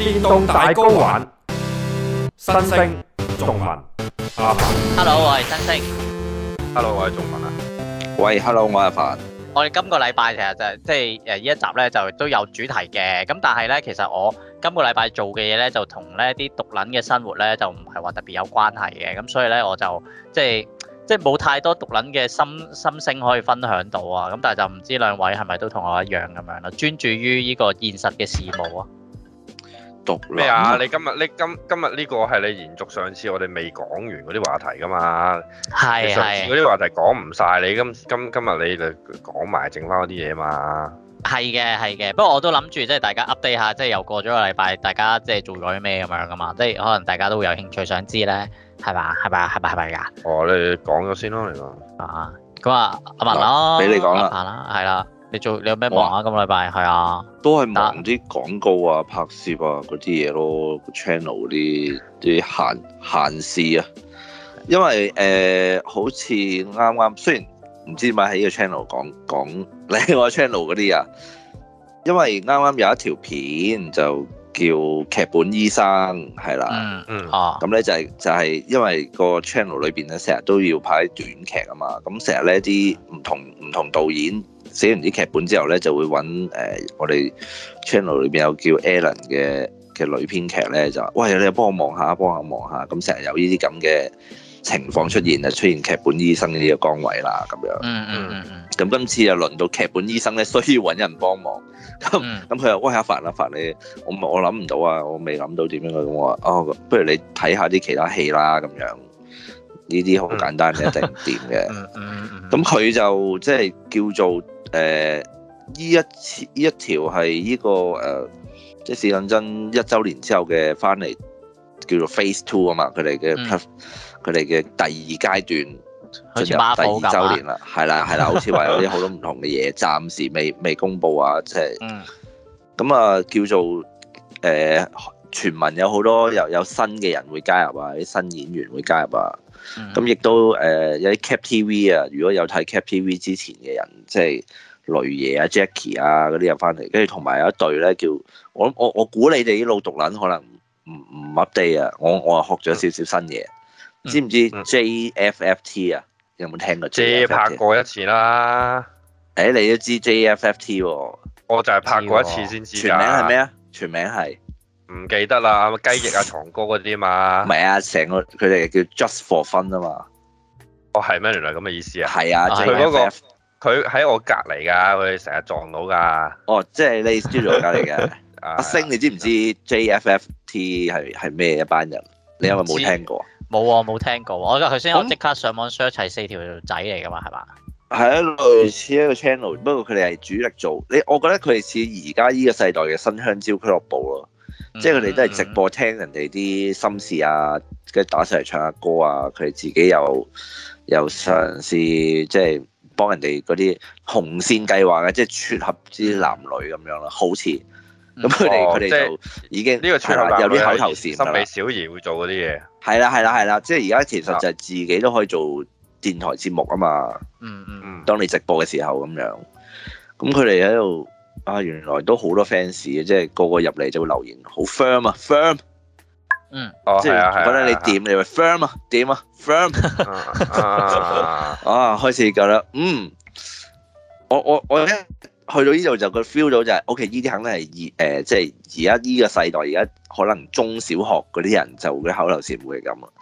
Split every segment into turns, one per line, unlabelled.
電動大
GO 玩，新星仲文
阿凡！Hello，我係新星。Hello，我係仲文啊！
喂，Hello，我係
凡。我哋今個禮拜其實就即係誒呢一集咧就都有主題嘅，咁但係咧其實我今個禮拜做嘅嘢咧就同呢啲毒撚嘅生活咧就唔係話特別有關係嘅，咁所以咧我就即係即係冇太多毒撚嘅心心聲可以分享到啊！咁但係就唔知兩位係咪都同我一樣咁樣啦，專注於呢個現實嘅事務啊！咩啊？你
今日呢今今日呢個係你延續上次我哋未講完嗰啲話題㗎嘛？係啊。上次嗰啲話題講唔晒，你今今今日你
就講埋剩返嗰啲嘢嘛？係嘅，係嘅。不過我都諗住即係大家 update 下，即係又過咗個禮拜，大家即係做咗啲咩咁樣㗎嘛？即係可能大家都會有興趣想知咧，係嘛？係咪啊？係咪係咪㗎？哦，你講咗先咯，你講。啊，咁啊，阿凡咯，俾你講啦。係啦。你做你有咩忙啊？哇今個禮拜係啊，都係忙啲廣告
啊、拍攝啊嗰啲嘢咯。channel 啲啲限限時啊，因為誒、呃、好似啱啱雖然唔知點解喺個 ch 講講講 channel 講講另外 channel 嗰啲啊，因為啱啱有一條片就叫劇本醫生係啦，嗯嗯啊，咁咧就係、係、就係、係、因為個 channel 裏邊咧成日都要拍短劇啊嘛，咁成日咧啲唔同唔同，同導演。寫完啲劇本之後咧，就會揾誒、呃、我哋 channel 裏邊有叫 Alan 嘅嘅女編劇咧，就喂，你幫我望下，幫下望下，咁成日有呢啲咁嘅情況出現啊，出現劇本醫生呢個崗位啦，咁樣。
Mm hmm. 嗯嗯
咁今、嗯、次又輪到劇本醫生咧，需要揾人幫忙。咁咁佢又喂下阿凡啦，阿凡你，我我諗唔到啊，我未諗到點樣，佢咁話。哦，不如你睇下啲其他戲啦，咁樣。呢啲好簡單嘅一定掂嘅，咁佢就即係叫做誒呢一次呢一條係呢個誒，即係試緊真一周年之後嘅翻嚟叫做 Phase Two 啊嘛，佢哋嘅佢哋嘅第二階段進入第二周年啦，係啦係啦，好似話有啲好多唔同嘅嘢，暫時未未公佈啊，即係咁啊叫做誒傳聞有好多又有新嘅人會加入啊，啲新演員會加入啊。咁亦、嗯、都誒、呃、有啲 Cap TV 啊，如果有睇 Cap TV 之前嘅人，即係雷爺啊、Jacky 啊嗰啲入翻嚟，跟住同埋有一隊咧叫，我我我估你哋啲老毒撚可能唔唔 update 啊，我我係學咗少少新嘢，嗯嗯嗯、知唔知 JFFT 啊？有冇聽過？只拍過一次啦。
誒、欸，你都知 JFFT 喎、啊？我就係拍過一次先知、啊全。全名係咩啊？全名係。唔記得啦，雞翼啊、藏歌嗰啲嘛，
唔係啊，成個佢哋叫 Just for fun 啊嘛，
哦係咩原來咁嘅意思啊？係啊，佢嗰、嗰個佢喺我隔離㗎，佢哋成日撞到㗎，哦即係 Lazy 做隔離嘅阿星，
你知唔知 JFFT 係係咩一班人？嗯、你因為冇聽過啊？
冇冇聽過？我頭先我即刻上網 search 齊四條仔嚟㗎嘛，係嘛？
係啊、嗯，類似一個 channel，不過佢哋係主力做你，我覺得佢哋似而家呢個世代嘅新香蕉俱樂部咯。嗯嗯、即係佢哋都係直播聽人哋啲心事啊，跟住打曬嚟唱下歌啊，佢哋自己又又嘗試即係幫人哋嗰啲紅線計劃嘅、啊，即係撮合啲男女咁樣咯，好似咁佢哋佢哋就已經有啲口頭禪啦。呢個、心理小
儀會做嗰啲嘢，係啦係啦係啦，即
係而家其實就係自己都可以做電台節目啊嘛。嗯嗯，當你直播嘅時候咁樣，咁佢哋喺度。啊，原來都好多 fans 嘅，即係個個入嚟就會留言好 firm 啊，firm，
嗯，即係覺得你
點你話 firm 啊，點啊，firm，啊，開始覺得，嗯，我我我去到呢度就佢 feel 到就係，OK，呢啲肯定係誒，即係而家呢個世代而家可能中小學嗰啲人就會口頭禪會係咁啊，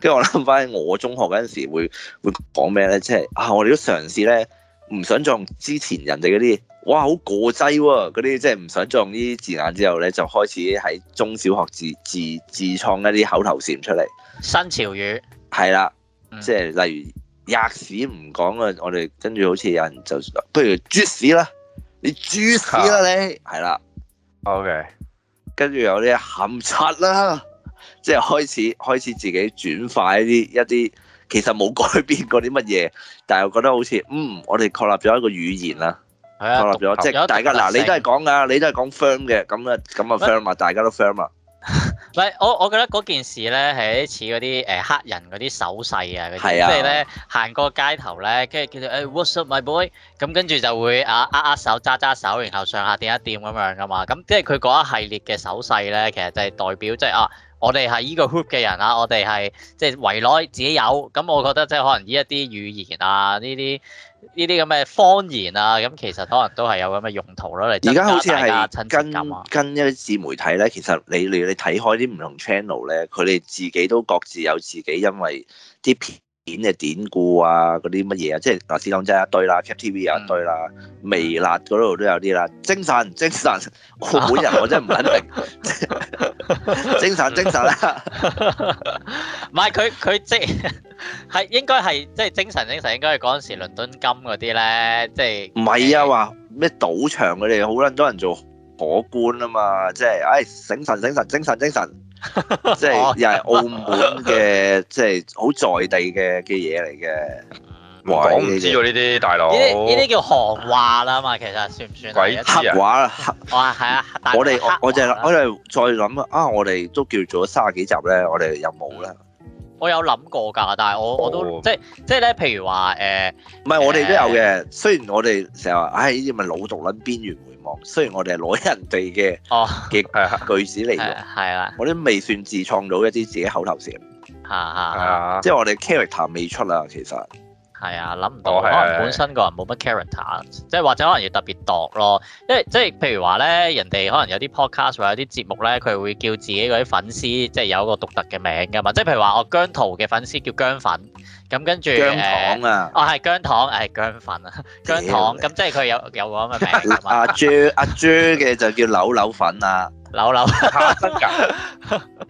跟住我諗翻起我中學嗰陣時會會講咩咧，即係啊，我哋都嘗試咧。唔想撞之前人哋嗰啲，哇好過劑喎！嗰啲、啊、即係唔想撞呢啲字眼之後咧，就開始喺中小學自自自創一啲口頭禪出嚟。新潮語係啦，了嗯、即係例如吔屎唔講啊！我哋跟住好似有人就不如豬屎啦，你豬屎啦你係啦。OK，跟住有啲冚柒啦，即係開始 開始自己轉化一啲一啲。一其實冇改變過啲乜嘢，但係我覺得好似，嗯，我哋確立咗一個語言啦，確立咗，即係大家嗱，你都係講噶，你都係講 firm 嘅，咁咧，咁啊 firm 啊，大家都 firm 啊。
喂，我我覺得嗰件事咧係啲似嗰啲誒黑人嗰啲手勢啊，即係咧行過街頭咧，跟住叫做誒 what's up my boy，咁跟住就會啊握握手、揸揸手，然後上下掂一掂咁樣噶嘛，咁即係佢嗰一系列嘅手勢咧，其實就係代表即係啊。我哋係依個 group 嘅人啊，我哋係即係圍內自己有。咁我覺得即係可能呢一啲語言啊，呢啲呢啲咁嘅方言啊，咁其實可能都係有咁嘅用途咯。而家好似係
跟跟一啲自媒體咧，其實你你你睇開啲唔同 channel 咧，佢哋自己都各自有自己，因為啲典嘅典故啊，嗰啲乜嘢啊，即係嗱，試當真係一堆啦 Cap TV 又一堆啦，堆啦嗯、微辣嗰度都有啲啦，精神精神，我本人我真係唔肯定，精神精神啦，
唔係佢佢即係，係應該係即係精神精神，精神啊、 應該係嗰陣時倫敦金嗰啲咧，即係唔
係啊，話咩賭場嗰啲好捻多人做可觀啊嘛，即係哎，醒神醒神，精神精神。精神精神精神精神 即係又係澳門嘅，即係好在地嘅嘅嘢嚟嘅。我唔知道呢啲大佬。呢啲呢啲
叫行話啦嘛，其實算唔算？鬼黑話啦，係 啊，啊。我哋我
就我哋再諗啊，我哋都叫做咗卅幾集咧，我哋又冇啦。
我有諗過噶，但係我有我都即即咧，譬如話誒，唔、呃、係我哋都有嘅。
呃、雖然我哋成日話，唉呢啲咪老毒撚邊緣。雖然我哋係攞人哋嘅嘅句子嚟用，係啦，我都未算自創到一啲自己口頭禪，係係，即係我哋 character 未出啊，其實。
係啊，諗唔到，哦啊、可能本身個人冇乜 character，即係或者可能要特別度咯。因為即係譬如話咧，人哋可能有啲 podcast 或者有啲節目咧，佢會叫自己嗰啲粉絲即係有一個獨特嘅名㗎嘛。即係譬如話，我姜濤嘅粉絲叫姜粉，咁跟住姜糖啊，哦係姜糖，係、哎、姜粉啊，姜糖咁即係佢有有嗰咁嘅名，
阿朱阿朱嘅就叫柳柳粉 啊，柳柳
真
㗎，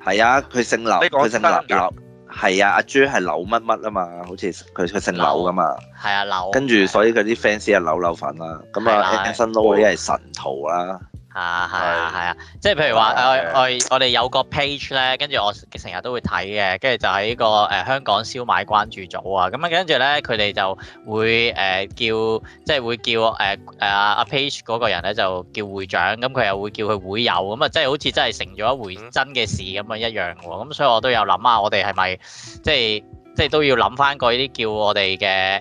係啊，佢姓柳，佢姓柳。係啊，阿朱係柳乜乜啊嘛，好似佢佢姓柳噶嘛，
係啊柳。柳跟
住所以佢啲 fans 係柳柳粉啦，啊，咁啊 Anson Lo 嗰啲係神徒啦，啊。 啊，係啊，係啊，啊
啊 即係譬如話、啊，我我哋有個 page 呢，跟住我成日都會睇嘅，跟住就喺呢個香港燒賣關注組、呃、啊，咁啊跟住呢，佢哋就會誒叫，即係會叫誒誒阿 page 嗰個人呢，就叫會長，咁佢又會叫佢會友，咁啊即係好似真係成咗一回真嘅事咁啊一樣喎，咁、嗯、所以我都有諗下我哋係咪即係即係都要諗返過呢啲叫我哋嘅。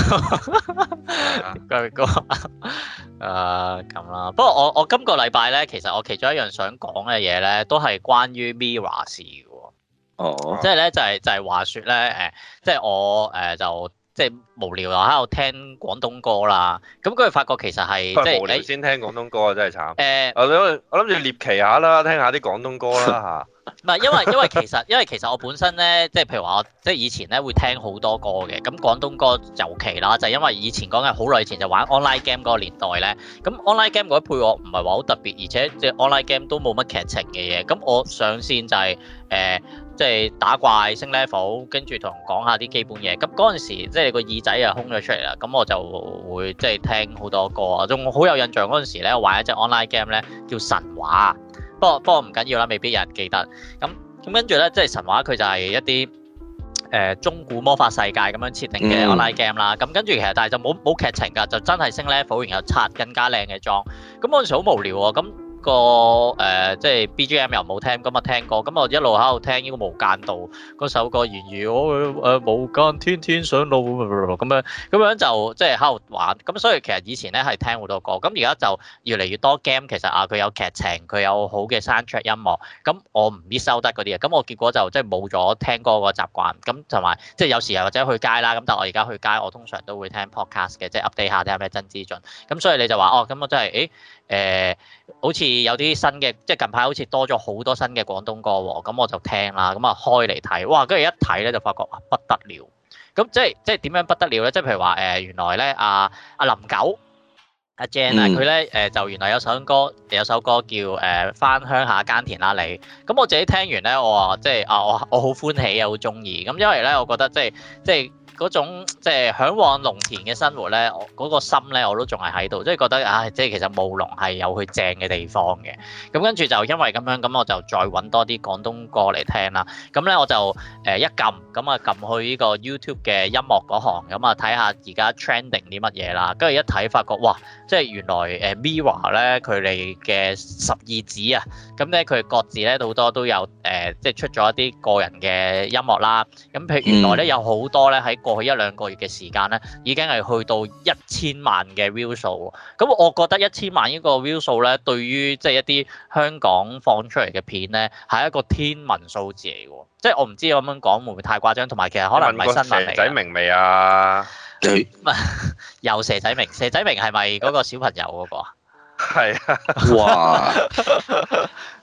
佢個誒咁啦，不過我我今個禮拜咧，其實我其中一樣想講嘅嘢咧，都係關於 Mirror 嘅喎。哦，即係咧就係就係、是就是、話說咧，誒、呃、即、就、係、是、我誒、呃、就。即係無聊又喺度聽廣東歌啦，咁佢哋發覺其實係即係無聊先聽廣東歌啊，欸、真係慘。誒，我諗住獵奇下
啦，欸、聽下啲廣東歌啦嚇。
唔係 因為因為其實因為其實我本身咧，即係譬如話我即係以前咧會聽好多歌嘅，咁廣東歌尤其啦，就係、因為以前講緊好耐以前就玩 online game 嗰個年代咧，咁 online game 嗰啲配樂唔係話好特別，而且即係 online game 都冇乜劇情嘅嘢，咁我上先就係、是、誒。欸即係打怪升 level，跟住同講下啲基本嘢。咁嗰陣時，即係個耳仔啊空咗出嚟啦。咁我就會即係聽好多歌啊。仲好有印象嗰陣時咧，玩一隻 online game 咧叫《神話》不。不過不過唔緊要啦，未必有人記得。咁咁跟住咧，即係《神話》佢就係一啲誒中古魔法世界咁樣設定嘅 online game 啦。咁跟住其實但係就冇冇劇情㗎，就真係升 level，然後刷更加靚嘅裝。咁嗰陣時好無聊啊、哦。咁個誒、呃、即係 BGM 又冇聽，咁啊聽歌，咁我一路喺度聽呢個、哎呃、無間道嗰首歌，然然我誒無間天天上路咁、呃、樣，咁樣就即係喺度玩。咁所以其實以前咧係聽好多歌，咁而家就越嚟越多 game。其實啊，佢有劇情，佢有好嘅 soundtrack 音樂。咁我唔必收得嗰啲啊，咁我結果就即係冇咗聽歌個習慣。咁同埋即係有時又或者去街啦，咁但係我而家去街，我通常都會聽 podcast 嘅，即係 update 下睇有咩新資訊。咁所以你就話哦，咁、哦、我真係誒。欸誒、呃，好似有啲新嘅，即係近排好似多咗好多新嘅廣東歌喎、哦，咁我就聽啦，咁啊開嚟睇，哇！跟住一睇咧就發覺啊不得了，咁即係即係點樣不得了咧？即係譬如話誒、呃，原來咧阿阿林九阿 Jane 啊，佢咧誒就原來有首歌，有首歌叫誒返鄉下耕田啦你，咁我自己聽完咧，我話即係啊我我好歡喜啊，好中意，咁因為咧我覺得即係即係。即嗰種即係、就是、嚮往農田嘅生活咧，嗰、那個心咧我都仲係喺度，即係覺得啊、哎，即係其實務農係有佢正嘅地方嘅。咁跟住就因為咁樣，咁我就再揾多啲廣東歌嚟聽啦。咁咧我就誒、呃、一撳，咁啊撳去呢個 YouTube 嘅音樂嗰行，咁啊睇下而家 trending 啲乜嘢啦。跟住一睇發覺，哇！即係原來誒 Mirror 咧佢哋嘅十二指啊，咁咧佢各自咧好多都有誒、呃，即係出咗一啲個人嘅音樂啦。咁譬如原來咧有好多咧喺，過去一兩個月嘅時間咧，已經係去到一千萬嘅 view 數，咁我覺得一千萬呢個 view 數咧，對於即係一啲香港放出嚟嘅片咧，係一個天文數字嚟嘅，即係我唔知咁樣講會唔會太誇張，同埋其實可能唔係新聞嚟嘅。問過蛇仔明未啊？唔 又蛇仔明，蛇仔明係咪嗰個小朋友嗰、嗰個 啊？係哇！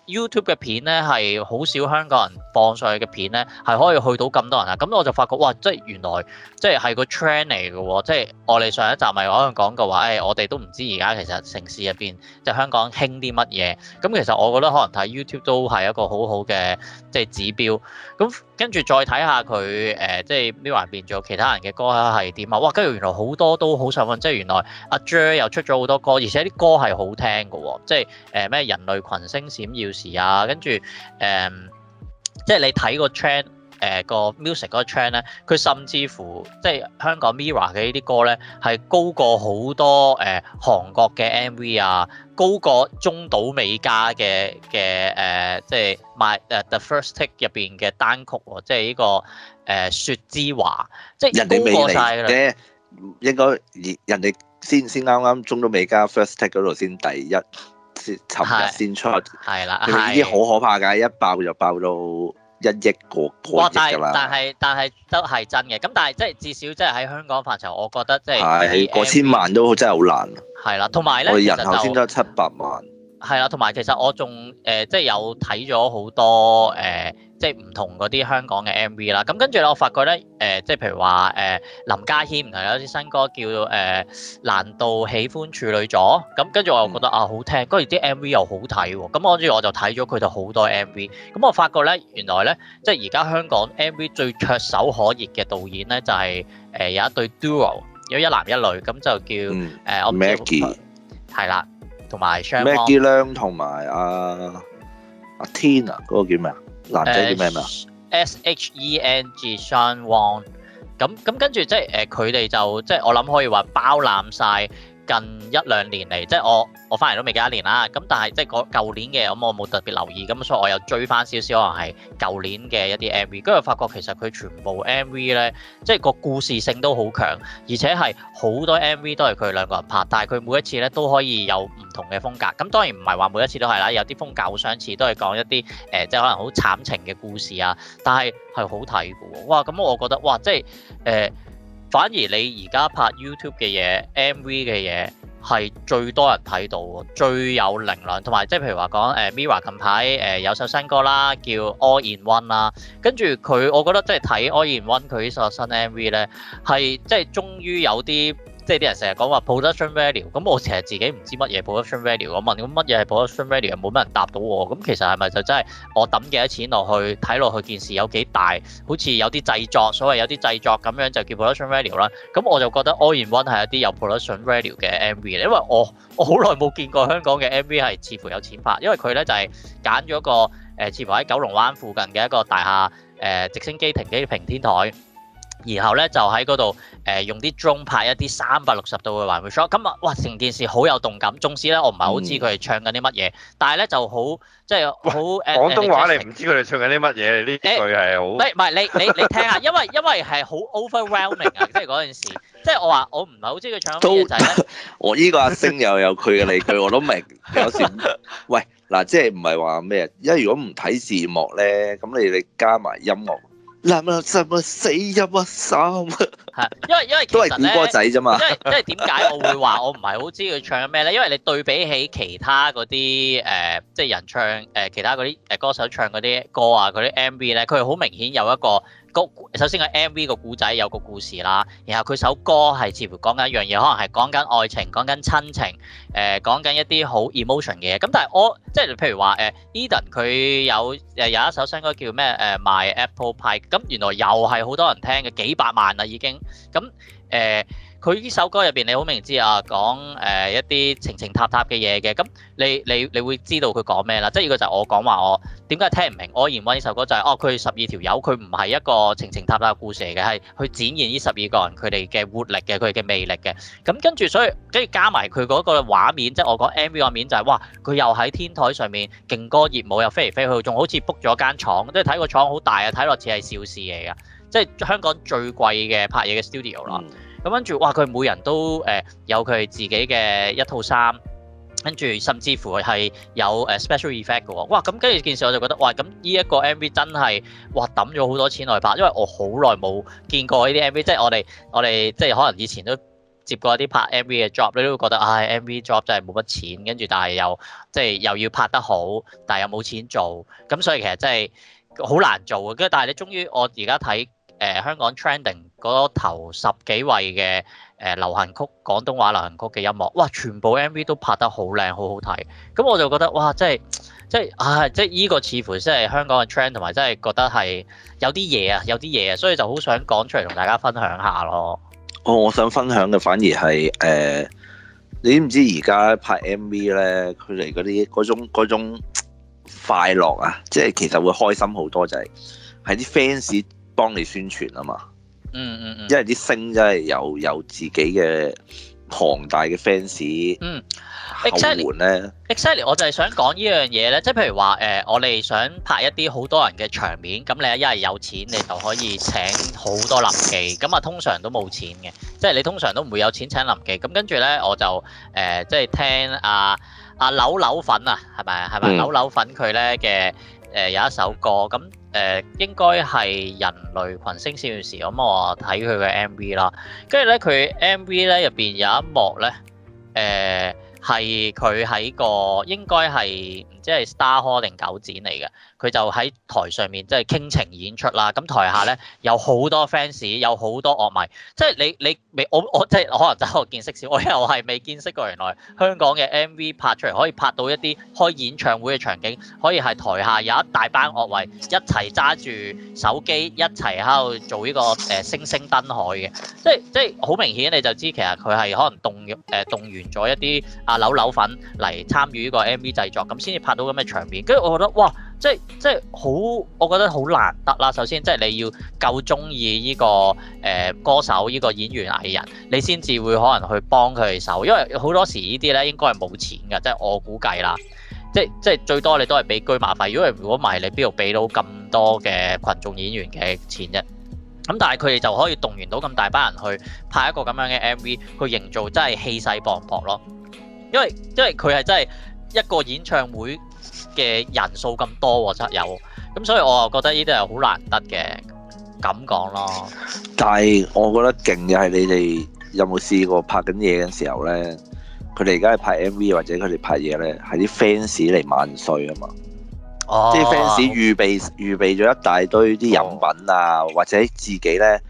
YouTube 嘅片咧係好少香港人放上去嘅片咧，係可以去到咁多人啊！咁我就發覺哇，即係原來即係係個 trend 嚟嘅喎，即係、哦、我哋上一集咪可能講過話，誒、哎、我哋都唔知而家其實城市入邊即係香港興啲乜嘢。咁其實我覺得可能睇 YouTube 都係一個好好嘅即係指標。咁跟住再睇下佢誒、呃，即係 Mirror 入邊其他人嘅歌係點啊？哇！跟住原來好多都好受問，即係原來阿 Jer 又出咗好多歌，而且啲歌係好聽嘅喎、哦，即係誒咩人類群星閃耀時啊，跟住誒，即係你睇個、呃、chart，誒個 music 嗰個 chart 咧，佢甚至乎即係香港 Mirror 嘅呢啲歌咧，係高過好多誒韓、呃、國嘅 MV 啊，高過中島美嘉嘅嘅誒，即係 my The First Take 入邊嘅單曲喎，即係呢、這個誒、呃、雪之華，即係高過曬㗎啦，
應該人哋先先啱啱中島美嘉 First Take 嗰度先第一。尋日先出，係啦，佢啲好可怕嘅，的一爆就爆到一億個、哦、但個億但係
但係都係真嘅，咁但係即係至少即係喺香港範疇，我覺得即係過千
萬都真係好難。
係啦，同埋咧，我人口先得
七百萬。
係啦，同埋其實我仲誒、呃，即係有睇咗好多誒。呃即係唔同嗰啲香港嘅 MV 啦，咁跟住咧，我發覺咧，誒，即係譬如話，誒，林家謙唔係有一支新歌叫誒，難道喜歡處女座？咁跟住我又覺得啊，好聽，跟住啲 MV 又好睇喎，咁跟住我就睇咗佢哋好多 MV，咁我發覺咧，原來咧，即係而家香港 MV 最炙手可熱嘅導演咧，就係誒有一對 Duo，有一男一女，咁就叫誒，我唔知，係啦，同埋雙方，Maggie Lung
同埋阿阿 Tina 嗰個叫咩啊？
男仔叫咩名呀？S,、uh, S, 嗎 S, S H E N G SHAN o n e 咁咁跟住即係誒，佢哋就即、是、係、uh, 就是、我諗可以話包攬晒。近一兩年嚟，即係我我翻嚟都未夠一年啦，咁但係即係嗰舊年嘅，咁我冇特別留意，咁所以我又追翻少少，可能係舊年嘅一啲 MV，跟住發覺其實佢全部 MV 呢，即係個故事性都好強，而且係好多 MV 都係佢兩個人拍，但係佢每一次呢都可以有唔同嘅風格。咁當然唔係話每一次都係啦，有啲風格好相似，都係講一啲誒、呃，即係可能好慘情嘅故事啊。但係係好睇嘅喎，哇！咁我覺得哇，即係誒。呃反而你而家拍 YouTube 嘅嘢、MV 嘅嘢係最多人睇到，最有靈量。同埋即係譬如話講誒 Mira 近排誒有首新歌啦，叫 All In One 啦，跟住佢，我覺得即係睇 All In One 佢呢首新 MV 咧，係即係終於有啲。即係啲人成日講話 production value，咁我成日自己唔知乜嘢 production value。我問咁乜嘢係 production value，冇乜人答到我。咁其實係咪就真係我抌幾多錢落去，睇落去件事有幾大，好似有啲製作，所謂有啲製作咁樣就叫 production value 啦。咁我就覺得《愛然 One》係一啲有 production value 嘅 MV 咧，因為我我好耐冇見過香港嘅 MV 係似乎有錢拍，因為佢咧就係揀咗個誒、呃，似乎喺九龍灣附近嘅一個大廈誒、呃、直升機停機坪天台。然後咧就喺嗰度誒用啲 drone 拍一啲三百六十度嘅環繞 shot，咁啊，哇成件事好有動感。宗師咧，我唔係好知佢哋唱緊啲乜嘢，但係咧就好，即係好誒。廣東話你唔知佢哋唱緊啲乜嘢，呢句係好。喂，唔係你你你，聽下，因為因為係好 overwhelming 啊，即係嗰陣時，即係我話我唔係好知佢唱緊啲乜
嘢。都，我依個阿星又有佢嘅理據，我都明。有時喂，嗱，即係唔係話咩，因為如果唔睇字幕咧，咁你你加埋音樂。嗱，咪就咪死音啊，三啊！
係， 因為 因為都係古歌仔啫嘛。即係即係點解我會話我唔係好知佢唱咩咧？ 因為你對比起其他嗰啲誒，即係人唱誒、呃，其他嗰啲誒歌手唱嗰啲歌啊，嗰啲 MV 咧，佢好明顯有一個。首先個 MV 個故仔有個故事啦，然後佢首歌係似乎講緊一樣嘢，可能係講緊愛情、講緊親情，誒講緊一啲好 emotion 嘅嘢。咁但係我即係譬如話誒、呃、Eden 佢有誒有一首新歌叫咩誒、呃、My Apple Pie，咁原來又係好多人聽嘅幾百萬啦已經，咁、嗯、誒。呃佢呢首歌入邊，你好明知啊，講誒、呃、一啲情情塔塔嘅嘢嘅，咁、嗯、你你你會知道佢講咩啦？即係呢個就係我講話我點解聽唔明？我認為呢首歌就係、是、哦，佢十二條友，佢唔係一個情情塔塔嘅故事嚟嘅，係去展現呢十二個人佢哋嘅活力嘅，佢哋嘅魅力嘅。咁、嗯、跟住所以跟住加埋佢嗰個畫面，即係我講 MV 畫面就係、是、哇，佢又喺天台上面勁歌熱舞又飛嚟飛去，仲好似 book 咗間廠，即係睇個廠好大啊，睇落似係邵氏嚟㗎，即係香港最貴嘅拍嘢嘅 studio 啦。Mm. 咁跟住，哇！佢每人都誒有佢自己嘅一套衫，跟住甚至乎係有誒 special effect 嘅喎、哦。哇！咁跟住件事我就覺得，哇！咁呢一個 MV 真係哇抌咗好多錢嚟拍，因為我好耐冇見過呢啲 MV。即係我哋我哋即係可能以前都接過一啲拍 MV 嘅 job，你都會覺得唉、啊、MV job 真係冇乜錢，跟住但係又即係又要拍得好，但係又冇錢做。咁所以其實真係好難做嘅。跟住但係你終於我而家睇誒香港 trending 嗰頭十幾位嘅誒、呃、流行曲，廣東話流行曲嘅音樂，哇！全部 M V 都拍得好靚，好好睇。咁我就覺得，哇！真係真係啊，即係呢個似乎即係香港嘅 trend，同埋真係、啊、覺得係有啲嘢啊，有啲嘢啊，所以就好想講出嚟同大家分享下咯。
我、哦、我想分享嘅反而係誒、呃，你知唔知而家拍 M V 咧？佢哋嗰啲嗰種快樂啊，即係其實會開心好多、就係，就係係啲 fans 幫你宣傳啊嘛。嗯嗯嗯，因為啲星真係有有自己嘅龐大嘅 fans，後
援呢。exactly，我就係想講呢樣嘢呢，即係譬如話誒，我哋想拍一啲好多人嘅場面，咁你一係有錢，你就可以請好多臨記，咁啊通常都冇錢嘅，即係你通常都唔會有錢請臨記。咁跟住呢，我就誒即係聽阿阿柳柳粉啊，係咪係咪柳柳粉佢呢嘅？誒、呃、有一首歌，咁、呃、誒應該係人類群星閃耀時，咁、嗯、我睇佢嘅 MV 啦。跟住咧，佢 MV 咧入邊有一幕咧，誒、呃。係佢喺個應該係唔知係 Star Hall 定九展嚟嘅，佢就喺台上面即係傾情演出啦。咁台下呢，有好多 fans，有好多樂迷。即係你你未我我，我即係可能就喺度見識少，我又係未見識過。原來香港嘅 MV 拍出嚟可以拍到一啲開演唱會嘅場景，可以係台下有一大班樂迷一齊揸住手機一齊喺度做呢個誒、呃、星星燈海嘅。即係即係好明顯你就知其實佢係可能動誒、呃、動員咗一啲。啊！扭扭粉嚟參與呢個 MV 製作，咁先至拍到咁嘅場面。跟住我覺得，哇！即係即係好，我覺得好難得啦。首先，即係你要夠中意呢個誒、呃、歌手、呢、呢個演員藝人，你先至會可能去幫佢哋手。因為好多時呢啲呢應該係冇錢㗎，即係我估計啦。即係最多你都係俾居麻費。如果如果唔係，你邊度俾到咁多嘅群眾演員嘅錢啫？咁但係佢哋就可以動員到咁大班人去拍一個咁樣嘅 MV，去營造真係氣勢磅礴咯。因為因為佢係真係一個演唱會嘅人數咁多喎，真有咁，所以我又覺得呢啲係好難得嘅，咁講咯。
但係我覺得勁嘅係你哋有冇試過拍緊嘢嘅時候咧，佢哋而家係拍 MV 或者佢哋拍嘢咧，係啲 fans 嚟萬歲啊嘛！
哦、即係 fans
預備、哦、預備咗一大堆啲飲品啊，哦、或者自己咧。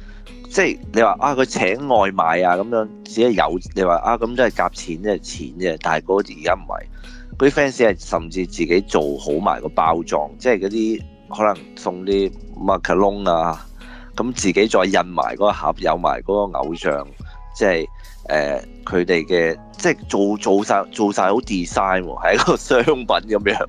即係你話啊，佢請外賣啊咁樣，只係有你話啊咁都係夾錢啫，錢啫。但係嗰啲而家唔係嗰啲 fans 係甚至自己做好埋個包裝，即係嗰啲可能送啲 macaron 啊，咁自己再印埋嗰個盒，有埋嗰個偶像，即係誒佢哋嘅即係做做曬做曬好 design 喎、啊，係一個商品咁樣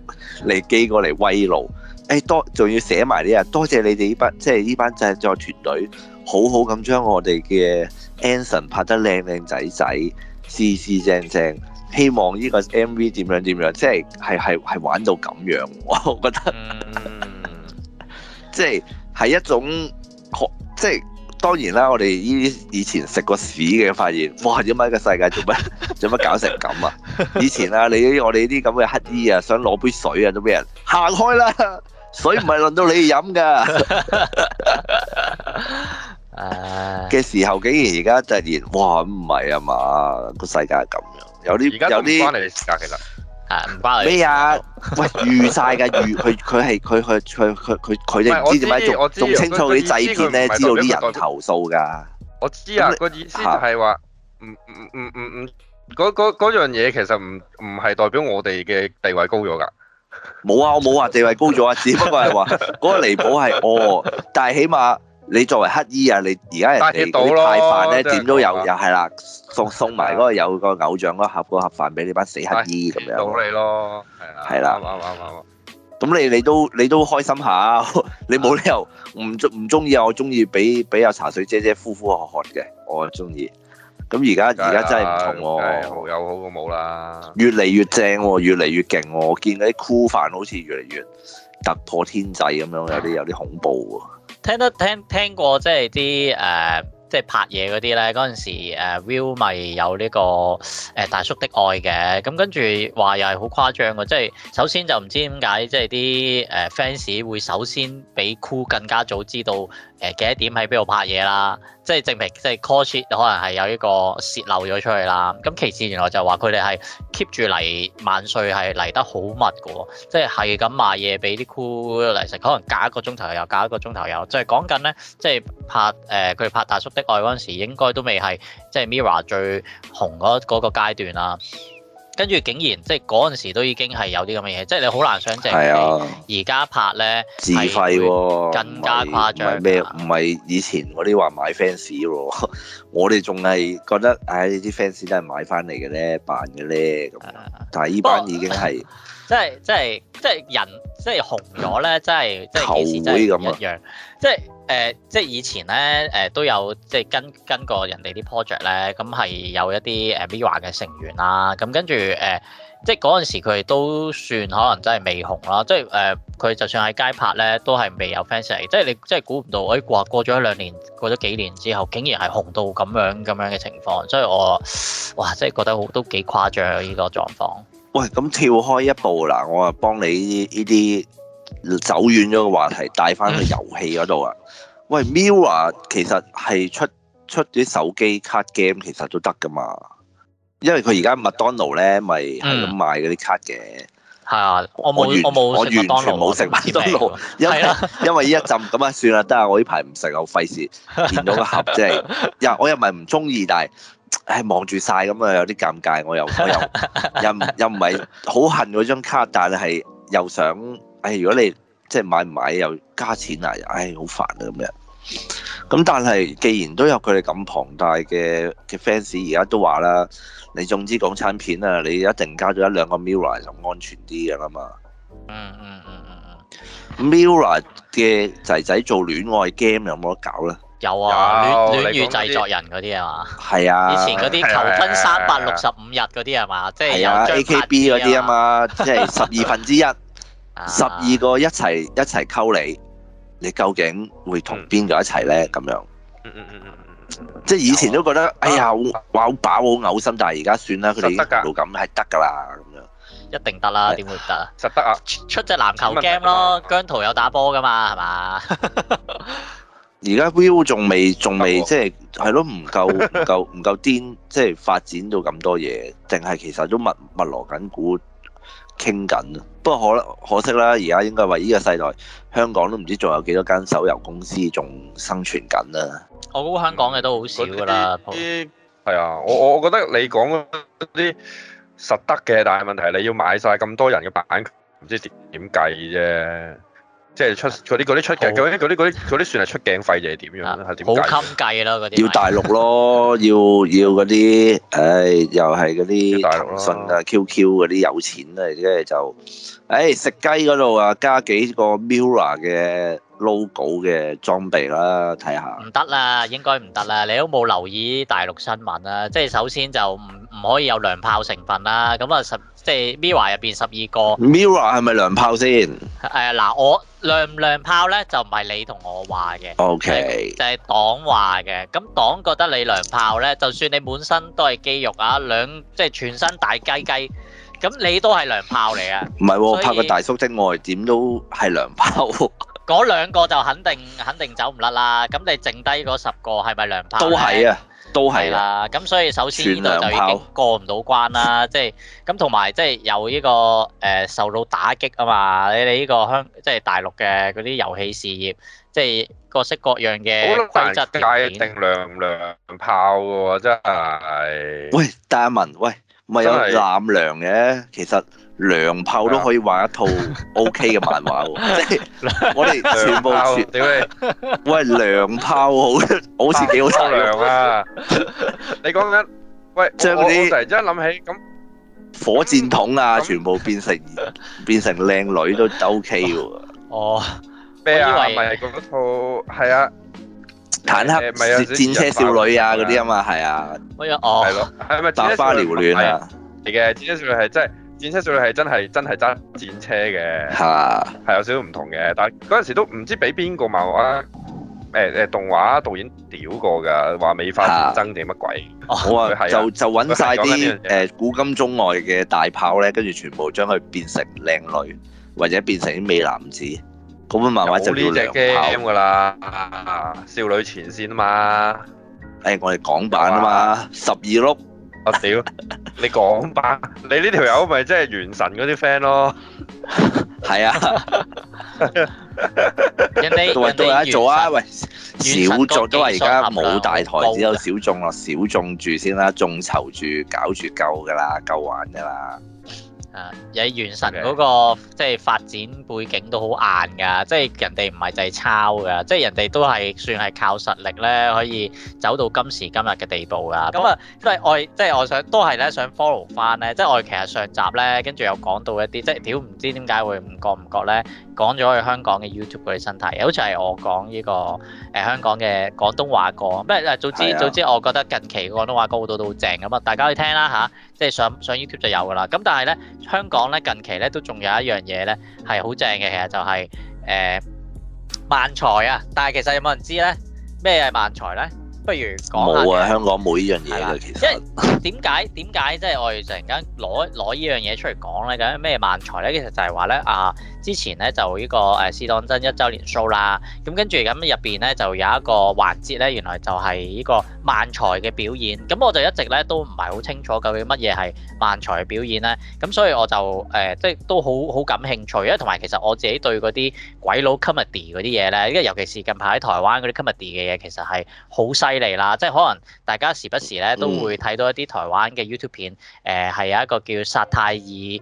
嚟寄過嚟慰勞。誒、欸、多仲要寫埋啲啊，多謝你哋呢班即係呢班製作團隊。好好咁將我哋嘅 Anson 拍得靚靚仔仔仔，四四正正，希望呢個 MV 點樣點樣，即係係係係玩到咁樣，我覺得， 即係係一種，即係當然啦，我哋呢啲以前食過屎嘅發現，哇！點解個世界做乜做乜搞成咁啊？以前啊，你我哋呢啲咁嘅乞衣啊，想攞杯水啊，都俾人行開啦，水唔係輪到你飲㗎。 誒嘅時候竟然而家突然，哇，唔係啊嘛，個世界係咁樣有啲有啲唔關你哋事噶其實係唔關你咩啊？啊喂，預晒噶預佢佢係佢佢佢佢佢佢唔知點解仲仲清楚啲製片咧，知道啲人投訴噶
我知啊，個意思係話唔唔唔唔嗰嗰樣嘢，其實唔唔係代表我哋嘅地位高咗噶。冇啊，我冇話
地位高咗啊，只不過係話嗰個彌補係哦，但係起碼。你作為乞衣啊，你而家人哋嗰啲派飯咧，點都有又係啦，送送埋嗰個有個偶像嗰盒嗰盒飯俾你班死乞衣咁樣。攞你咯，係
啊，係啦，啱啱
啱。咁你你都你都開心下，你冇理由唔唔中意啊！我中意俾俾阿茶水姐姐呼呼喝喝嘅，我中意。咁而家而家真係唔同喎，有
好過冇啦。
越嚟越正喎，越嚟越勁喎！我見嗰啲酷飯好似越嚟越突破天際咁樣，有啲有啲恐怖喎。
聽得聽聽過即係啲誒即係拍嘢嗰啲咧，嗰陣時 Viu 咪有呢個誒大叔的愛嘅，咁跟住話又係好誇張嘅，即係首先就唔知點解即係啲誒 fans 會首先比 Cool 更加早知道，誒、呃、幾多點喺邊度拍嘢啦？即係證明即係 call sheet 可能係有一個洩漏咗出去啦。咁其次原來就話佢哋係 keep 住嚟萬歲係嚟得好密嘅喎，即係係咁賣嘢俾啲 crew 嚟食，可能隔一個鐘頭又隔一個鐘頭又，就係講緊呢，即係拍誒佢哋拍大叔的愛嗰陣時，應該都未係即係 Mirror 最紅嗰嗰個階段啦。跟住竟然，即係嗰陣時都已經係有啲咁嘅嘢，即係你好難想像。係啊！而家拍咧自
費喎，更加誇張。唔係咩？唔係以前嗰啲話買 fans 喎， 我哋仲係覺得唉，呢啲 fans 都係買翻嚟嘅咧，扮嘅咧咁。但係依班已經係。不
即係即係即係人即係紅咗咧，即係即係件事真係咁一樣。 即係誒、呃，即係以前咧誒、呃、都有即係跟跟過人哋啲 project 咧，咁、嗯、係有一啲誒 Mirror 嘅成員啦。咁跟住誒，即係嗰陣時佢哋都算可能真係未紅啦。即係誒，佢、呃、就算喺街拍咧都係未有 fans 嚟。即係你即係估唔到誒，話過咗一兩年，過咗幾年之後，竟然係紅到咁樣咁樣嘅情況。所以我哇，即係覺得好都幾誇張呢依個狀況。
喂，咁跳開一步嗱，我啊幫你呢啲走遠咗嘅話題，帶翻去遊戲嗰度啊。嗯、喂，Mirror 其實係出出啲手機卡 game 其實都得噶嘛，因為佢而家麥當勞咧咪係咁賣嗰啲卡嘅。係啊，我冇我冇食麥當勞，因因為呢是、啊、 一陣咁啊，算啦，得啦，我呢排唔食我費事見到個盒，即係又我又唔係唔中意，但係。係望住晒咁啊，有啲尷尬。我又我又 又又唔係好恨嗰張卡，但係又想唉。如果你即係買唔買又加錢啊，唉，好煩啊咁樣。咁但係既然都有佢哋咁龐大嘅嘅 fans，而家都話啦，你總之港產片啊，你一定加咗一兩個 Mirror 就安全啲㗎啦嘛。嗯嗯嗯嗯嗯。Mirror 嘅仔仔做戀愛 game 有冇得搞咧？有啊，戀戀與製作人
嗰啲啊嘛，係啊，以前嗰啲求婚三百六十五日嗰啲係嘛，即係有 A K B 嗰啲啊嘛，
即係十二分之一，十二個一齊一齊溝你，你究竟會同邊個一齊咧？咁樣，
嗯
嗯
嗯即係以前都覺得，哎呀，話好飽好嘔心，但係而家算啦，佢哋
做咁係得噶啦，咁樣，一定得啦，點會唔得啊？實得啊，出隻籃球 game 咯，姜濤有打波噶嘛，係嘛？
而家 view 仲未，仲未即係係咯，唔夠唔夠唔夠癲，即係發展到咁多嘢，定係其實都密密鑼緊鼓傾緊。不過可可惜啦，而家應該話依個世代，香港都唔知仲有幾多間手遊公司仲生存緊啦、嗯 。
我估香港嘅都好少㗎啦。啲係啊，我我覺得你講嗰啲
實得嘅，但係問題你要買晒咁多人嘅版，唔知點點計啫。即係出嗰啲嗰啲出嘅嗰啲嗰啲嗰啲算係出鏡費定係點樣？係點？
好襟計咯，嗰啲要大陸
咯，要要嗰啲誒，又係嗰啲騰訊啊、QQ 嗰啲有錢啊，即係就誒食雞嗰度啊，加幾個 Mirror 嘅 logo 嘅裝備啦，睇下。唔
得啦，應該唔得啦，你都冇留意大陸新聞啊。即係首先就唔唔可以有娘炮成分啦。咁啊十即係 Mirror 入邊十二個。
Mirror 係咪娘炮先？
誒嗱我。娘唔娘炮呢，就唔係你同我話嘅，OK，就係黨話嘅。咁、就、黨、是、覺得你娘炮呢，就算你滿身都係肌肉啊，兩即係全身大雞雞，咁你都係娘炮嚟 啊！唔係以，拍個大
叔的愛，點都係娘
炮。嗰 兩個就肯定肯定走唔甩啦。咁你剩低嗰十個係咪娘炮？都係啊！
都係啦，
咁所以首先呢度就已經過唔到關啦，即係咁，同埋即係有呢個誒受到打擊啊嘛，你哋呢個香即係大陸嘅嗰啲遊戲事業，即係各式各樣嘅規則。好難界定良良炮喎，真
係。喂，戴文，喂，唔係有濫良嘅，其實。娘炮都可以畫一套 O K 嘅漫畫喎，即係我哋全部全喂娘炮好，好似幾好出糧啊！
你講緊喂，將嗰啲我突然之間諗起咁
火箭筒啊，全部變成變成靚女都都 O K 喎。
哦，咩啊，你話咪係嗰套係啊，坦克戰車少女啊嗰啲啊嘛，係啊，咩啊？哦，係囉，百花繚亂啊。係嘅，戰車少女係真係。戰車少女係真係真係揸戰車嘅，係係有少少唔同嘅。但係嗰陣時都唔知俾邊個漫畫誒誒動畫導演屌過㗎，話美化戰爭定乜鬼？我話就就揾曬啲
誒古今中外嘅大炮咧，跟住全部將佢變成靚女或者變成啲美男子。嗰本漫畫就叫《娘炮》
㗎啦，《少女前線》啊嘛，誒我哋港版啊嘛，十二碌。我屌， 你講吧，你呢條友咪即係元神嗰啲 friend 咯， 係啊，喂都有得做啊，神喂，小眾都話而家
冇大台，只有小眾咯，小眾住先啦，眾籌住搞住夠㗎啦，
夠玩㗎啦。
誒、啊，原神嗰、那個白即係發展背景都好硬㗎，即係人哋唔係就係抄㗎，即係人哋都係算係靠實力咧，可以走到今時今日嘅地步㗎。咁啊，因為我，我即係我想都係咧，想 follow 翻咧，即係我其實上集咧，跟住又講到一啲即係屌唔知點解會唔覺唔覺咧，講咗去香港嘅 YouTube 嗰啲生態，好似係我講呢、這個誒香港嘅廣東話歌，唔係誒，總之總之我覺得近期廣東話歌好多都好正㗎嘛，大家可以聽啦吓，即係上上 YouTube 就有㗎啦。咁、啊啊、但係咧。香港咧近期咧都仲有一樣嘢咧係好正嘅，其實就係誒漫才啊！但係其實有冇人知咧咩係漫才咧？不如講下。冇啊！香
港冇呢樣嘢㗎，啊、其實。因為
點解點解即係我哋突然間攞攞呢樣嘢出嚟講咧？究咩漫才咧？其實就係話咧啊。之前咧就呢、呢個誒試、啊、當真一週年 show 啦，咁跟住咁入邊咧就有一個環節咧，原來就係呢個漫才嘅表演。咁我就一直咧都唔係好清楚究竟乜嘢係漫才表演咧，咁所以我就誒即係都好好感興趣，因為同埋其實我自己對嗰啲鬼佬 comedy 嗰啲嘢咧，因為尤其是近排喺台灣嗰啲 comedy 嘅嘢其實係好犀利啦，即係可能大家時不時咧都會睇到一啲台灣嘅 YouTube 片，誒、呃、係有一個叫薩泰爾誒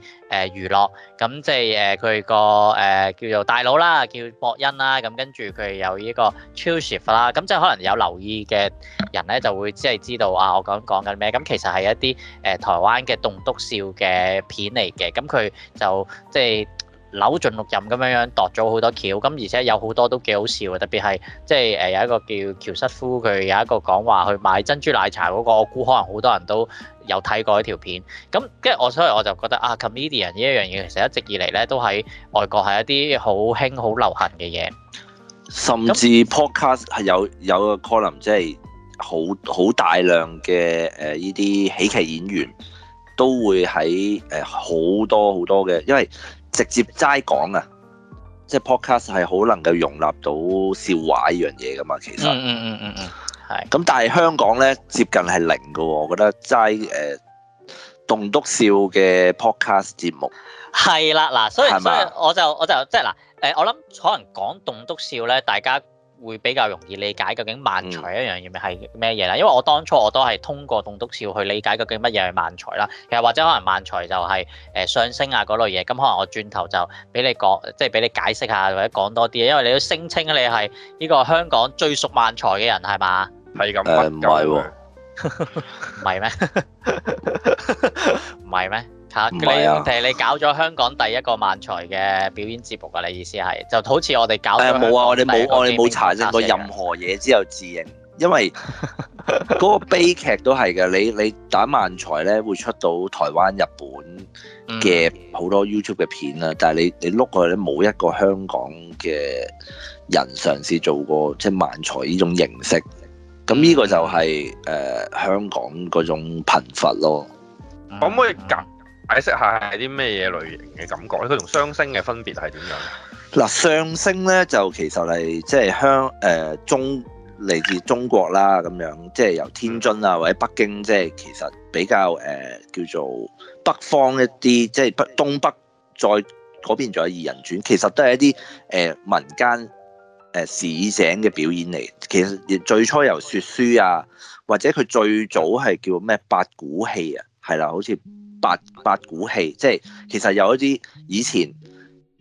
娛樂，咁、呃、即係誒佢個。呃個誒叫做大佬啦，叫博恩啦，咁跟住佢有呢個 Chill Shift 啦，咁、嗯、即係可能有留意嘅人咧，就會即係知道啊，我講講緊咩？咁、嗯、其實係一啲誒、呃、台灣嘅棟篤笑嘅片嚟嘅，咁、嗯、佢就即係扭盡六壬咁樣樣，度咗好多橋，咁而且有好多都幾好笑，特別係即係誒、呃、有一個叫喬瑟夫，佢有一個講話去買珍珠奶茶嗰，那個，我估可能好多人都。有睇過一條片，咁跟住我，所以我就覺得啊，啊，comedian 呢一樣嘢其實一直以嚟咧都喺外國係一啲好興、好流行嘅嘢。
甚至 podcast 係有有個 column，即係好好大量嘅誒呢啲喜劇演員都會喺誒好多好多嘅，因為直接齋講啊，即係 podcast 係好能夠容納到笑話依樣嘢噶嘛，其實。嗯嗯嗯嗯。嗯嗯嗯係咁，是但係香港咧接近係零噶喎，我覺得齋誒棟篤笑嘅 podcast 節目
係啦嗱，所以吧所以我就我就即係嗱誒，我諗可能講棟篤笑咧，大家會比較容易理解究竟漫才一樣嘢係咩嘢啦。嗯、因為我當初我都係通過棟篤笑去理解究竟乜嘢係漫才啦。其實或者可能漫才就係誒相聲啊嗰類嘢。咁可能我轉頭就俾你講，即係俾你解釋下或者講多啲，因為你都聲稱你係呢個香港最熟漫才嘅人係嘛？係咁，
唔係喎，唔
係咩？唔係咩？嚇 嗎！你定係你搞咗香港第一個漫才嘅表演節目啊？你意思係就好似我哋搞誒冇、呃、啊！我哋冇我哋冇查證過任何嘢之後自認， 因
為嗰個悲劇都係嘅。你你打漫才咧，會出到台灣、日本嘅好多 YouTube 嘅片啊。但係你你碌過去咧，冇一個香港嘅人嘗試做過即係、就是、漫才呢種形式。咁呢個就係、是、誒、呃、香港嗰種貧乏咯。
嗯嗯、可唔可以解解釋下係啲咩嘢類型嘅感覺咧？佢同雙星嘅分別係點樣？
嗱、嗯，雙星咧就其實係即係香誒中嚟自中國啦，咁樣即係由天津啊或者北京，即係其實比較誒、呃、叫做北方一啲，即係北東北，再嗰邊仲有二人轉，其實都係一啲誒、呃、民間。誒市井嘅表演嚟，其實最初由説書啊，或者佢最早係叫咩八股戲啊，係啦，好似八八股戲，即係其實有一啲以前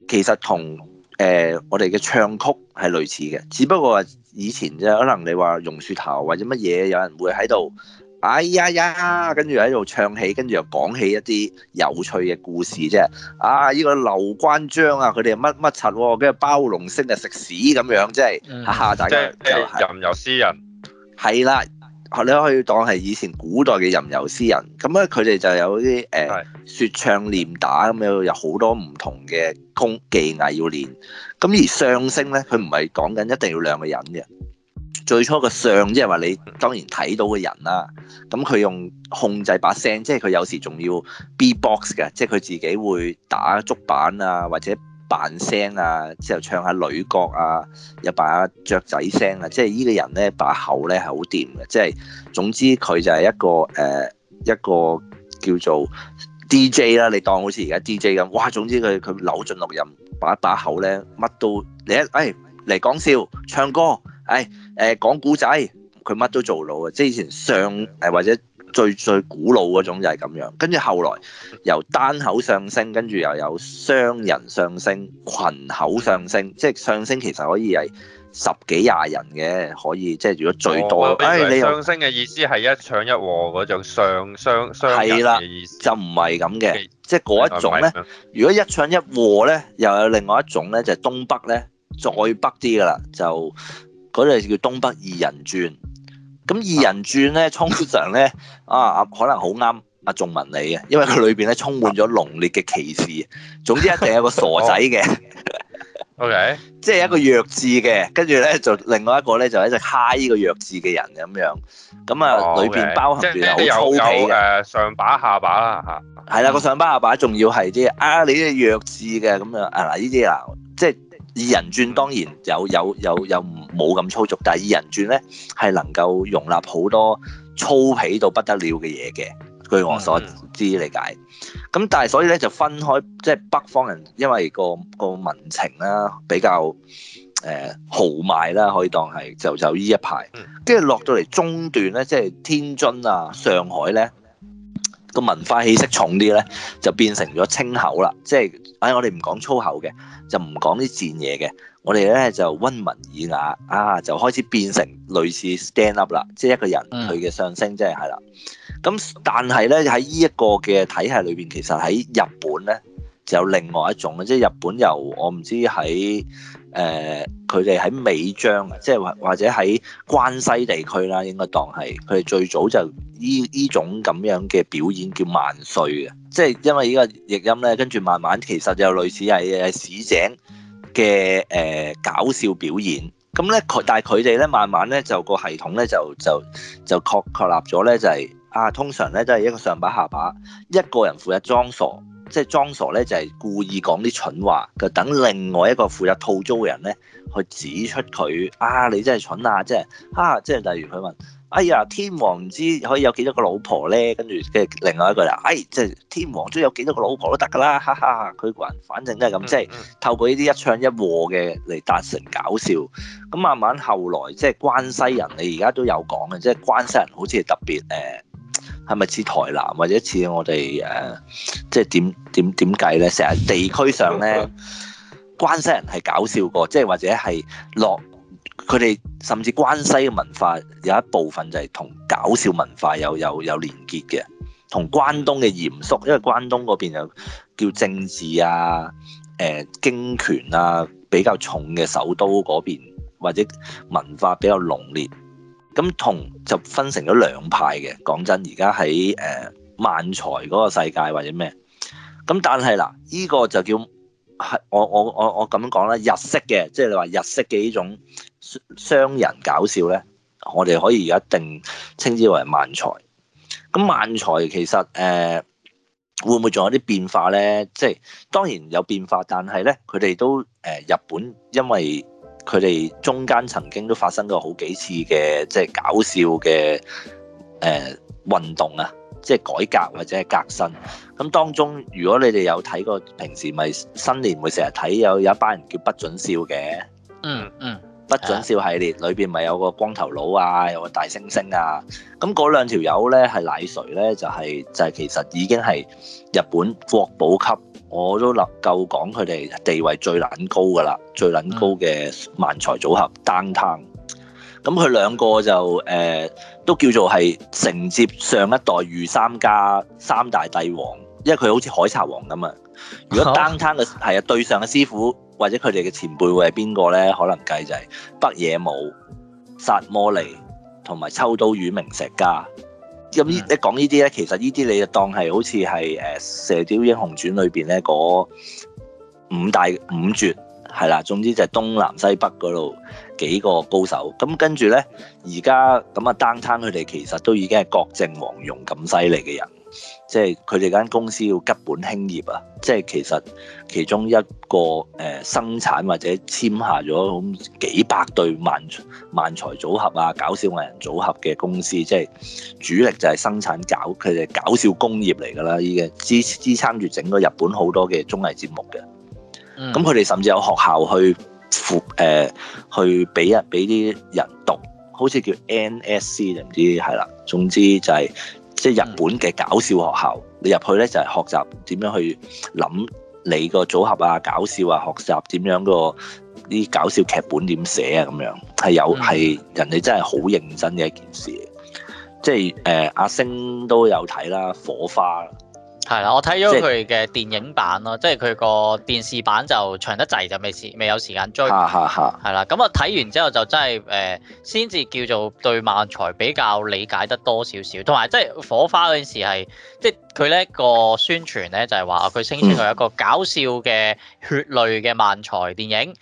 其實同誒、呃、我哋嘅唱曲係類似嘅，只不過以前啫，可能你話榕樹頭或者乜嘢，有人會喺度。哎呀呀！跟住喺度唱起，跟住又講起一啲有趣嘅故事啫。啊！呢、這個劉關張啊，佢哋乜乜柒喎，跟住包龍星就食屎咁樣，即
係嚇大家、就是。吟、嗯嗯、遊詩人。
係啦，你可以當係以前古代嘅吟遊詩人。咁咧，佢哋就有啲誒説唱練打咁樣，有好多唔同嘅功技藝要練。咁而相聲咧，佢唔係講緊一定要兩個人嘅。最初個相即係話你當然睇到嘅人啦，咁佢用控制把聲，即係佢有時仲要 B box 嘅，即係佢自己會打竹板啊，或者扮聲啊，之後唱下女角啊，又扮下雀仔聲啊，即係呢個人咧把口咧係好掂嘅，即係總之佢就係一個誒、呃、一個叫做 DJ 啦，你當好似而家 DJ 咁，哇，總之佢佢扭盡六壬，把把口咧乜都你一誒嚟講笑唱歌。誒誒講古仔，佢乜、哎、都做到嘅。即係以前相聲誒，或者最最古老嗰種就係咁樣，跟住後來由單口相聲，跟住又有雙人相聲、群口相聲，即係相聲其實可以係十幾廿人嘅，可以即係如果最多。我譬如你相
聲嘅意思係一唱一和嗰種上雙雙雙人嘅意思，就唔係咁嘅，
其即係嗰一種咧。是是如果一唱一和咧，又有另外一種咧，就係、是、東北咧，再北啲噶啦就。嗰啲叫東北二人轉，咁二人轉咧通常咧啊可能好啱阿仲文你嘅，因為佢裏邊咧充滿咗濃烈嘅歧視。總之一定有個傻仔嘅、
oh.，OK，
即係一個弱智嘅，跟住咧就另外一個咧就是、一直 high 呢個弱智嘅人咁樣。
咁啊裏邊包含住有粗鄙嘅、呃、上，上把下把
啦嚇。係、啊、啦，個上把下把仲要係啲啊你係弱智嘅咁樣啊嗱、啊啊、呢啲啊即係。二人轉當然有有有有冇咁粗俗，但係二人轉咧係能夠容納好多粗鄙到不得了嘅嘢嘅，據我所知理解。咁但係所以咧就分開，即係北方人因為、那個、那個民情啦比較誒、呃、豪邁啦，可以當係就就依一排。跟住落到嚟中段咧，即係天津啊、上海咧個文化氣息重啲咧，就變成咗清口啦，即係唉、哎、我哋唔講粗口嘅。就唔講啲賤嘢嘅，我哋咧就溫文爾雅啊，就開始變成類似 stand up 啦，即係一個人佢嘅、嗯、相聲，即係係啦。咁但係咧喺呢一個嘅體系裏邊，其實喺日本咧就有另外一種嘅，即係日本由我唔知喺。誒，佢哋喺尾張，即係或或者喺關西地區啦，應該當係佢哋最早就依依種咁樣嘅表演叫萬歲嘅，即係因為個呢個譯音咧，跟住慢慢其實就類似係係市井嘅誒、呃、搞笑表演。咁咧佢，但係佢哋咧慢慢咧就個系統咧就就就確確立咗咧就係、是、啊，通常咧都係一個上把下把一個人負責裝傻。即係裝傻咧，就係、是、故意講啲蠢話，就是、等另外一個負責吐槽嘅人咧，去指出佢啊，你真係蠢啊！即係啊，即係例如佢問：哎呀，天皇唔知可以有幾多個老婆咧？跟住跟住另外一個就：哎，即係天皇最多有幾多個老婆都得㗎啦！哈哈，佢個人反正都係咁，嗯嗯即係透過呢啲一唱一和嘅嚟達成搞笑。咁慢慢後來即係關西人，你而家都有講嘅，即係關西人好似特別誒。呃係咪似台南或者似我哋誒、呃，即係點點點計咧？成日地區上咧，關西人係搞笑過，即係或者係落。佢哋甚至關西嘅文化有一部分就係同搞笑文化有有有，有連結嘅，同關東嘅嚴肅，因為關東嗰邊有叫政治啊、誒、呃、經權啊比較重嘅首都嗰邊，或者文化比較濃烈。咁同就分成咗兩派嘅，講真，而家喺誒漫才嗰個世界或者咩？咁但係啦，呢、這個就叫係我我我我咁樣講啦：日式嘅，即係你話日式嘅呢種雙人搞笑咧，我哋可以有一定稱之為漫才。咁漫才其實誒、呃、會唔會仲有啲變化咧？即係當然有變化，但係咧佢哋都誒、呃、日本因為。佢哋中間曾經都發生過好幾次嘅即係搞笑嘅誒、呃、運動啊，即係改革或者係革新。咁當中，如果你哋有睇過平時會新年咪成日睇有有一班人叫不准笑嘅、嗯，嗯嗯，
不准
笑系列裏邊咪有個光頭佬啊，有個大猩猩啊。咁嗰兩條友咧係乃誰咧？就係、是、就係、是、其實已經係日本國寶級。我都能夠講佢哋地位最撚高㗎啦，最撚高嘅漫才組合 Downtown。咁佢、嗯、兩個就誒、呃，都叫做係承接上一代御三家三大帝王，因為佢好似海賊王咁啊。如果 Downtown 嘅係啊，啊對上嘅師傅或者佢哋嘅前輩會係邊個咧？可能計就係北野武、薩摩利同埋秋刀魚明石家。咁呢，你講呢啲咧，其實呢啲你就當係好似係誒《射雕英雄傳》裏邊咧嗰五大五絕係啦，總之就係東南西北嗰度幾個高手。咁跟住咧，而家咁啊，單攤佢哋其實都已經係郭靖黃蓉咁犀利嘅人。即係佢哋間公司要吉本興業啊！即係其實其中一個誒、呃、生產或者簽下咗咁幾百對漫漫才組合啊、搞笑藝人組合嘅公司，即係主力就係生產搞佢哋搞笑工業嚟㗎啦，已經支支撐住整個日本好多嘅綜藝節目嘅。咁佢哋甚至有學校去附誒、呃、去俾人俾啲人讀，好似叫 N.S.C 定唔知係啦。總之就係、是。即係日本嘅搞笑學校，你入去咧就係學習點樣去諗你個組合啊、搞笑啊，學習點樣個啲搞笑劇本點寫啊，咁樣，係有係人哋真係好認真嘅一件事。即係誒阿星都有睇啦，《火花》。
係啦，我睇咗佢嘅電影版咯，即係佢個電視版就長得滯，就未未有時間追。嚇嚇，係啦，咁啊睇完之後就真係誒先至叫做對漫才比較理解得多少少，同埋即係火花嗰陣時係即係佢咧個宣傳咧就係話佢聲稱佢係一個搞笑嘅血淚嘅漫才電影。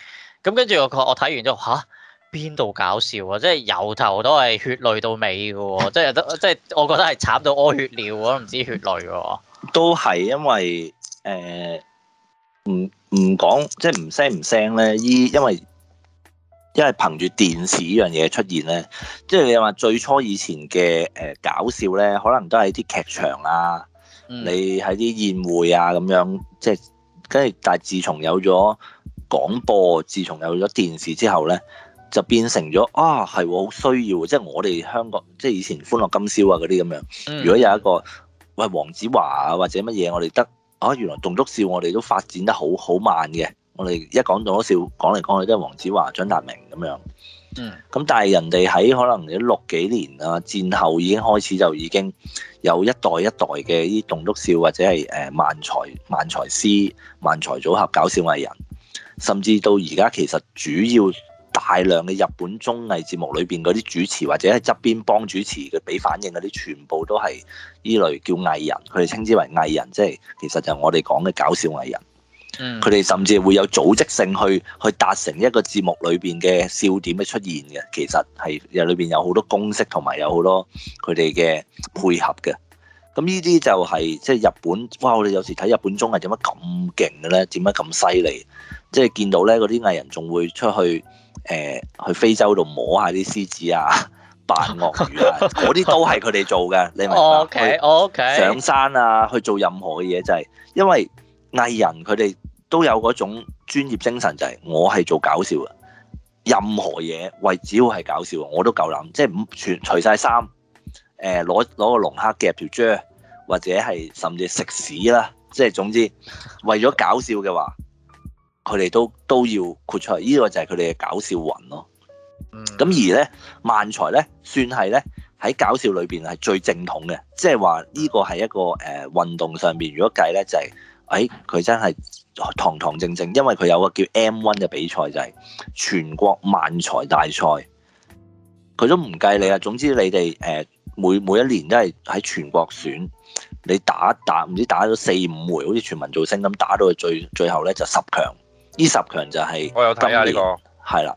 咁跟住我我睇完之後吓，邊度搞笑啊！即係由頭都係血淚到尾嘅喎， 即係都即係我覺得係慘到屙血尿我唔知血淚喎。都係
因為誒，唔、呃、唔講即係唔聲唔聲咧，依因為因為憑住電視呢樣嘢出現咧，即係你話最初以前嘅誒、呃、搞笑咧，可能都係啲劇場啊，你喺啲宴會啊咁樣，即係跟住，但係自從有咗廣播，自從有咗電視之後咧，就變成咗啊，係喎好需要，即係我哋香港即係以前歡樂今宵啊嗰啲咁樣，如果有一個。喂，黃子華啊，或者乜嘢？我哋得啊，原來棟篤笑我哋都發展得好好慢嘅。我哋一講棟篤笑，講嚟講去都係黃子華、張達明咁樣。嗯。咁但係人哋喺可能六幾年啊，戰後已經開始就已經有一代一代嘅啲棟篤笑，或者係誒漫才漫才師、漫才組合搞笑藝人，甚至到而家其實主要。大量嘅日本綜藝節目裏邊嗰啲主持或者喺側邊幫主持嘅俾反應嗰啲，全部都係依類叫藝人，佢哋稱之為藝人，即係其實就係我哋講嘅搞笑藝人。佢哋、嗯、甚至會有組織性去去達成一個節目裏邊嘅笑點嘅出現嘅，其實係入裏邊有好多公式同埋有好多佢哋嘅配合嘅。咁呢啲就係、是、即係日本哇！我哋有時睇日本綜藝點解咁勁嘅咧？點解咁犀利？即、就、係、是、見到咧嗰啲藝人仲會出去。誒、呃、去非洲度摸下啲獅子啊、扮鱷魚啊，嗰啲 都係佢哋做嘅，你明唔明？OK OK，上山啊，去做任何嘅嘢就係、是，因為藝人佢哋都有嗰種專業精神、就是，就係我係做搞笑嘅，任何嘢為只要係搞笑我都夠膽，即係唔除晒衫，誒攞攞個龍蝦夾條蕉，或者係甚至食屎啦，即係總之為咗搞笑嘅話。佢哋都都要豁出嚟，呢、這個就係佢哋嘅搞笑魂咯。咁而咧，漫才咧算係咧喺搞笑裏邊係最正統嘅，即係話呢個係一個誒運、呃、動上邊。如果計咧就係誒佢真係堂堂正正，因為佢有個叫 M One 嘅比賽，就係、是、全國漫才大賽。佢都唔計你啊，總之你哋誒、呃、每每一年都係喺全國選你打打，唔知打咗四五回，好似全民造星咁打到佢最最後咧就十強。呢十強就係今年，我有睇啊呢個，係
啦，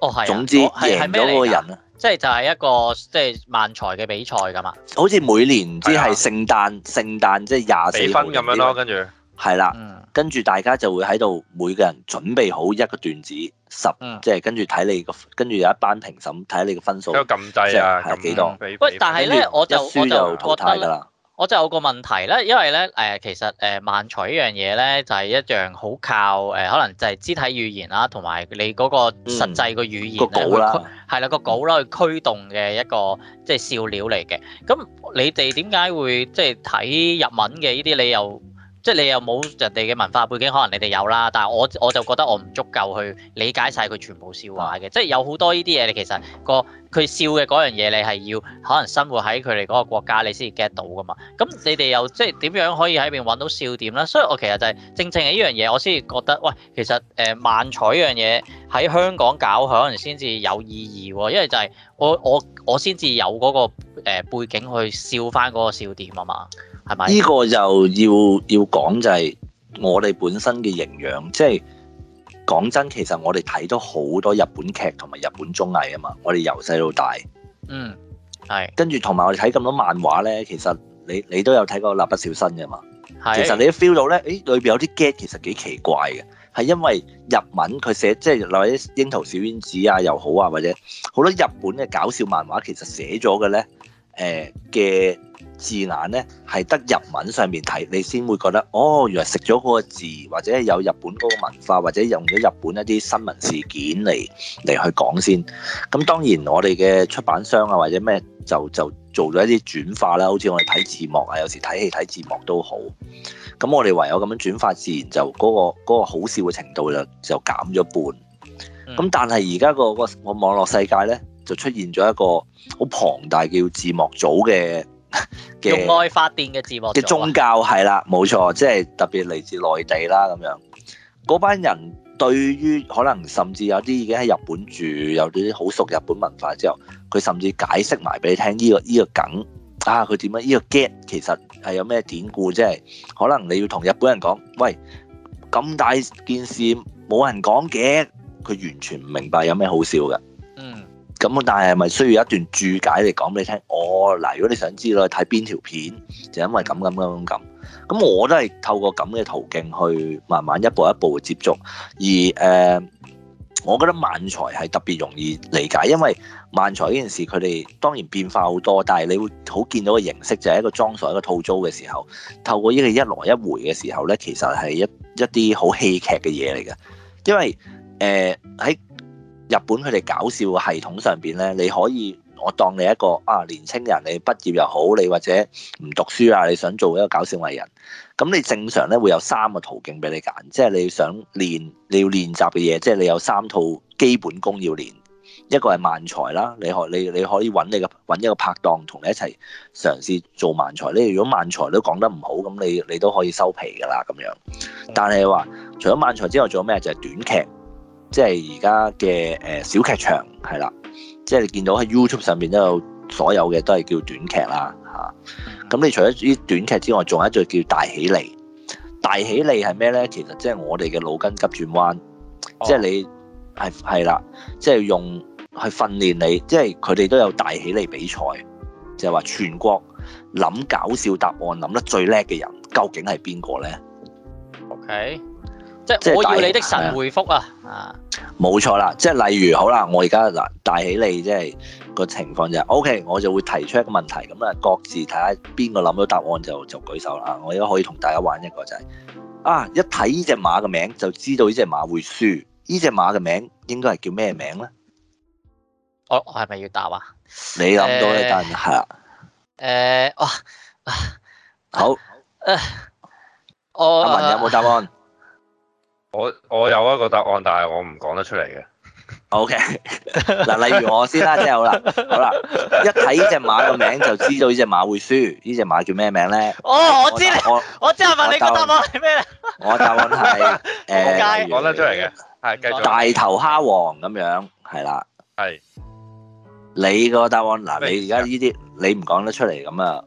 哦係，總之贏咗嗰個人咧，即係就係一個即係漫才嘅比賽噶嘛，
好似每年只係聖誕，聖誕即係廿四分
咁樣咯，跟住
係啦，跟住大家就會喺度每個人準備好一個段子十，即係跟住睇你個跟住有一班評審睇你個分數，有撳掣啊，係幾多？但係咧，我就我一輸就淘汰㗎啦。
我即係有個問題咧，因為咧誒、呃，其實誒漫才呢樣嘢咧，就係、是、一樣好靠誒、呃，可能就係肢體語言啦、啊，同埋你嗰個實際個語言啦，係啦、嗯、個稿啦去驅動嘅一個即係笑料嚟嘅。咁你哋點解會即係睇日文嘅呢啲？理由？即係你又冇人哋嘅文化背景，可能你哋有啦。但係我我就覺得我唔足夠去理解晒佢全部笑話嘅。即係有好多呢啲嘢，你其實個佢笑嘅嗰樣嘢，你係要可能生活喺佢哋嗰個國家，你先至 get 到㗎嘛。咁你哋又即係點樣可以喺邊搵到笑點啦？所以我其實就係、是、正正係呢樣嘢，我先至覺得，喂，其實誒、呃、漫才呢樣嘢喺香港搞，佢可能先至有意義喎。因為就係我我我先至有嗰、那個、呃、背景去笑返嗰個笑點啊嘛。呢個
又要要講就係我哋本身嘅營養，即係講真，其實我哋睇咗好多日本劇同埋日本綜藝啊嘛，我哋由細到大，嗯，係跟住同埋我哋睇咁多漫畫咧，其實你你都有睇過《蠟筆小新》嘅嘛，是其實你都 feel 到咧，誒裏邊有啲 get 其實幾奇怪嘅，係因為日文佢寫即係例如啲《櫻桃小丸子》啊又好啊，或者好多日本嘅搞笑漫畫其實寫咗嘅咧，誒、呃、嘅。字眼咧係得日文上面睇，你先會覺得哦，原來食咗嗰個字，或者有日本嗰個文化，或者用咗日本一啲新聞事件嚟嚟去講先。咁當然我哋嘅出版商啊，或者咩就就做咗一啲轉化啦、啊。好似我哋睇字幕啊，有時睇戲睇字幕都好。咁我哋唯有咁樣轉化，自然就嗰、個嗰個好笑嘅程度就就減咗半。
咁但係
而家個個、個網絡世界咧，就出現咗一個好龐大叫字幕組嘅。用
愛發電嘅字幕嘅宗教係啦，冇
錯，即係特別嚟自內地啦咁樣。嗰班人對於可能甚至有啲已經喺日本住，有啲好熟日本文化之後，佢甚至解釋埋俾你聽呢個呢個梗啊，佢點樣啊？呢個 get 其實係有咩典故？即係可能你要同日本人講，喂，咁大件事冇人講嘅，佢完全唔明白有咩好笑嘅。」咁但係係咪需要一段注解嚟講俾你聽？哦，嗱、呃，如果你想知咯，睇邊條片就因為咁咁咁咁。咁我都係透過咁嘅途徑去慢慢一步一步嘅接觸。而誒、呃，我覺得漫才係特別容易理解，因為漫才呢件事佢哋當然變化好多，但係你會好見到嘅形式就係一個裝傻、一個套租嘅時候，透過呢個一來一回嘅時候咧，其實係一一啲好戲劇嘅嘢嚟嘅，因為誒喺。呃日本佢哋搞笑嘅系統上邊咧，你可以我當你一個啊年青人，你畢業又好，你或者唔讀書啊，你想做一個搞笑藝人，咁你正常咧會有三個途徑俾你揀，即係你想練你要練習嘅嘢，即係你有三套基本功要練，一個係漫才啦，你可你你可以揾你嘅揾一個拍檔同你一齊嘗試做漫才。你如果漫才都講得唔好，咁你你都可以收皮噶啦咁樣。但係話除咗漫才之外，仲有咩？就係短劇。即係而家嘅誒小劇場係啦，即係你見到喺 YouTube 上面都有所有嘅都係叫短劇啦嚇。咁、啊、你除咗啲短劇之外，仲有一種叫大喜利。大喜利係咩咧？其實即係我哋嘅腦筋急轉彎，oh. 即係你係係啦，即係、就是、用去訓練你。即係佢哋都有大喜利比賽，就係、是、話全國諗搞笑答案諗得最叻嘅人究竟係邊
個咧？OK。即我要你的神回覆啊！
啊，冇錯啦，即係例如好啦，我而家嗱大起你即係、個情況就係、OK，我就會提出一個問題，咁咧各自睇下邊個諗到答案就就舉手啦。我而家可以同大家玩一個就係、係、啊，一睇呢隻馬嘅名就知道呢隻馬會輸。呢隻馬嘅名應該係叫咩名咧？
我我係咪要答啊？你諗到呢但係係啊。誒哇、啊！好。誒阿文有冇答
案？我我有一個答案，但係我唔講得出嚟嘅。OK 嗱，例如我先啦，即係好啦，好啦，一睇呢
隻馬個名就知道呢隻馬會輸。呢隻馬叫咩名咧？哦，我知啦，我
我即係問你個答案係咩？
我
答案係誒，唔講得出嚟嘅，係繼
續
大頭蝦王咁樣，係啦，係你個答案嗱，你而家呢啲你唔講得出嚟咁啊？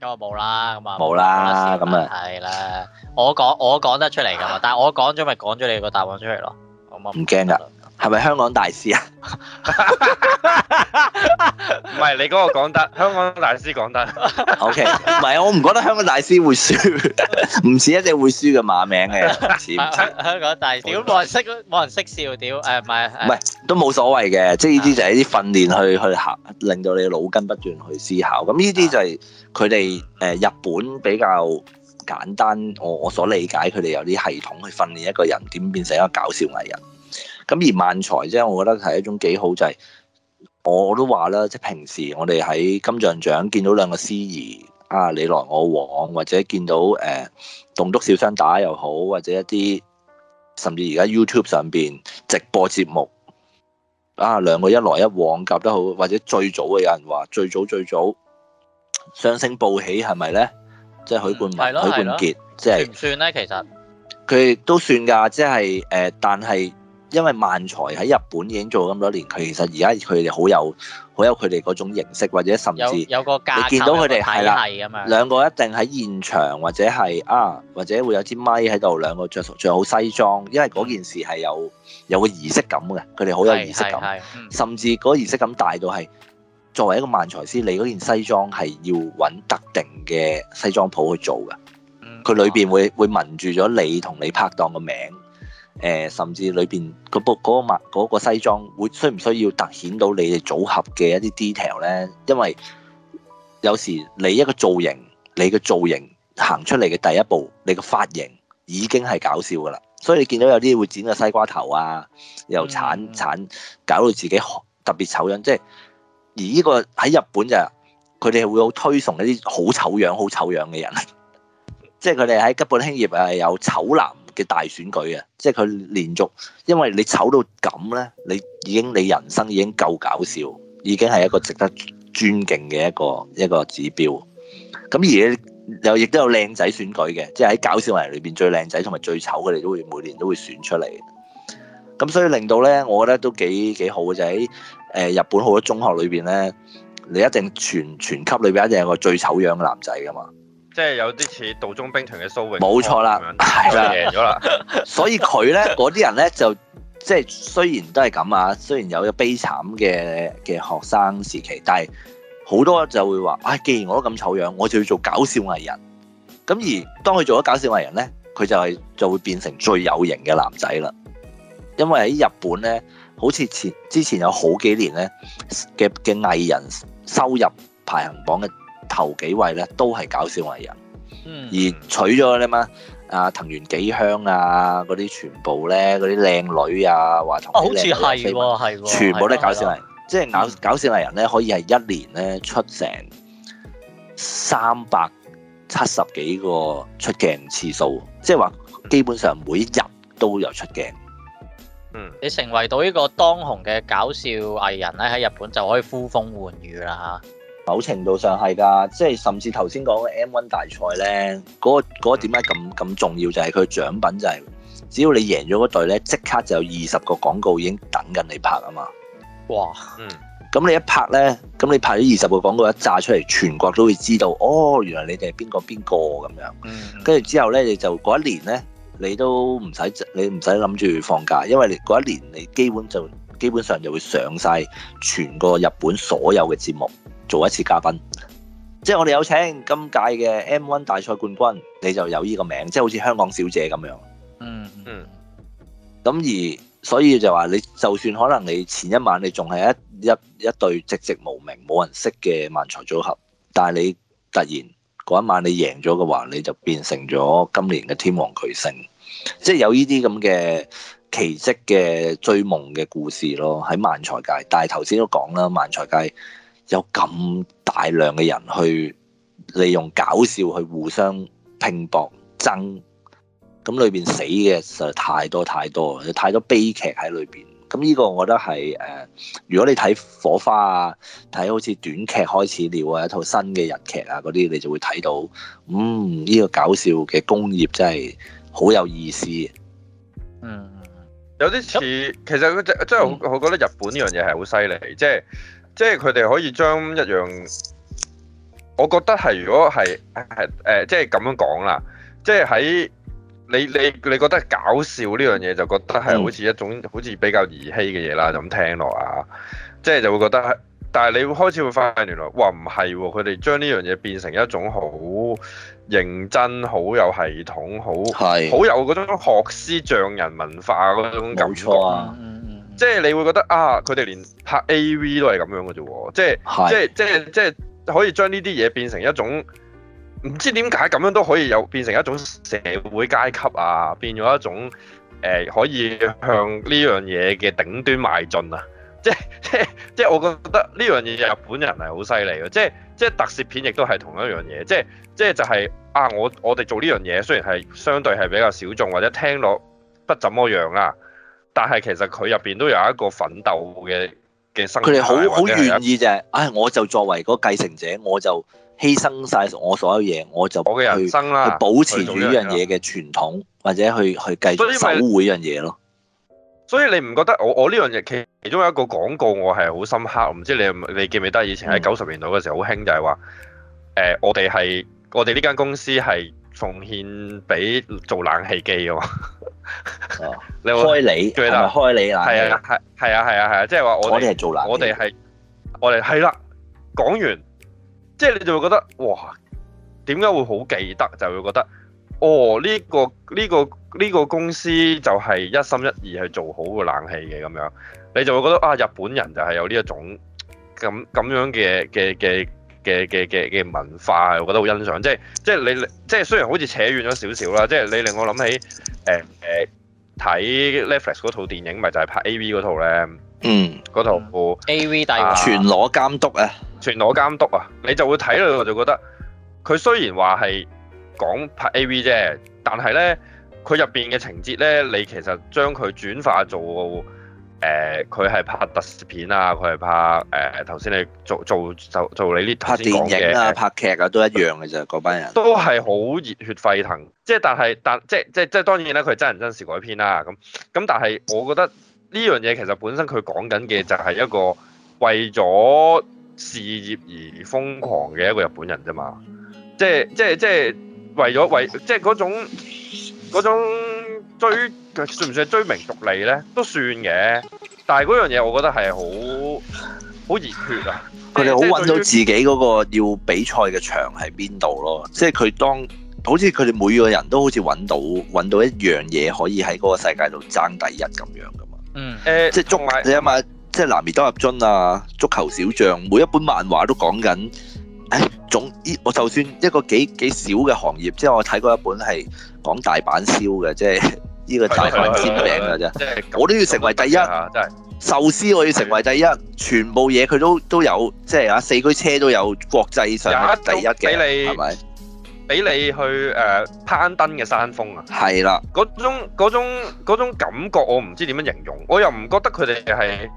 咁啊冇啦，咁啊冇啦，咁啊係啦，我講我講得出嚟噶嘛， 但係我講咗咪講咗你個答案出嚟咯，唔
驚噶。係咪香港大師啊？
唔 係 你嗰個講得，香港大師講得。OK，
唔係啊，我唔覺得香港大師會輸，唔 似一隻會輸嘅馬名嘅。似 香港大
師屌冇人識，冇 人識笑屌。誒唔係唔係
都冇所謂嘅， 即係呢啲就係啲訓練去去嚇，令到你腦筋不斷去思考。咁呢啲就係佢哋誒日本比較簡單。我我所理解佢哋有啲系統去訓練一個人點變成一個搞笑藝人。咁而漫才即係，我覺得係一種幾好，就係、是、我都話啦，即係平時我哋喺金像獎見到兩個司儀啊，你來我往，或者見到誒棟、呃、篤笑雙打又好，或者一啲甚至而家 YouTube 上邊直播節目啊，兩個一來一往夾得好，或者最早嘅有人話最早最早雙星報喜係咪咧？即係許冠文、嗯、許冠傑，即係、就是、算唔算咧？其實佢都算㗎，即係誒，但係。因為漫才喺日本已經做咁多年，佢其實而家佢哋好有好有佢哋嗰種形式，或者甚至有，有個架構嘅體系啊嘛。兩個一定喺現場或者係啊，或者會有支咪喺度，兩個着著好西裝，因為嗰件事係有有個儀式感嘅，佢哋好有儀式感，甚至嗰儀、那個、式感大到係作為一個漫才師，你嗰件西裝係要揾特定嘅西裝鋪去做嘅，佢裏邊會會紋住咗你同你拍檔嘅名。誒、呃，甚至裏邊嗰個嗰個西裝會需唔需要突顯到你哋組合嘅一啲 detail 咧？因為有時你一個造型，你嘅造型行出嚟嘅第一步，你嘅髮型已經係搞笑㗎喇。所以你見到有啲會剪個西瓜頭啊，又鏟鏟搞到自己特別醜樣，即係而呢、呢個喺日本就佢哋會好推崇一啲好醜樣好醜樣嘅人， 即係佢哋喺吉本興業啊有醜男。嘅大選舉啊，即係佢連續，因為你醜到咁咧，你已經你人生已經夠搞笑，已經係一個值得尊敬嘅一個一個指標。咁而你又亦都有靚仔選舉嘅，即係喺搞笑人裏邊最靚仔同埋最醜嘅，你都會每年都會選出嚟。咁所以令到咧，我覺得都幾幾好嘅，就喺、是、誒、呃、日本好多中學裏邊咧，你一定全全級裏邊一定有一個最醜樣嘅男仔㗎嘛。
即係有啲似道中兵團嘅蘇永康，冇錯啦，咁樣樣，係啦，贏咗啦。所以佢咧嗰啲人咧就即係
雖然都係咁啊，雖然有個悲慘嘅嘅學生時期，但係好多就會話，唉、哎，既然我都咁醜樣，我就要做搞笑藝人。咁而當佢做咗搞笑藝人咧，佢就係就會變成最有型嘅男仔啦。因為喺日本咧，好似前之前有好幾年咧嘅嘅藝人收入排行榜嘅。頭幾位咧都係搞笑藝人，而除咗你嘛，阿藤原紀香啊嗰啲全部咧，嗰啲靚女啊，話同好似係係全部都係搞笑藝人，即係搞搞笑藝人咧可以係一年咧出成三百七十幾個出鏡次數，即係話基本上每日都有出鏡。
嗯，你成為到呢個當紅嘅搞笑藝人咧喺日本就可以呼風喚雨啦吓。
某程度上係㗎，即係甚至頭先講嘅 M1 大賽咧，嗰個嗰個點解咁咁重要？就係佢獎品就係，只要你贏咗嗰隊咧，即刻就有二十個廣告已經等緊你拍啊嘛。哇！嗯，咁你一拍咧，咁你拍咗二十個廣告一炸出嚟，全國都會知道。哦，原來你哋係邊個邊個咁樣。跟住、嗯、之後咧，你就嗰一年咧，你都唔使你唔使諗住放假，因為你嗰一年你基本就。基本上就會上晒全個日本所有嘅節目，做一次嘉賓。即係我哋有請今屆嘅 M1 大賽冠軍，你就有呢個名，即係好似香港小姐咁樣。嗯嗯。咁、嗯、而所以就話你，就算可能你前一晚你仲係一一一對籍籍無名、冇人識嘅漫才組合，但係你突然嗰一晚你贏咗嘅話，你就變成咗今年嘅天王巨星。即係有呢啲咁嘅。奇蹟嘅追夢嘅故事咯，喺漫才界。但係頭先都講啦，漫才界有咁大量嘅人去利用搞笑去互相拼搏爭，咁裏邊死嘅實在太多太多，太多悲劇喺裏邊。咁呢個我覺得係誒、呃，如果你睇火花啊，睇好似短劇開始了啊，一套新嘅日劇啊嗰啲，你就會睇到，嗯，呢、這個搞笑嘅工業真係好有意思。
嗯。有啲似，其實嗰隻真係我覺得日本呢樣嘢係好犀利，即係即係佢哋可以將一樣，我覺得係如果係係誒，即係咁樣講啦，即係喺你你你覺得搞笑呢樣嘢就覺得係好似一種、嗯、好似比較兒戲嘅嘢啦，就咁聽落啊，即係就會覺得。但係你會開始會發現原來，哇，唔係喎，佢哋將呢樣嘢變成一種好認真、好有系統、好好是有嗰種學師匠人文化嗰種感覺。冇錯、啊、即係你會覺得啊，佢哋連拍 AV 都係咁樣嘅啫喎，即係是即係即係即係可以將呢啲嘢變成一種唔知點解咁樣都可以有變成一種社會階級啊，變咗一種誒、呃、可以向呢樣嘢嘅頂端邁進啊！即即即我覺得呢樣嘢日本人係好犀利嘅，即即特攝片亦都係同一樣嘢，即即就係、係、啊！我我哋做呢樣嘢雖然係相對係比較小眾或者聽落不怎麼樣啦、啊，但係其實佢入邊都有一個奮鬥嘅嘅生。佢哋好好願意啫！唉、哎，我就作為嗰
繼承者，我就犧牲晒我所有嘢，我就去，我嘅人生啦去保持住呢樣嘢嘅傳統，或者去去繼續以守護呢樣嘢咯。
所以你唔覺得我我呢樣嘢其其中有一個廣告我係好深刻，唔知你你記唔記得？以前喺九十年代嘅時候好興，就係話誒，我哋係我哋呢間公司係奉獻俾做冷氣機嘅嘛， 開,你開你同埋開你冷氣啦，係係啊係啊係啊，即係話我哋係做冷我哋係我哋係啦，講完即係、就係、你就會覺得哇，點解會好記得？就會覺得。哦，呢個呢個呢個公司就係一心一意去做好個冷氣嘅咁樣，你就會覺得啊，日本人就係有呢一種咁咁樣嘅嘅嘅嘅嘅嘅文化，我覺得好欣賞。即係即係你即係雖然好似扯遠咗少少啦，即係你令我諗起誒誒、呃、睇 Netflix 嗰套電影，咪就係、是、拍 AV 嗰套咧。嗯，嗰套 AV 大、嗯、全裸監督啊，全裸監督啊，你就會睇落去就覺得佢雖然話係。講拍 A.V. 啫，但係咧，佢入邊嘅情節咧，你其實將佢轉化做誒，佢、呃、係拍特攝片啊，佢係拍誒頭先你做做就做你呢頭先講嘅拍電影啊、拍劇啊，都一樣嘅啫。嗰班人都係好熱血沸騰，即係但係但即即即當然咧，佢係真人真事改編啦、啊。咁咁，但係我覺得呢樣嘢其實本身佢講緊嘅就係一個為咗事業而瘋狂嘅一個日本人啫嘛，即即即。即為咗為即係嗰種嗰種追算唔算係追名逐利咧？都算嘅，但係嗰樣嘢我覺得係好好熱血啊！
佢哋好揾到自己嗰個要比賽嘅場喺邊度咯，即係佢當好似佢哋每個人都好似揾到揾到一樣嘢可以喺嗰個世界度爭第一咁樣噶
嘛。嗯，誒，
即係仲埋你諗下，
即係男兒當入樽啊，足球小將，每一本漫畫都講緊。誒，總之我就算一個幾幾少嘅行業，即係我睇過一本係講大阪燒嘅，即係呢個大阪煎餅嘅啫。即我都要成為第一嚇，真係壽司我要成為第一，的全部嘢佢都都有，即係嚇四驅車都有國際上第一嘅，係咪？
俾吧你去誒、uh, 攀登嘅山峰，啊！係啦的，嗰種嗰種嗰種感覺我唔知點樣形容，我又唔覺得佢哋係，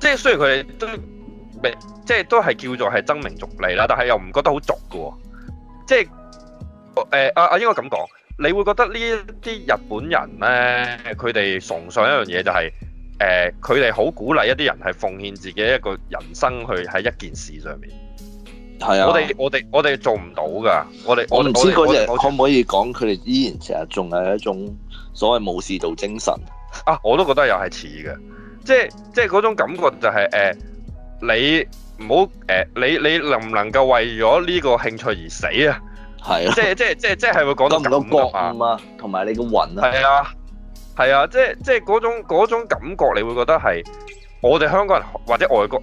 即係雖然佢哋都。即係都係叫做係爭名逐利啦，但係又唔覺得好俗噶，即係，誒、呃，阿阿應該咁講，你會覺得呢啲日本人咧，佢哋崇尚一樣嘢就係、是，誒、呃，佢哋好鼓勵一啲人係奉獻自己一個人生去喺一件事上面。係啊，我哋我哋我哋做唔到噶，我哋我唔知嗰我，我可唔
可以講，佢哋依然
成日仲係一種所謂武士道精神。啊，我都覺得又係似嘅，即係即係嗰種感覺就係、是、誒。呃你唔好誒，你你能唔能夠為咗呢個興趣而死啊？係、啊，即即即即係會講到感覺啊，同埋你個魂啊，係啊，係啊，即即嗰種嗰種感覺，你會覺得係我哋香港人或者外國誒誒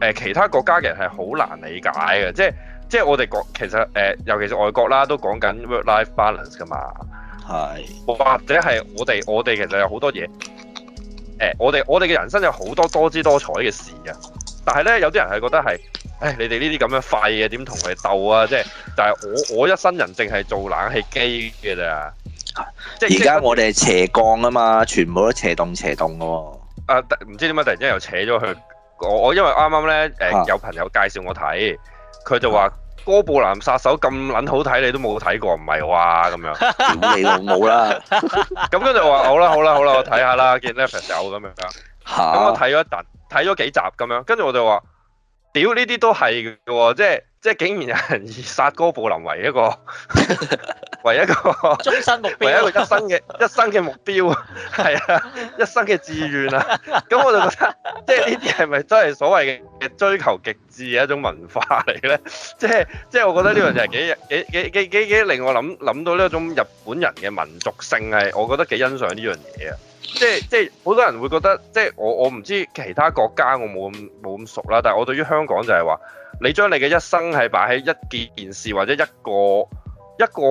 外誒其他國家嘅人係好難理解嘅，即即我哋講其實誒、呃，尤其是外國啦，都講緊 work-life balance 噶嘛，係是或者係我哋我哋其實有好多嘢誒、呃，我哋我哋嘅人生有好多多姿多彩嘅事啊！但係咧，有啲人係覺得係，誒，你哋呢啲咁樣廢嘅點同佢鬥啊？即係，但係我我一生人淨係做冷氣機嘅咋，
即係而家我哋係斜槓啊嘛，全部都斜動斜動嘅喎。啊，唔
知點解突然之間又扯咗去，我因為啱啱咧誒有朋友介紹我睇，佢、啊、就話《哥布林殺手》咁撚好睇，你都冇睇過，唔係哇咁樣，你又冇啦。咁跟住我話好啦好啦好啦，我睇下啦，見 Netflix 有咁樣。咁我睇咗一陣，睇咗幾集咁樣，跟住我就話：屌呢啲都係嘅喎，即係即係竟然有人以殺哥布林為一個 為一個終生目標，為一個一生嘅一生嘅目標，係 啊，一生嘅志願啊！咁 我就覺得，即係呢啲係咪真係所謂嘅追求極致嘅一種文化嚟咧？即係即係我覺得呢樣嘢幾、嗯、幾幾幾幾幾，幾，幾，幾令我諗諗到呢一種日本人嘅民族性係，我覺得幾欣賞呢樣嘢啊！即係即係，好多人會覺得即係我我唔知其他國家我冇咁冇咁熟啦，但係我對於香港就係話，你將你嘅一生係擺喺一件件事或者一個一個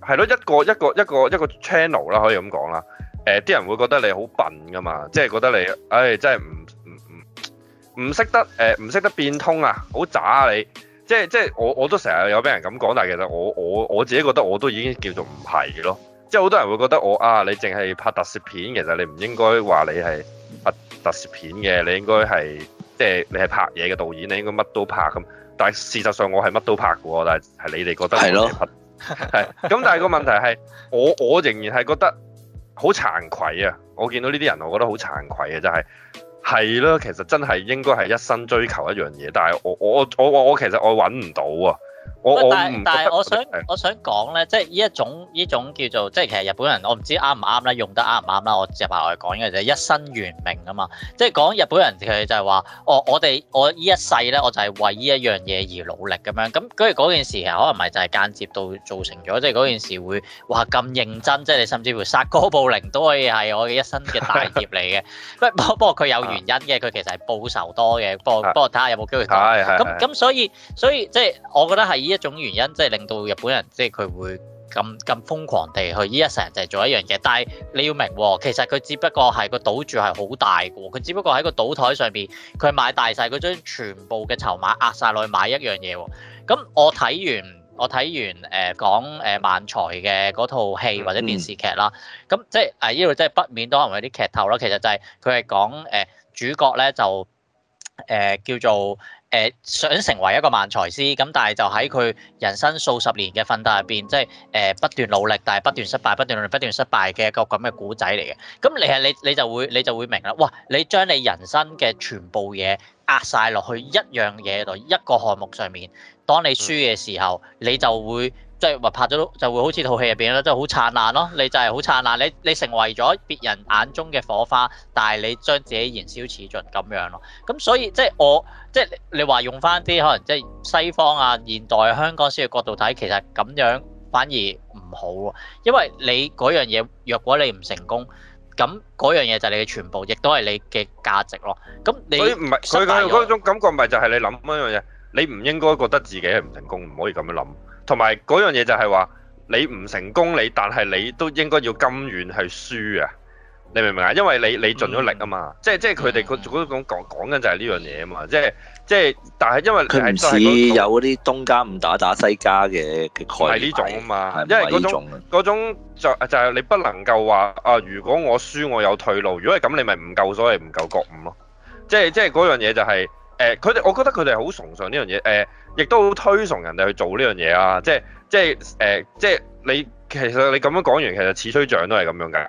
係咯一個一個一個一個 channel 啦，可以咁講啦。誒、呃、啲人會覺得你好笨㗎嘛，即係覺得你，唉、哎、真係唔唔唔唔識得誒唔識得變通啊，好渣、啊、你！即係即係我我都成日有俾人咁講，但係其實我我我自己覺得我都已經叫做唔係咯。即係好多人會覺得我啊，你淨係拍特攝片，其實你唔應該話你係拍特攝片嘅，你應該係即係你係拍嘢嘅導演，你應該乜都拍咁。但係事實上我係乜都拍嘅喎，但係你哋覺得唔係咯？係咁， 但係個問題係，我我仍然係覺得好慚愧啊！我見到呢啲人，我覺得好慚愧啊。就係係咯，其實真係應該係一生追求一樣嘢，但係我我我我我其實我揾唔到啊！但係但係我想
我想講咧，即係呢一種呢種叫做即係其實日本人我唔知啱唔啱啦，用得啱唔啱啦。我只係我嚟講嘅就係一生懸命啊嘛，即係講日本人佢就係話，哦我哋我呢一世咧，我就係為呢一樣嘢而努力咁樣。咁嗰嗰件事情可能咪就係間接到造成咗，即係嗰件事會話咁認真，即係你甚至乎殺哥布靈都可以係我嘅一生嘅大業嚟嘅。不不不過佢有原因嘅，佢其實係報仇多嘅。不過不過我睇下有冇機會講。咁咁所以所以即係我覺得係。呢一種原因，即係令到日本人，即係佢會咁咁瘋狂地去依一成就做一樣嘢。但係你要明喎，其實佢只不過係、這個賭注係好大嘅喎。佢只不過喺個賭台上邊，佢買大晒嗰張全部嘅籌碼壓晒落去買一樣嘢喎。咁我睇完，我睇完誒講誒漫才嘅嗰套戲或者電視劇啦。咁即係啊，依度即係不免都會有啲劇透啦？其實就係佢係講誒主角咧就誒、呃、叫做。叫做誒、呃、想成為一個漫才師，咁但係就喺佢人生數十年嘅奮鬥入邊，即係誒、呃、不斷努力，但係不斷失敗，不斷努力，不斷失敗嘅一個咁嘅故仔嚟嘅。咁你係你你就會你就會明啦。哇！你將你人生嘅全部嘢壓晒落去一樣嘢度，一個項目上面，當你輸嘅時候，你就會。即係話拍咗就會好似套戲入邊咯，即係好燦爛咯。你就係好燦爛，你你成為咗別人眼中嘅火花，但係你將自己燃燒殆盡咁樣咯。咁所以即係我即係你話用翻啲可能即係西方啊、現代啊、香港先嘅角度睇，其實咁樣反而唔好喎，因為你嗰樣嘢若果你唔成功，咁嗰樣嘢就係你嘅全部，亦都係你嘅價值咯。咁你佢唔係佢佢
嗰種感覺咪就係你諗嗰樣嘢，你唔應該覺得自己係唔成功，唔可以咁樣諗。同埋嗰樣嘢就係話，你唔成功，你但係你都應該要甘願去輸啊！你明唔明啊？因為你你盡咗力啊嘛、嗯、嘛，即係即係佢哋佢嗰種講講緊就係呢樣嘢啊嘛，即係即係，但係因為佢唔似有嗰啲東家唔打打西家嘅概念，係呢種啊嘛，是是種因為嗰種，種就就係你不能夠話啊，如果我輸我有退路，如果係咁你咪唔夠所謂唔夠覺悟咯，即係即係嗰樣嘢就係、是。誒，佢哋我覺得佢哋好崇尚呢樣嘢，誒，亦都好推崇人哋去做呢樣嘢啊！即係即係誒，即係你其實你咁樣講完，其實次推獎都係咁樣㗎，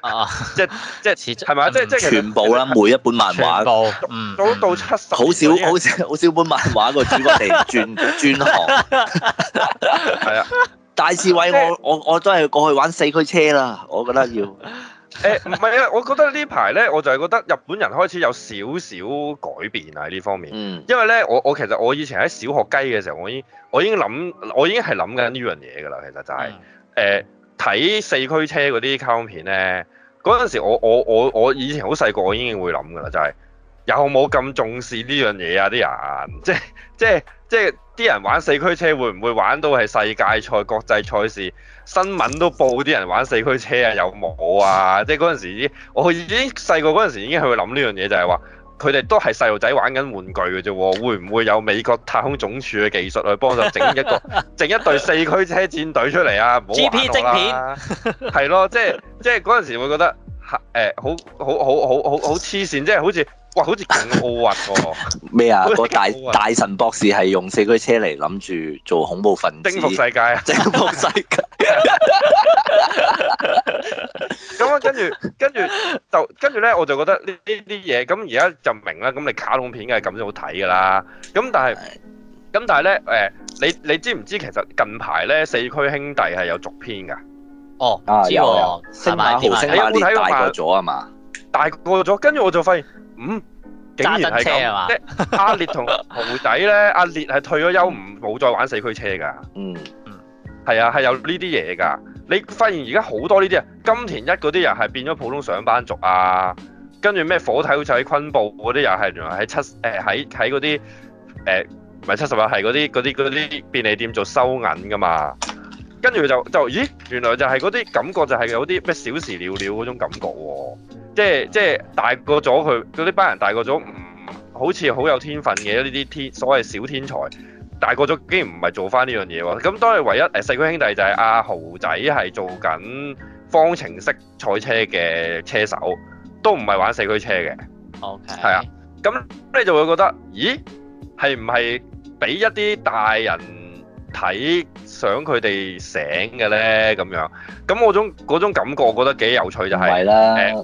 啊！即係即係，係咪啊？即係即係全部啦，每一本漫畫，嗯，到到七十，好少好少好少本漫畫個主角哋轉轉行，係啊！
大智偉，我我我都係過去玩四驅車啦，我覺得要。
誒，唔係啊！我覺得呢排咧，我就係覺得日本人開始有少少改變啦喺呢方面。嗯，因為咧，我我其實我以前喺小學雞嘅時候，我已我已經諗，我已經係諗緊呢樣嘢噶啦。其實就係誒，睇四驅車嗰啲卡通片咧，嗰陣時我我我我以前好細個，我已經會諗噶啦，就係有冇咁重視呢樣嘢啊？啲人即係即係。 就係即係啲人玩四驅車會唔會玩到係世界賽、國際賽事，新聞都報啲人玩四驅車啊？有冇啊？即係嗰陣時已經，我已經細個嗰陣時已經去諗呢樣嘢，就係話佢哋都係細路仔玩緊玩，玩具嘅啫，會唔會有美國太空總署嘅技術去幫手整一個 整一隊四驅車戰隊出嚟啊？唔好玩啦！GP 晶片係咯， 即係即係嗰陣時會覺得。誒，好好好好好好黐線，即係好似，哇，好似勁奧運喎！咩啊？個大大神博
士係用四驅車嚟諗住做恐怖分子，征服世界啊！征服世
界！咁啊，跟住跟住就跟住咧，我就覺得呢呢啲嘢，咁而家就明啦。咁你卡通片梗係咁好睇噶啦。咁但係，咁但係咧，誒，你你知唔知其實近排咧四驅兄弟係有續篇噶？哦，知喎，升埋跳埋啦，大過咗啊嘛，大過咗，跟住我就發現，嗯，
竟然係咁、即
係阿、 啊、烈同豪仔咧，阿、啊、烈係退咗休，唔冇、嗯、再玩四驅車噶，嗯，係啊，係有呢啲嘢噶，你發現而家好多呢啲啊，金田一嗰啲人係變咗普通上班族啊。跟住咩火體好似喺昆布嗰啲人係原來喺七誒喺喺嗰啲誒唔係七十日係嗰啲啲啲便利店做收銀噶嘛。跟住就就咦，原來就係嗰啲感覺，就係有啲咩小事了了嗰種感覺喎、啊。即係即係大個咗，佢嗰啲班人大個咗，唔、嗯、好似好有天分嘅呢啲天所謂小天才，大個咗竟然唔係做翻呢樣嘢喎。咁當然唯一誒四驅兄弟就係阿、啊、豪仔係做緊方程式賽車嘅車手，都唔係玩四驅車嘅。OK，係啊。咁你就會覺得，咦，係唔係俾一啲大人？睇想佢哋醒嘅咧咁樣，咁我種嗰種感覺，我覺得幾有趣就係、是，誒是、欸，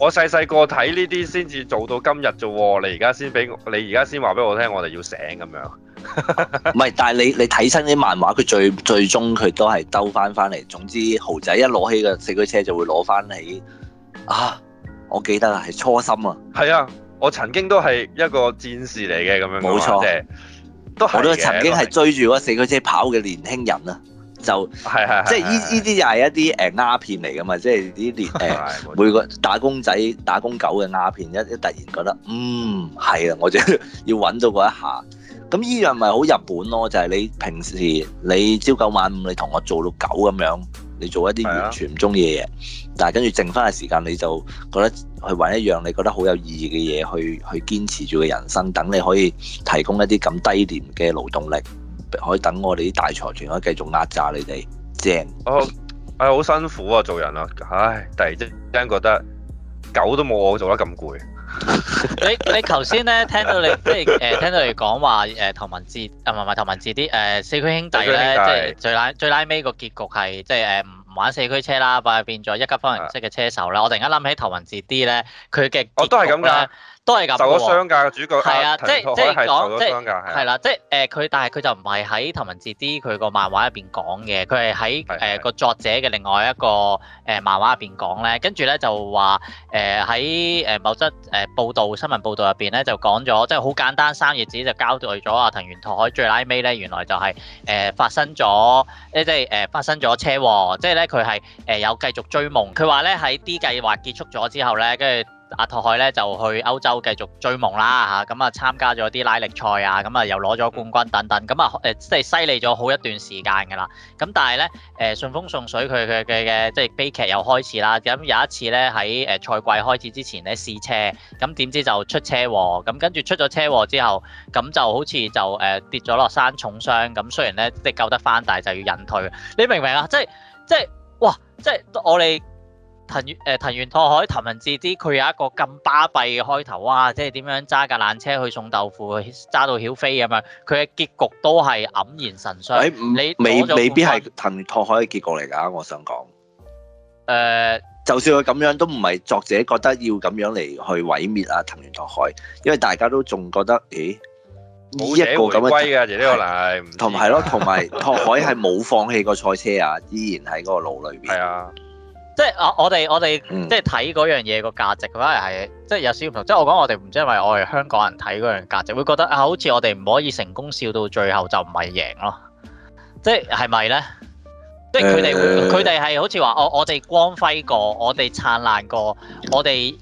我細細個睇呢啲先至做到今日啫喎，你而家先俾你而家先話俾我聽，我哋要醒咁樣。
唔 係、啊，但係你你睇親啲漫畫，佢最最終佢都係兜翻翻嚟。總之，豪仔一攞起個四驅車就會攞翻起
啊！我記得係初心啊。係啊，我曾經都係一個戰士嚟嘅咁樣冇錯。
我都曾經係追住嗰四驅車跑嘅年輕人啦，就係係的即係依依啲又係一啲誒鴉片嚟㗎嘛，即係啲年誒每個打工仔 打工狗嘅鴉片一一突然覺得，嗯係啊，我就 要揾到嗰一下。咁依樣咪好日本咯，就係、是、你平時你朝九晚五，你同我做到狗咁樣。你做一啲完全唔鍾意嘅嘢，但係跟住剩返嘅時間，你就覺得去搵一樣你覺得好有意義嘅嘢去去堅持住嘅人生，等你可以提供一啲咁低廉嘅勞動力，可以等我哋啲大財團可以繼續壓榨你哋，正。
我係好、哎、辛苦啊，做人啊，唉，突然之間覺得狗都冇我做得咁攰。
你你頭先咧聽到你即係誒聽到你講話誒，頭文字啊唔係唔係頭文字啲誒、呃、四驅兄弟咧，弟即係最拉最拉尾個結局係即係誒唔唔玩四驅車啦，變咗一級方程式嘅車手啦。的我突然間諗起頭文字啲咧，佢嘅我都係咁噶。都係咁，受咗傷嘅主角。係啊，即即係講，即係係啦，即係誒佢，但係佢就唔係喺頭文字 D 佢個漫畫入邊講嘅，佢係喺誒個作者嘅另外一個誒漫畫入邊講咧。跟住咧就話誒喺誒某則誒報導新聞報導入邊咧就講咗，即係好簡單三頁紙就交代咗啊！藤原拓海最拉尾咧，原來就係誒發生咗，即係誒發生咗車禍，即係咧佢係誒有繼續追夢。佢話咧喺 D 計劃結束咗之後咧，跟住。阿拓海咧就去歐洲繼續追夢啦嚇，咁啊參加咗啲拉力賽啊，咁啊又攞咗冠軍等等，咁啊誒即係犀利咗好一段時間㗎啦。咁但係咧誒順風順水，佢佢嘅嘅即係悲劇又開始啦。咁有一次咧喺誒賽季開始之前咧試車，咁點知就出車禍，咁跟住出咗車禍之後，咁就好似就誒跌咗落山重傷，咁雖然咧即係救得翻，但係就要引退。你明唔明啊？即係即係哇！即係我哋。滕原誒，藤原拓海藤文智哋，佢有一個咁巴閉嘅開頭，哇！即係點樣揸架爛車去送豆腐，揸到曉飛咁樣，佢嘅結局都係黯然神傷。誒，你未未必係
藤原拓海嘅結局嚟噶，我想講。誒，就算佢咁樣，都唔係作者覺得要咁樣嚟去毀滅啊藤原拓海，因為大家都仲覺得，咦？冇者回歸噶，姐姐我嚟。同埋係咯，同埋拓海係冇放棄過賽車啊，依然喺嗰個
路裏邊。係啊。即係啊！我哋我哋即係睇嗰樣嘢個價值，反而係即係有少少唔同。即係我講我哋唔知，因為我哋香港人睇嗰樣價值，會覺得啊，好似我哋唔可以成功笑到最後就唔係贏咯。即係係咪咧？
即係佢哋佢哋係
好似話，我我哋光輝過，我哋燦爛過，我哋誒、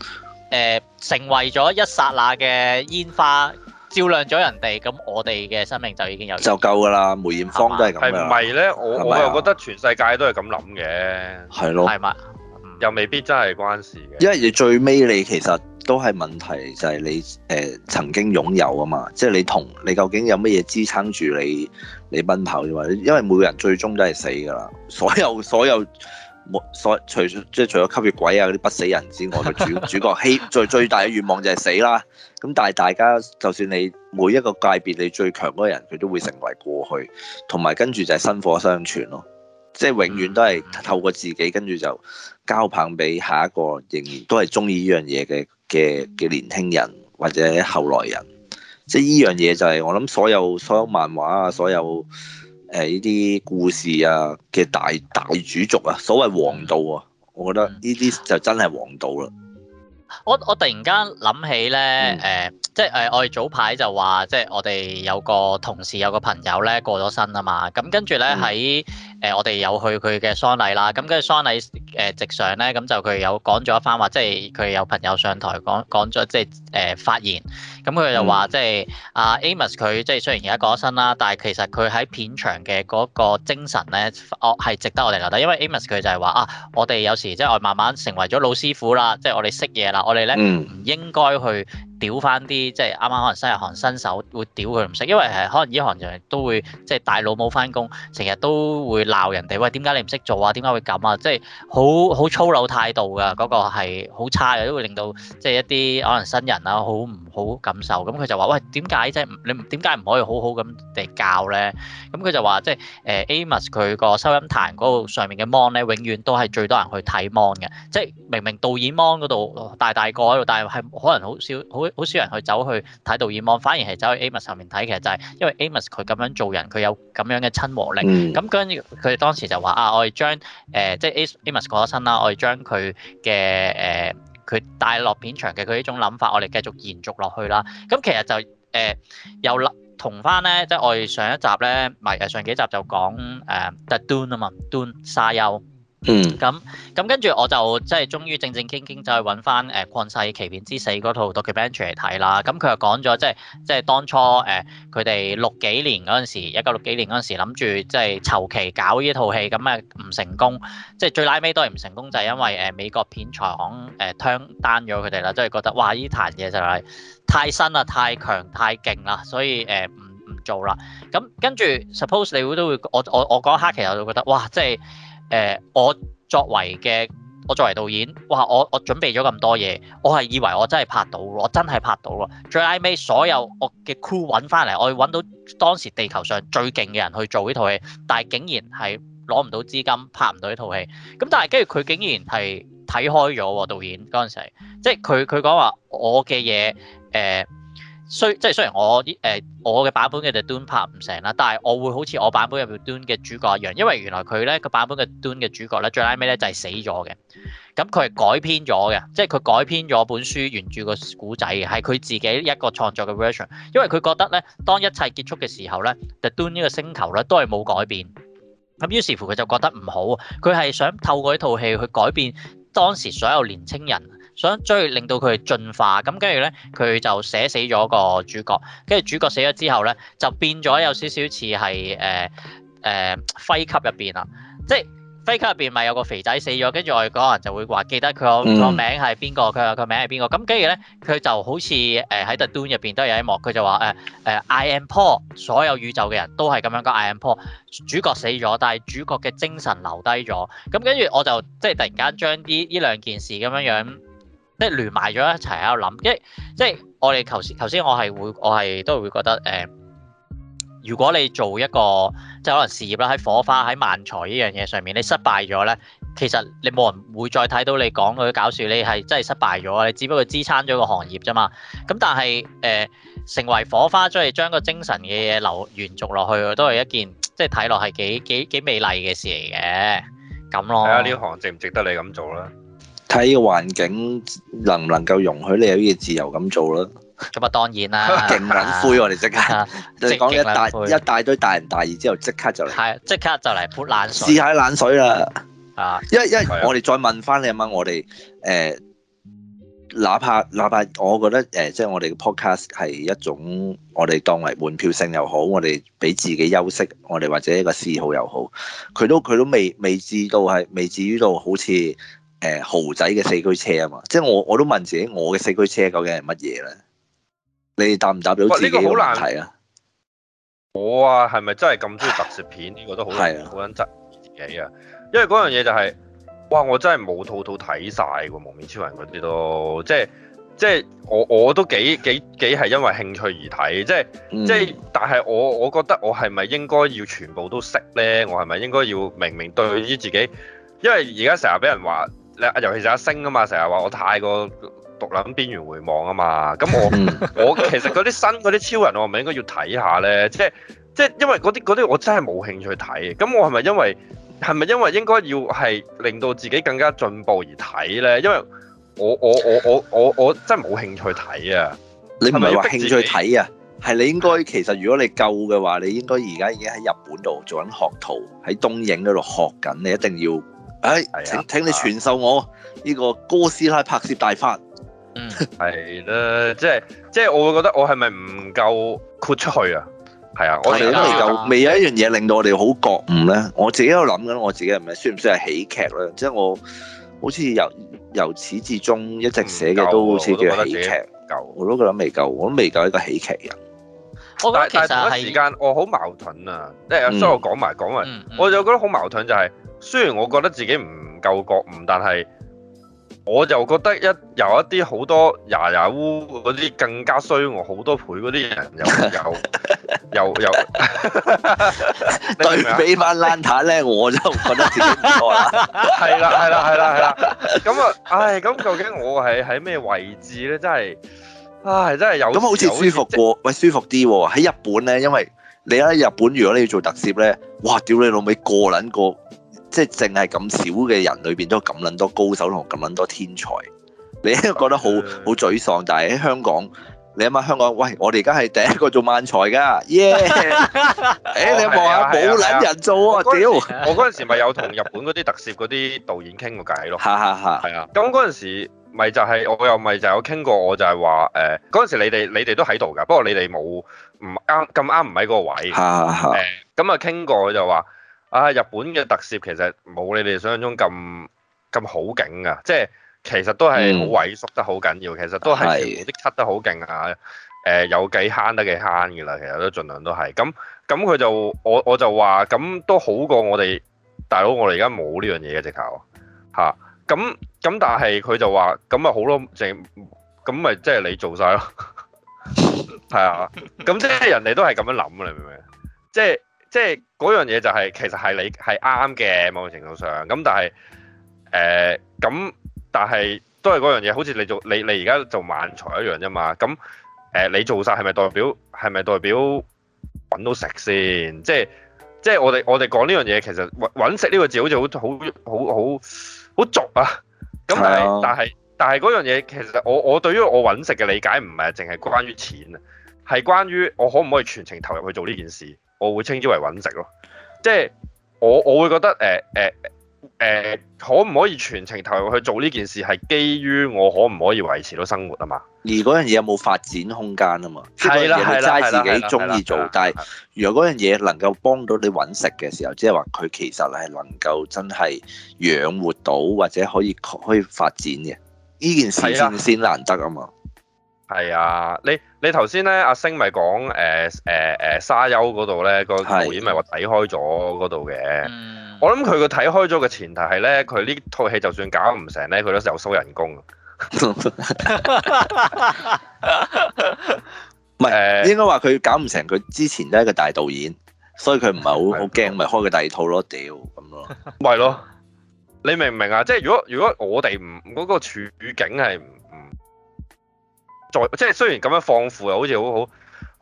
呃、成為咗一剎那嘅煙花。照亮咗人哋，咁我哋嘅生命就已經有
就夠㗎啦。梅艷芳都係咁樣，係唔係咧？我我又覺得全世界都係咁諗嘅，係咯，係嘛？又未必真係關事
嘅，因為你最尾你其實都係問題就係你誒曾經擁有啊嘛，即係你同你究竟有乜嘢支撐住你你奔跑啫嘛？因為每個人最終都係死㗎啦，所有所有。冇所除咗即係除咗吸血鬼啊嗰啲不死人之外嘅，主主角希最最大嘅願望就係死啦。咁但係大家就算你每一個界別你最強嗰個人佢都會成為過去，同埋跟住就係薪火相傳咯。即係永遠都係透過自己跟住就交棒俾下一個仍然都係中意呢樣嘢嘅嘅嘅年輕人或者後來人。即係呢樣嘢就係我諗所有所有漫畫啊所有。誒呢啲故事啊嘅大大主軸啊，所謂王道啊，嗯、我覺得呢啲就真係王道啦。
我我突然間諗起咧，誒、嗯呃，即係誒、呃，我哋早排就話，即係我哋有個同事有個朋友咧過咗身啊嘛，咁、嗯、跟住咧喺誒，我哋有去佢嘅喪禮啦，咁跟住喪禮誒、呃、直上咧，咁就佢有講咗一番話，即係佢有朋友上台講講咗，即係誒、呃、發言。咁佢、嗯、就話、就是啊，即係阿 Amos 佢即係雖然而家過咗身啦，但係其實佢喺片場嘅嗰個精神咧，我係值得我哋留低。因為 Amos 佢就係話啊，我哋有時即係我慢慢成為咗老師傅啦，即係我哋識嘢啦，我哋咧唔應該去屌翻啲即係啱啱可能新入行新手會屌佢唔識，因為係可能呢行就都會即係大老母返工，成日都會鬧人哋，喂，點解你唔識做啊？點解會咁啊？即係好好粗魯態度噶，嗰、那個係好差嘅，都會令到即係一啲可能新人啊，好唔好感受，咁佢就話：喂，點解即係你點解唔可以好好咁地教咧？咁佢就話，即係誒 Amos 佢個收音台嗰度上面嘅 mon 咧，永遠都係最多人去睇 mon 嘅。即係明明導演 mon 嗰度大大個喺度，但係係可能好少好好少人去走去睇導演 mon，反而係走去 Amos 上面睇。其實就係因為 Amos 佢咁樣做人，佢有咁樣嘅親和力。咁跟住佢當時就話：啊，我哋將誒即係 Amos 過咗身啦，我哋將佢嘅誒。佢大落片場嘅佢呢種諗法，我哋繼續延續落去啦。咁其實就誒、呃、又同翻咧，即係我哋上一集咧，唔係上幾集就講誒 The Dune 啊嘛 Dune 沙丘。呃 嗯，咁咁、嗯、跟住我就即係終於正正經經就去揾翻《誒曠世奇片之死》嗰套 documentary 嚟睇啦。咁佢又講咗，即係即係當初誒佢哋六幾年嗰陣時，一九六幾年嗰陣時諗住即係籌期搞呢一套戲，咁啊唔成功，即係最拉尾都係唔成功，就係因為誒、呃、美國片廠誒聽單咗佢哋啦，即係覺得哇呢壇嘢就係太新啦、太強、太勁啦，所以誒唔唔做啦。咁跟住 suppose 你會都會，我我我講下其實我就覺得哇，即係。誒、呃，我作為嘅我作為導演，哇！我我準備咗咁多嘢，我係以為我真係拍到，我真係拍到喎。最 last 尾，所有我嘅 crew 揾翻嚟，我揾到當時地球上最勁嘅人去做呢套戲，但係竟然係攞唔到資金，拍唔到呢套戲。咁但係跟住佢竟然係睇開咗喎，導演嗰陣時，即係佢佢講話我嘅嘢誒。呃雖即係雖然我啲、呃、我嘅版本嘅 The Dune 拍唔成啦，但係我會好似我版本入面 Dune 嘅主角一樣，因為原來佢咧個版本嘅 Dune 嘅主角咧最 last 尾咧就係死咗嘅，咁佢係改編咗嘅，即係佢改編咗本書原著個故仔嘅，係佢自己一個創作嘅 version，因為佢覺得咧當一切結束嘅時候咧 The Dune 呢個星球咧都係冇改變，咁於是乎佢就覺得唔好，佢係想透過呢套戲去改變當時所有年青人。想追令到佢進化，咁跟住咧佢就寫死咗個主角，跟住主角死咗之後咧就變咗有少少似係誒誒 Fight Club 入邊啊，即係 Fight Club 入邊咪有個肥仔死咗，跟住我哋嗰個人就會話記得佢個名係邊個，佢話佢名係邊個，咁跟住咧佢就好似誒喺 The Dune 入邊都有一幕，佢就話誒誒 I am Paul 所有宇宙嘅人都係咁樣講 I am Paul 主角死咗，但係主角嘅精神留低咗，咁跟住我就即係突然間將啲呢兩件事咁樣樣。即係聯埋咗一齊喺度諗，因為即係我哋頭先頭先，我係會，我係都會覺得誒、呃，如果你做一個即係可能事業啦，喺火花喺漫才呢樣嘢上面，你失敗咗咧，其實你冇人會再睇到你講嗰啲搞笑，你係真係失敗咗，你只不過支撐咗個行業啫嘛。咁但係誒、呃，成為火花，即係將個精神嘅嘢留延續落去，都係一件即係睇落係幾幾幾美麗嘅事嚟嘅，咁咯。睇下呢行值唔值得你咁做啦。
睇環境能唔能夠容許你有啲嘢自由咁做啦。
咁 了啊，當然啦，勁撚灰我哋即
刻，
你講一大、啊、一大堆大人大義之後，即刻就嚟，係即刻就嚟潑冷水，試下冷
水啦。啊，啊一一、啊啊、我哋再問翻你啊，咁我哋誒，哪怕哪怕我覺得誒，即、呃、係、就是、我哋嘅 podcast 係一種我哋當為換票性又好，我哋俾自己休息， 我哋或者一個嗜好又好，佢都佢都，都未未至到係未至於到好似。誒、呃、豪仔嘅四驅車啊嘛，即係我我都問自己，我嘅四驅車究竟係乜嘢咧？你答唔答到自己嘅問題啊？呢
個、我啊，係咪真係咁中意特攝片？呢、呢個都好難，好難、啊、質疑自己啊！因為嗰樣嘢就係、是，哇！我真係冇套套睇晒個蒙面超人嗰啲咯，即係即係我我都幾幾幾係因為興趣而睇，即係即係，嗯、但係我我覺得我係咪應該要全部都識咧？我係咪應該要明明對於自己，因為而家成日俾人話。咧，尤其是阿星啊嘛，成日話我太過獨立，邊緣回望啊嘛，咁我 我其實嗰啲新嗰啲超人，我係咪應該要睇下呢？即係即係因為嗰啲嗰啲我真係冇興趣睇，咁我係咪因為係咪因為應該要係令到自己更加進步而睇呢？因為我我我我我我真係冇興趣睇啊！
你唔係話興趣
睇啊？係、啊、你應該其實如果你夠嘅話，
你應該而家已經喺日本度做緊學徒，喺東映嗰度學緊，你一定要。哎，請請你傳授我呢、哎、個哥斯拉拍攝大法。
嗯，係啦， 即係即係，我會覺得我係咪唔夠豁出去啊？係啊，我哋都、嗯、未夠，
未有一樣嘢令到我哋好覺悟咧。我自己喺度諗緊，我自己係咪算唔算係喜劇咧？即係我好似由由始至終一直寫嘅都好似叫喜劇，夠，我都覺得都未夠，我都未夠一個喜劇人。
但係同一時間，我好矛盾啊！即係所以我講埋講埋，我就覺得好矛盾就係，雖然我覺得自己唔夠覺悟，但係我就覺得有一啲好多牙牙烏嗰啲更加衰我好多倍嗰啲人又有 又又有笑你明唔明？對比翻 Lanta 咧，我就覺得自己唔錯啦。係啦，係啦，係啦，係啦。咁、哎、啊，唉，咁究竟我係喺咩位置咧？真係。啊，真係有咁好似舒服過，
時喂，舒服啲喎！喺日本咧，因為你喺日本，如果你要做特攝咧，哇！屌你老味，個撚個，即係淨係咁少嘅人裏邊都咁撚多高手同咁撚多天才，你應該覺得好好的沮喪。但係喺香港，你諗下香港，喂，我哋而家係第一個做漫才噶，耶！
誒，你望下冇撚人做啊！屌，
我嗰陣時咪有同日本嗰啲特攝嗰啲導演傾過偈咯，係啊， 咁嗰陣時。咪就係，我又咪就有傾過，我就係話誒，嗰、呃、陣時你哋你哋都喺度噶，不過你哋冇唔啱咁啱唔喺個位，咁、呃、啊傾過，就話啊日本嘅特攝其實冇你哋想象中咁咁好勁噶，即係其實都係好萎縮得好緊要，其實都係、嗯、全部都出得好勁啊，誒有幾慳得幾慳噶啦，其實都儘量都係咁咁佢就我我就話咁都好過我哋大佬，我哋而家冇呢樣嘢嘅直頭嚇咁。啊咁但係佢就話，咁咪好多正，咁咪即係你做晒咯，係 啊，咁即係人哋都係咁樣諗嘅，你明唔明？即係即係嗰樣嘢就係、是、其實係你係啱嘅某個程度上，咁但係誒，咁、呃、但係都係嗰樣嘢，好似你做你你而家做漫才一樣啫嘛，咁誒、呃、你做晒係咪代表係咪代表揾到食先？即係即係我哋我哋講呢樣嘢其實揾食呢個字好似好好好好好俗啊！咁但係，但係，但係嗰樣嘢其實我我對於我揾食嘅理解唔係淨係關於錢啊，係關於我可唔可以全程投入去做呢件事，我會稱之為揾食咯。即係我我會覺得誒誒。呃呃誒，可唔可以全程投入去做呢件事？係基於我可唔可以維持到生活啊嘛？而嗰樣嘢有冇發展空間啊嘛？呢樣嘢你自己中意做，但係如果嗰
樣嘢能夠幫到你搵食嘅時候，即係話佢其實係能夠真係養活到或者可以可以發展嘅，呢件事先先難得啊嘛。
係啊，你你頭先咧阿星咪講誒誒誒沙丘嗰度咧個導演咪話睇開咗嗰度嘅。我諗佢個睇開咗嘅前提係咧，佢呢套戲就算搞唔成咧，佢都有收人工。唔係誒，應該話佢搞唔成，佢之前都係一個大導
演，所以佢唔係好好驚，咪開個第二套咯，屌咁咯。係咯，
你明唔明啊？即係如果如果我哋唔嗰個處境係唔再，即係雖然咁樣放負又好似好好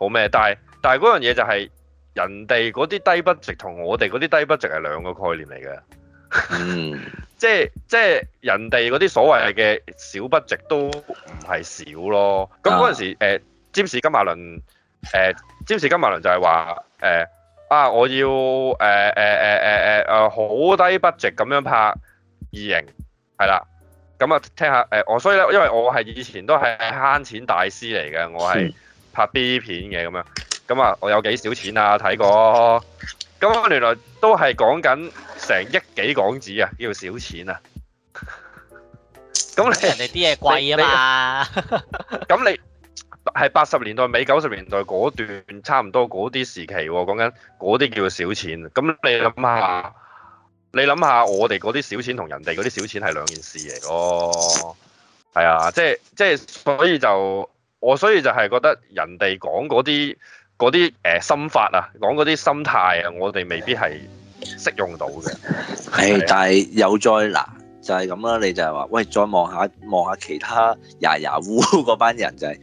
好咩，但係但係嗰樣嘢就係。人哋嗰啲低 budget 同我哋嗰啲低 budget 係兩個概念嚟嘅、 就是，嗯，即係即係人哋嗰啲所謂嘅少 budget 都唔係少咯。咁嗰陣時，誒詹士金馬倫，誒詹士金馬倫就係話誒啊，我要誒誒誒誒誒誒好低 budget 咁樣拍異形，係啦。咁啊，聽下誒我，所以咧，因為我係以前都係慳錢大師嚟嘅，我係拍 B 片嘅咁樣。咁啊、嗯！我有幾少錢啊？睇過咁，我、嗯、原來都係講緊成億幾港紙啊，叫少錢啊。
咁、 嗯、你人哋啲嘢貴啊嘛。
咁、 嗯、你係八十年代、尾九十年代嗰段，差唔多嗰啲時期、啊，講緊嗰啲叫做少錢。咁你諗下，你諗下我哋嗰啲少錢同人哋嗰啲少錢係兩件事嚟、啊、咯。係啊，即係即係，所以就我所以就係覺得人哋講嗰啲。嗰啲誒心法啊，講嗰啲心態啊，我哋未必係適用到嘅。
係、 哎， 但係又再嗱，就係咁啦。你就係話，喂，再望下望下其他牙牙烏嗰班人就係、是、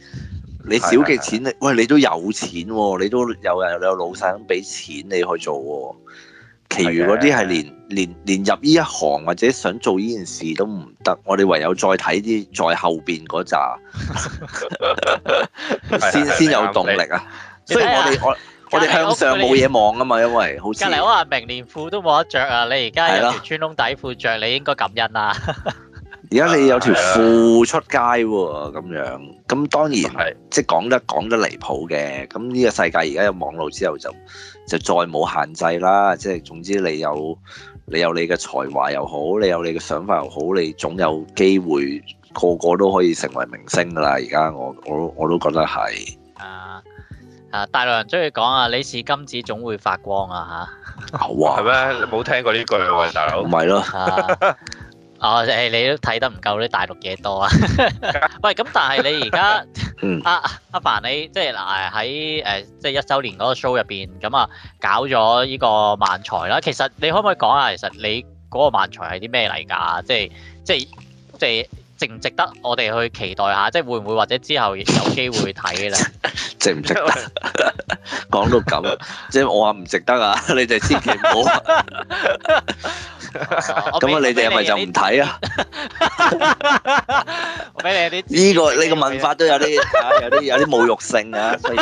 你少嘅錢，的喂，你都有錢喎、啊，你都有人有老細咁俾錢你去做喎、啊。其餘嗰啲係連的連連，連入呢一行或者想做呢件事都唔得。我哋唯有再睇啲再後邊嗰扎， 先
先，先有動力啊！所以我哋、啊、我旁邊 我哋向上冇嘢
望啊嘛，因為好，隔離我
話明年褲都冇得着啊！你而家有條穿窿底褲着，你應該感恩啊！
而 家你有條褲出街喎，咁樣咁當然係的即係講得講得離譜嘅。咁呢個世界而家有網絡之後就，就就再冇限制啦。即係總之你有你有你嘅才華又好，你有你嘅想法又好，你總有機會個個都可以成為明星噶啦。而家
我我我，我都覺得係啊。嗯。啊！大陸人中意講啊，你是金子總會發光啊嚇，係咩？你冇聽過呢句？
喂，大佬唔係咯？
啊誒，你都睇得唔夠啲大陸嘢多啊？喂，咁但係你而家阿阿凡你即係嗱喺誒即係一週年嗰個 show 入邊咁啊，搞咗呢個漫才啦。其實你可唔可以講下其實你嗰個漫才係啲咩嚟㗎？即係即係即係。值唔值得我哋去期待下，即係會唔會或者之後有機會睇咧？
值唔值得？講到咁， 即係我話唔值得啊！ 你哋千祈唔好，咁啊、這個、你哋係咪就唔睇啊？我俾你啲呢個呢個問法都有啲 有啲有啲侮辱性啊！所以唔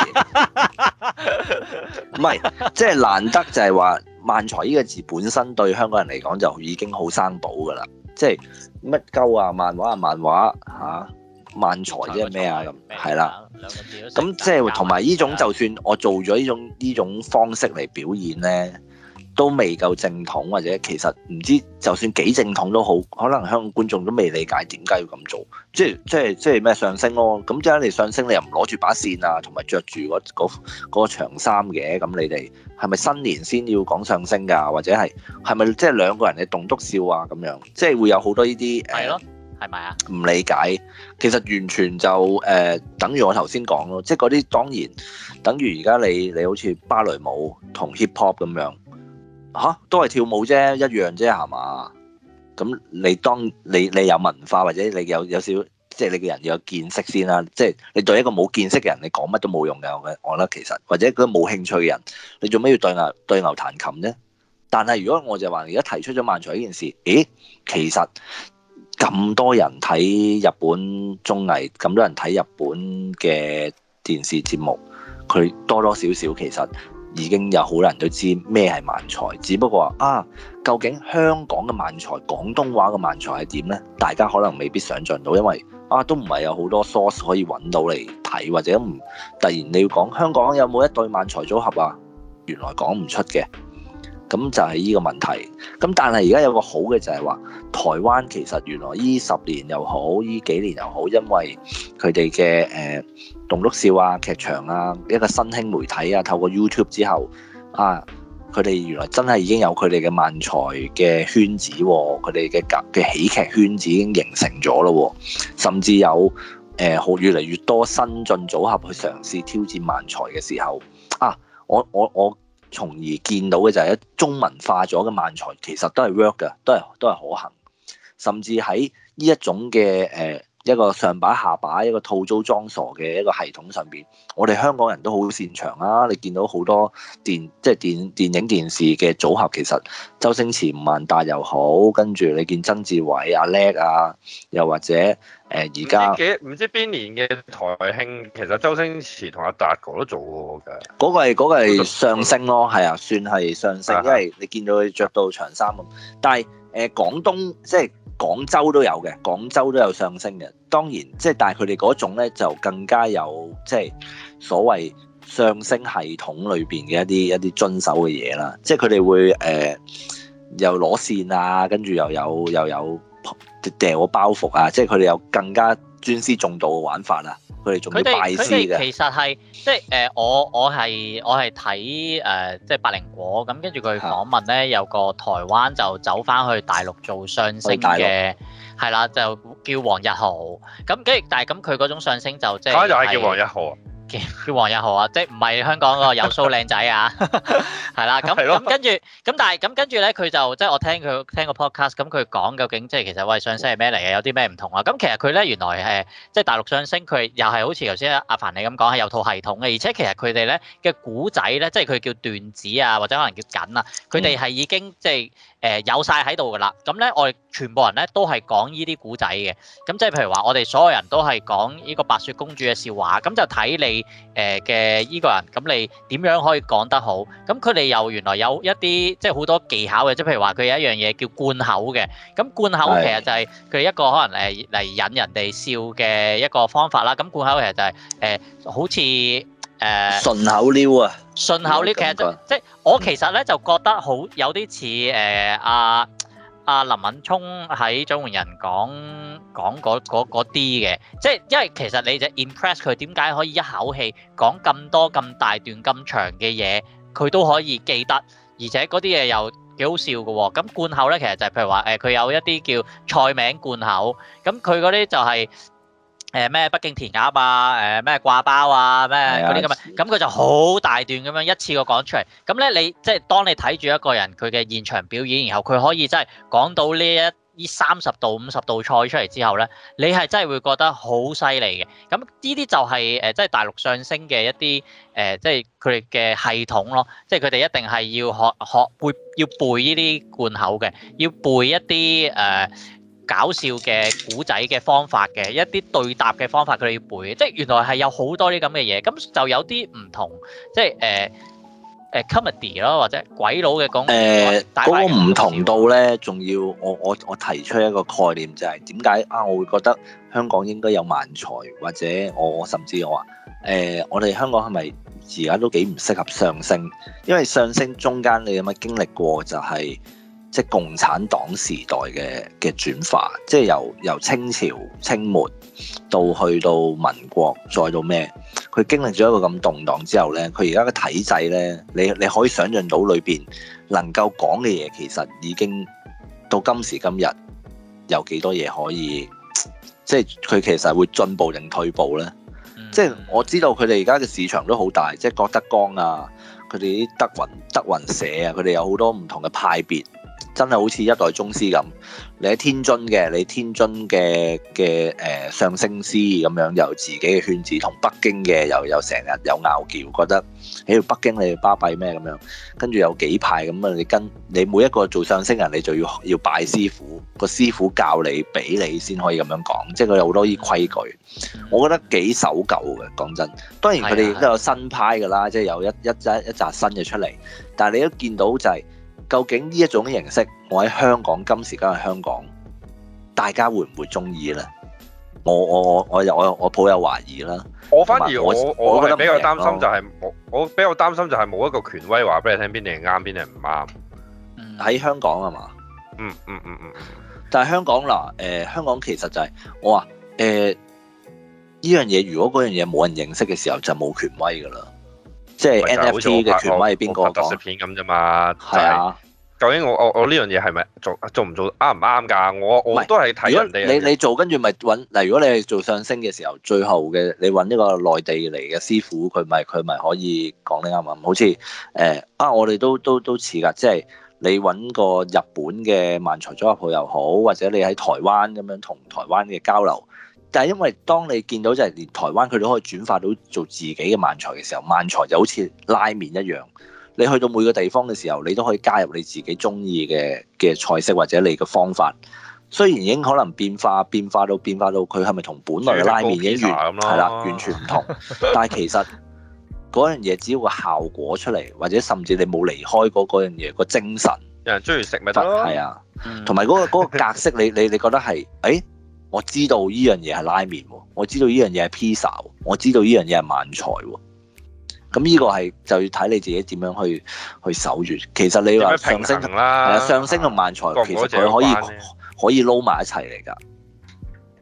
係， 即係難得就係話漫才呢個字本身對香港人嚟講就已經好生保噶啦，即係。乜鳩啊？漫畫啊？漫畫吓、啊、漫才即係咩啊？咁係啦，咁即係同埋呢種就算我做咗呢種呢種方式嚟表演咧。都未夠正統，或者其實唔知就算幾正統都好，可能香港觀眾都未理解點解要咁做，即係即係即係咩相聲咯。咁、嗯、即係你相聲，你又唔攞住把扇啊，同埋着住嗰嗰個長衫嘅。咁你哋係咪新年先要講相聲㗎？或者係係咪即係兩個人嘅棟篤笑啊？咁樣即係會有好多呢啲誒係咯，係咪啊？唔、呃、理解，其實完全就誒、呃、等於我頭先講咯，即係嗰啲當然等於而家你你好似芭蕾舞同 hip hop 咁樣。嚇、啊，都係跳舞啫，一樣啫，係嘛？咁你當你你有文化或者你有有少，即係你個人要有見識先啦。即係你對一個冇見識嘅人，你講乜都冇用嘅。我我覺得其實，或者佢冇興趣嘅人，你做咩要對牛對牛彈琴啫？但係如果我就話而家提出咗漫才呢件事，咦，其實咁多人睇日本綜藝，咁多人睇日本嘅電視節目，佢多多少少其實，已經有好多人都知咩係漫才，只不過啊，究竟香港嘅漫才、廣東話嘅漫才係點呢？大家可能未必想像到，因為啊，都唔係有好多 source 可以揾到嚟睇，或者唔突然你要講香港有冇一對漫才組合啊？原來講唔出嘅。咁就係呢個問題，咁但係而家有個好嘅就係話，台灣其實原來呢十年又好，呢幾年又好，因為佢哋嘅誒棟篤笑啊、劇場啊、一個新興媒體啊，透過 YouTube 之後，啊，佢哋原來真係已經有佢哋嘅漫才嘅圈子，啊，佢哋嘅格嘅喜劇圈子已經形成咗咯，啊，甚至有誒好、呃、越嚟越多新進組合去嘗試挑戰漫才嘅時候，啊，我我我。我從而見到嘅就係一中文化咗嘅漫才，其實都係 work 㗎，都係都係可行，甚至喺呢一種嘅誒。呃一個上把下把，一個套租裝傻嘅一個系統上邊，我哋香港人都好擅長啊！你見到好多電即係電電影電視嘅組合，其實周星馳、吳孟達又好，跟住你見曾志偉、阿叻啊，又或者誒而家
唔知邊年嘅台慶，其實周星馳同阿達哥都做過。嗰
個係嗰、個係上升咯，係啊，算係上升，啊、因為你見到佢着到長衫咁。但係誒、呃、廣東即係。廣州都有嘅，廣州都有上升嘅。當然，即係但係佢哋嗰種咧就更加有，即、就、係、是、所謂上升系統裏邊嘅一啲一啲遵守嘅嘢啦。即係佢哋會誒、呃、又攞線啊，跟住又有又有掉個包袱啊。即係佢哋有更加。尊師重道嘅玩法啊，佢哋
做咩拜師嘅？其實係即係誒、呃，我我係我係睇誒，即係百靈果咁，跟住佢訪問咧，的有個台灣就走翻去大陸做相聲嘅，係啦，就叫黃日豪。咁跟，但係咁佢嗰種相聲就即、是、係，嚇又係叫黃一豪啊？叫黃日豪啊，即係唔係香港個有須靚仔啊？係啦， 咁咁跟住咁，但係咁跟住咧，佢就即係我聽佢聽個 podcast，咁佢講究竟即係其實喂相聲係咩嚟嘅？有啲咩唔同啊？咁其實佢咧原來係即係大陸相聲，佢又係好似頭先阿凡你咁講係有套系統嘅，而且其實佢哋咧嘅古仔咧，即係佢叫段子啊，或者可能叫緊啊，佢哋係已經即係。嗯誒有晒喺度㗎啦，咁咧、呃、我哋全部人咧都係講呢啲古仔嘅，咁即係譬如話我哋所有人都係講呢個白雪公主嘅笑話，咁就睇你誒嘅依個人，咁你點樣可以講得好？咁佢哋又原來有一啲即係好多技巧嘅，即係譬如話佢有一樣嘢叫灌口嘅，咁灌口其實就係佢一個可能誒嚟引人哋笑嘅一個方法啦。咁灌口其實就係、是、誒、呃、好似。誒、呃、順口溜啊！順口溜其實即即，我其實咧，就覺得好有啲似誒，阿阿林敏聰喺《掌門人》講講講嗰啲嘅，即因為其實你就 impress 佢，點解可以一口氣講咁多咁大段咁長嘅嘢，佢都可以記得，而且嗰啲嘢又幾好笑嘅喎、哦。咁貫口咧，其實就係譬如話誒，佢、呃、有一啲叫菜名貫口，咁佢嗰啲就係、是。誒咩北京填鴨啊！誒咩掛包啊！咩嗰啲咁啊，咁佢就好大段咁樣一次過講出嚟。咁咧你即係、就是、當你睇住一個人佢嘅現場表演，然後佢可以真係講到呢一呢三十道五十道菜出嚟之後咧，你係真係會覺得好犀利嘅。咁呢啲就係誒即係大陸相聲嘅一啲誒，即係佢哋嘅系統咯。即係佢哋一定係要學學背要背呢啲貫口嘅，要背一啲誒。呃搞笑嘅古仔嘅方法嘅一啲對答嘅方法，佢哋要背，即係原來係有好多啲咁嘅嘢，咁就有啲唔同，即係誒誒 comedy 咯，或者鬼佬嘅講誒嗰個唔同
到咧，仲要我我我提出一個概念就係點解啊？我會覺得香港應該有漫才，或者我，我甚至我話誒，我哋香港係咪而家都幾唔適合上升？因為上升中間你有乜經歷過就係、是。即係共產黨時代嘅嘅轉化，即係由由清朝清末到去到民國再到咩？佢經歷咗一個咁動盪之後咧，佢而家嘅體制咧，你你可以想象到裏邊能夠講嘅嘢，其實已經到今時今日有幾多嘢可以，即係佢其實會進步定退步咧？嗯、即係我知道佢哋而家嘅市場都好大，即係郭德綱啊，佢哋啲德雲德雲社啊，佢哋有好多唔同嘅派別。真係好似一代宗師咁，你喺天津嘅，你天津嘅嘅誒相聲師咁樣，由自己嘅圈子同北京嘅又又成日有拗撬，覺得喺北京你哋巴閉咩咁樣，跟住有幾派咁啊？你跟你每一個做相聲人，你就要要拜師傅，個師傅教你，俾你先可以咁樣講，即係佢有好多啲規矩，嗯、我覺得幾守舊嘅，講真。當然佢哋都有新派㗎啦，的即係有一一一一紮新嘅出嚟，但係你都見到就係、是。究竟呢一種形式，我喺香港今時今日香港，大家會唔會中意呢？我我我我我我抱有懷疑啦。
我反而我而我，我比較擔心就係、是、冇，我比較擔心就係冇一個權威話俾你聽邊啲係啱，邊啲係唔啱。喺香港吖嘛、嗯？嗯嗯嗯嗯。嗯但係
香港嗱，誒、呃、香港其實就係、是、我話誒呢樣嘢，如果嗰樣嘢冇人認識嘅時候，就冇權威噶啦。即係 NFT 嘅，我拍特攝片
咁啫嘛。係啊，究竟我我我呢樣嘢係咪做做唔做啱唔啱㗎？我我都係睇你你你
做，跟住咪揾嗱。如果你係做相聲嘅時候，最後嘅你揾一個內地嚟嘅師傅，佢咪佢咪可以講你啱啱。好似誒、呃、啊，我哋都都都似㗎，即係你揾個日本嘅漫才組合又好，或者你喺台灣咁樣同台灣嘅交流。但係因為當你見到就係連台灣佢都可以轉化到做自己嘅漫才嘅時候，漫才就好似拉麵一樣。你去到每個地方嘅時候，你都可以加入你自己中意嘅嘅菜式或者你嘅方法。雖然已經可能變化變化到變化到，佢係咪同本來嘅拉麵已經完係啦，完全唔同。 但係其實嗰樣嘢只要個效果出嚟，或者甚至你冇離開嗰嗰樣嘢個精神，
有人中意食咪得。係啊，同
埋嗰個格式你，你你你覺得係誒？哎我知道呢樣嘢係拉麵喎，我知道呢樣嘢係 pizza 喎，我知道呢樣嘢係漫才喎。咁呢個係就要睇你自己點樣去去守住。其實你話相聲同啦，啊、相聲同漫才、啊、其實佢可以、啊個個啊、可以撈埋一齊嚟㗎。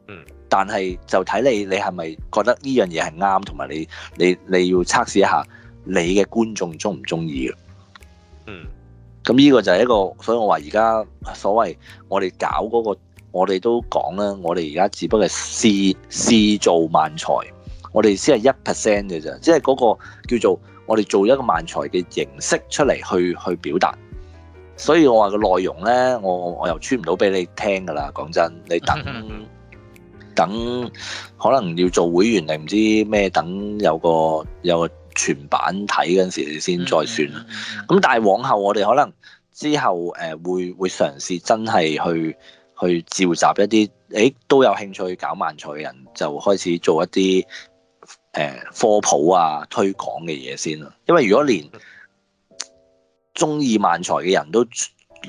嗯，但係就睇你你係咪覺得呢樣嘢係啱，同埋你你你要測試一下你嘅觀眾鍾唔鍾意㗎。嗯。咁呢個就係一個，所以我話而家所謂我哋搞嗰、嗰個。我哋都講啦，我哋而家只不過試試做漫才，我哋先係一 percent 嘅啫，即係嗰個叫做我哋做一個漫才嘅形式出嚟去去表達。所以我話個內容呢，我我又穿唔到俾你聽㗎啦。講真，你等等可能要做會員定唔知咩，等有個有個全版睇嗰陣時你先再算。咁但係往後我哋可能之後誒、呃、會會嘗試真係去。去召集一啲誒、欸、都有興趣搞漫才嘅人，就開始做一啲誒科普啊、推廣嘅嘢先啦。因為如果連中意漫才嘅人都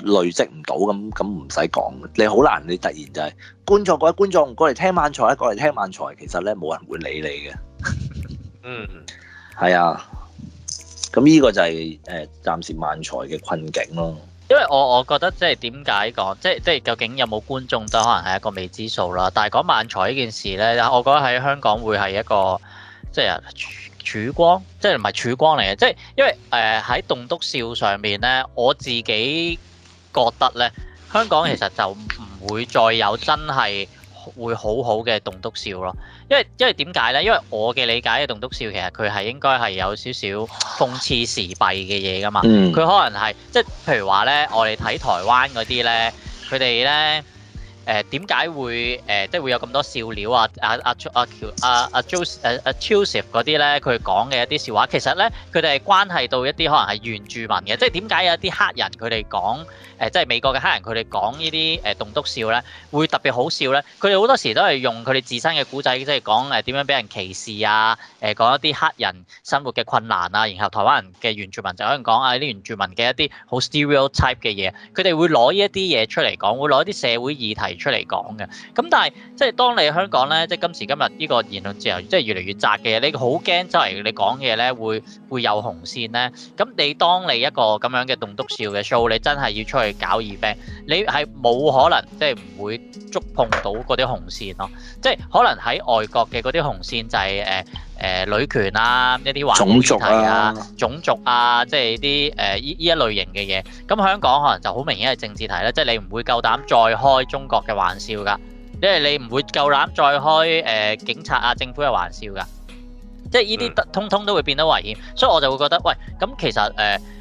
累積唔到，咁咁唔使講，你好難你突然就係、是、觀眾，各位觀眾過嚟聽漫才啊，過嚟聽漫才，才，其實咧冇人會理你嘅。 嗯，係啊。咁呢個就係、是、誒、呃、暫時漫才嘅困境咯。
因為我我覺得即係點解講，即係即係究竟有冇觀眾都可能係一個未知數啦。但係講漫才呢件事咧，我覺得喺香港會係一個即係曙光，即係唔係曙光嚟嘅。即係因為誒喺棟篤笑上面咧，我自己覺得咧，香港其實就唔會再有真係。會好好嘅棟篤笑咯，因為因為點解咧？因為我嘅理解嘅棟篤笑其實佢係應該係有少少諷刺時弊嘅嘢㗎嘛，佢可能係即係譬如話咧，我哋睇台灣嗰啲咧，佢哋咧誒點解會誒、呃、即係會有咁多笑料啊啊、Ch、啊啊喬啊啊 Joseph Joseph 嗰啲咧，佢講嘅一啲笑話，其實咧佢哋係關係到一啲可能係原住民嘅，即係點解有啲黑人佢哋講？誒即係美國嘅黑人，佢哋講呢啲誒棟篤笑咧，會特別好笑咧。佢哋好多時都係用佢哋自身嘅古仔，即係講誒點樣俾人歧視啊，誒講一啲黑人生活嘅困難啊。然後台灣人嘅原住民就可能講啊啲原住民嘅一啲好 stereotype 嘅嘢。佢哋會攞呢一啲嘢出嚟講，會攞啲社會議題出嚟講嘅。咁但係即係當你香港咧，即係今時今日呢個言論自由即係越嚟越窄嘅嘢，你好驚周圍你講嘢咧會會有紅線咧。咁你當你一個咁樣嘅棟篤笑嘅 show，你真係要出嚟。去搞 event，你係冇可能即係唔會觸碰到嗰啲紅線咯。即係可能喺外國嘅嗰啲紅線就係誒誒女權啊，一啲話題啊，種族啊，即係啲誒呢呢一類型嘅嘢。咁香港可能就好明顯係政治題啦。即係你唔會夠膽再開中國嘅玩笑㗎，因為你唔會夠膽再開誒警察啊、政府嘅玩笑㗎。即係呢啲通通都會變得危險，所以我就會覺得喂，咁其實誒。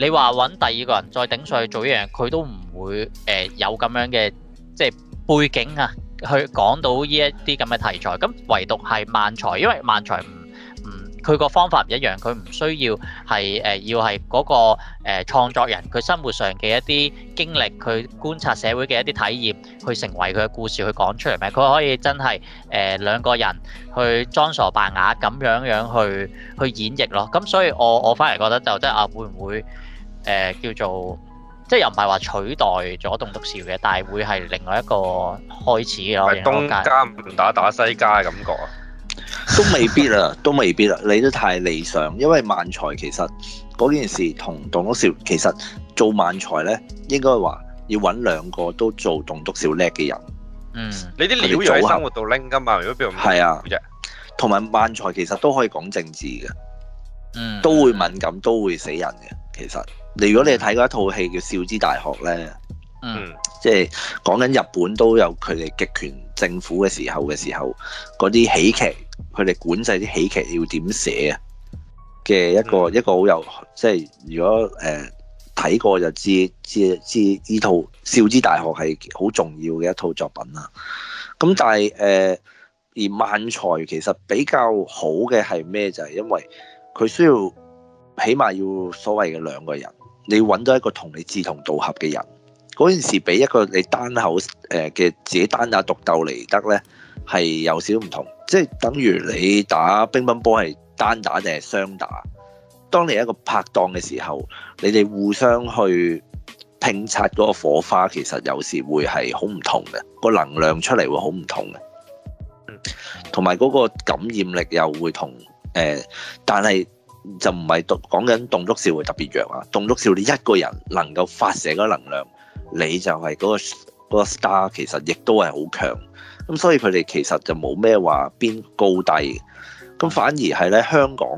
你話揾第二個人再頂上去做一樣，佢都唔會誒有咁樣嘅即係背景啊，去講到呢一啲咁嘅題材。咁唯獨係漫才，因為漫才唔唔，佢個方法唔一樣，佢唔需要係誒要係嗰、那個誒、呃、創作人佢生活上嘅一啲經歷，佢觀察社會嘅一啲體驗，去成為佢嘅故事去講出嚟咩？佢可以真係誒、呃、兩個人去裝傻扮啞咁樣樣去去演繹咯。咁所以我我反而覺得就即係啊，會唔會？誒、呃、叫做即係又唔係話取代咗棟篤笑嘅，但係會係另外一個開始嘅咯。東家唔打打西家嘅感覺，
都未必啊，都未必啊！你都太理想，因為漫才其實嗰件事同棟篤笑其實做漫才咧，應該話要揾兩個都做棟篤笑叻嘅人。
嗯，你啲料喺生活度拎㗎嘛？如果譬如係
啊，同埋漫才其實都可以講政治嘅，嗯、都會敏感，都會死人嘅。其實你如果你睇過一套戲叫《少之大學呢》咧，嗯，即係講緊日本都有佢哋極權政府嘅時候嘅時候，嗰啲喜劇，佢哋管制啲喜劇要點寫啊嘅一個、嗯、一個好有，即係如果誒睇、呃、過就知知知呢套《少之大學》係好重要嘅一套作品啦。咁但係誒、呃、而漫才其實比較好嘅係咩？就係、是、因為佢需要。起碼要所謂嘅兩個人，你揾到一個同你志同道合嘅人，嗰陣時比一個你單口誒嘅、呃、自己單打獨鬥嚟得呢，係有少少唔同。即係等於你打乒乓波係單打定係雙打。當你一個拍檔嘅時候，你哋互相去拼擦嗰個火花，其實有時會係好唔同嘅，個能量出嚟會好唔同嘅，同埋嗰個感染力又會同誒、呃，但係。就唔係講緊棟篤笑會特別弱啊！棟篤笑你一個人能夠發射嗰能量，你就係嗰、那個嗰 star，那個、其實亦都係好強。咁所以佢哋其實就冇咩話邊高低。咁反而係咧，香港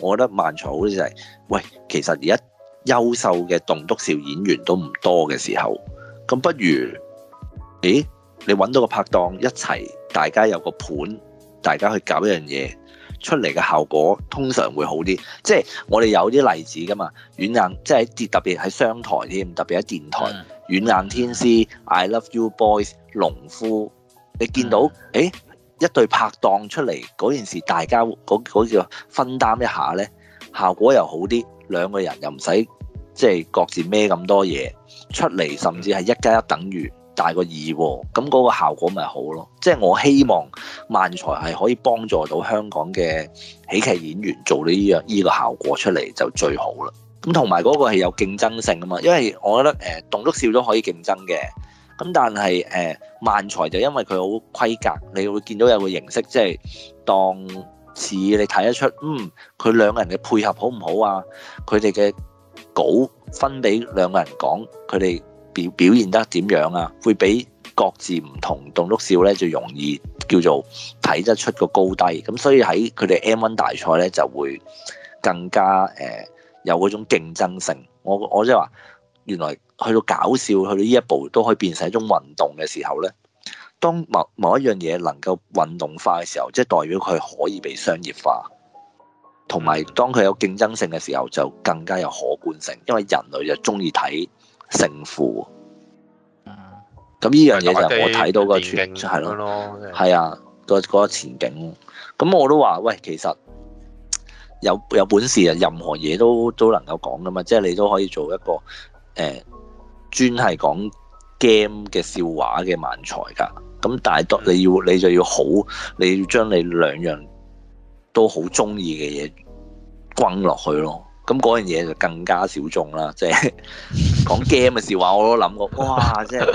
我覺得漫才好似就係、是，喂，其實而家優秀嘅棟篤笑演員都唔多嘅時候，咁不如，咦？你揾到個拍檔一齊，大家有個盤，大家去搞一樣嘢。出嚟嘅效果通常會好啲，即係我哋有啲例子噶嘛，軟硬，即係喺特別喺商台添，特別喺電台軟硬天師 I Love You Boys、農夫，你見到誒一對拍檔出嚟嗰陣時，大家嗰嗰叫分擔一下咧，效果又好啲，兩個人又唔使即係各自孭咁多嘢出嚟，甚至係一加一等於大個二喎，咁嗰個效果咪好咯，即係我希望漫才係可以幫助到香港嘅喜劇演員做呢樣呢個效果出嚟就最好啦。咁同埋嗰個係有競爭性啊嘛，因為我覺得誒，棟、呃、篤笑都可以競爭嘅。咁但係誒，漫、呃、才就因為佢好規格，你會見到有個形式，即係當似你睇得出，嗯，佢兩個人嘅配合好唔好啊？佢哋嘅稿分俾兩個人講，佢哋。表表現得點樣啊？會比各自唔同棟篤笑咧，就容易叫做睇得出個高低。咁所以喺佢哋 M1 大賽咧，就會更加誒、呃、有嗰種競爭性。我我即係話，原來去到搞笑去到呢一步，都可以變成一種運動嘅時候咧。當某某一樣嘢能夠運動化嘅時候，即係代表佢可以被商業化，同埋當佢有競爭性嘅時候，就更加有可觀性。因為人類就中意睇。勝負，嗯，咁呢樣嘢就我睇到個前景，係咯、嗯，係啊的，個個前景。咁、那個、我都話，喂，其實有有本事啊，任何嘢都都能夠講㗎嘛，即係你都可以做一個誒、呃、專係講 game 嘅笑話嘅漫才㗎。咁但係都你要你就要好，你要將你兩樣都好中意嘅嘢轟落去咯。咁嗰樣嘢就更加少眾啦，即係講 game 嘅笑話我都諗過，哇！即係，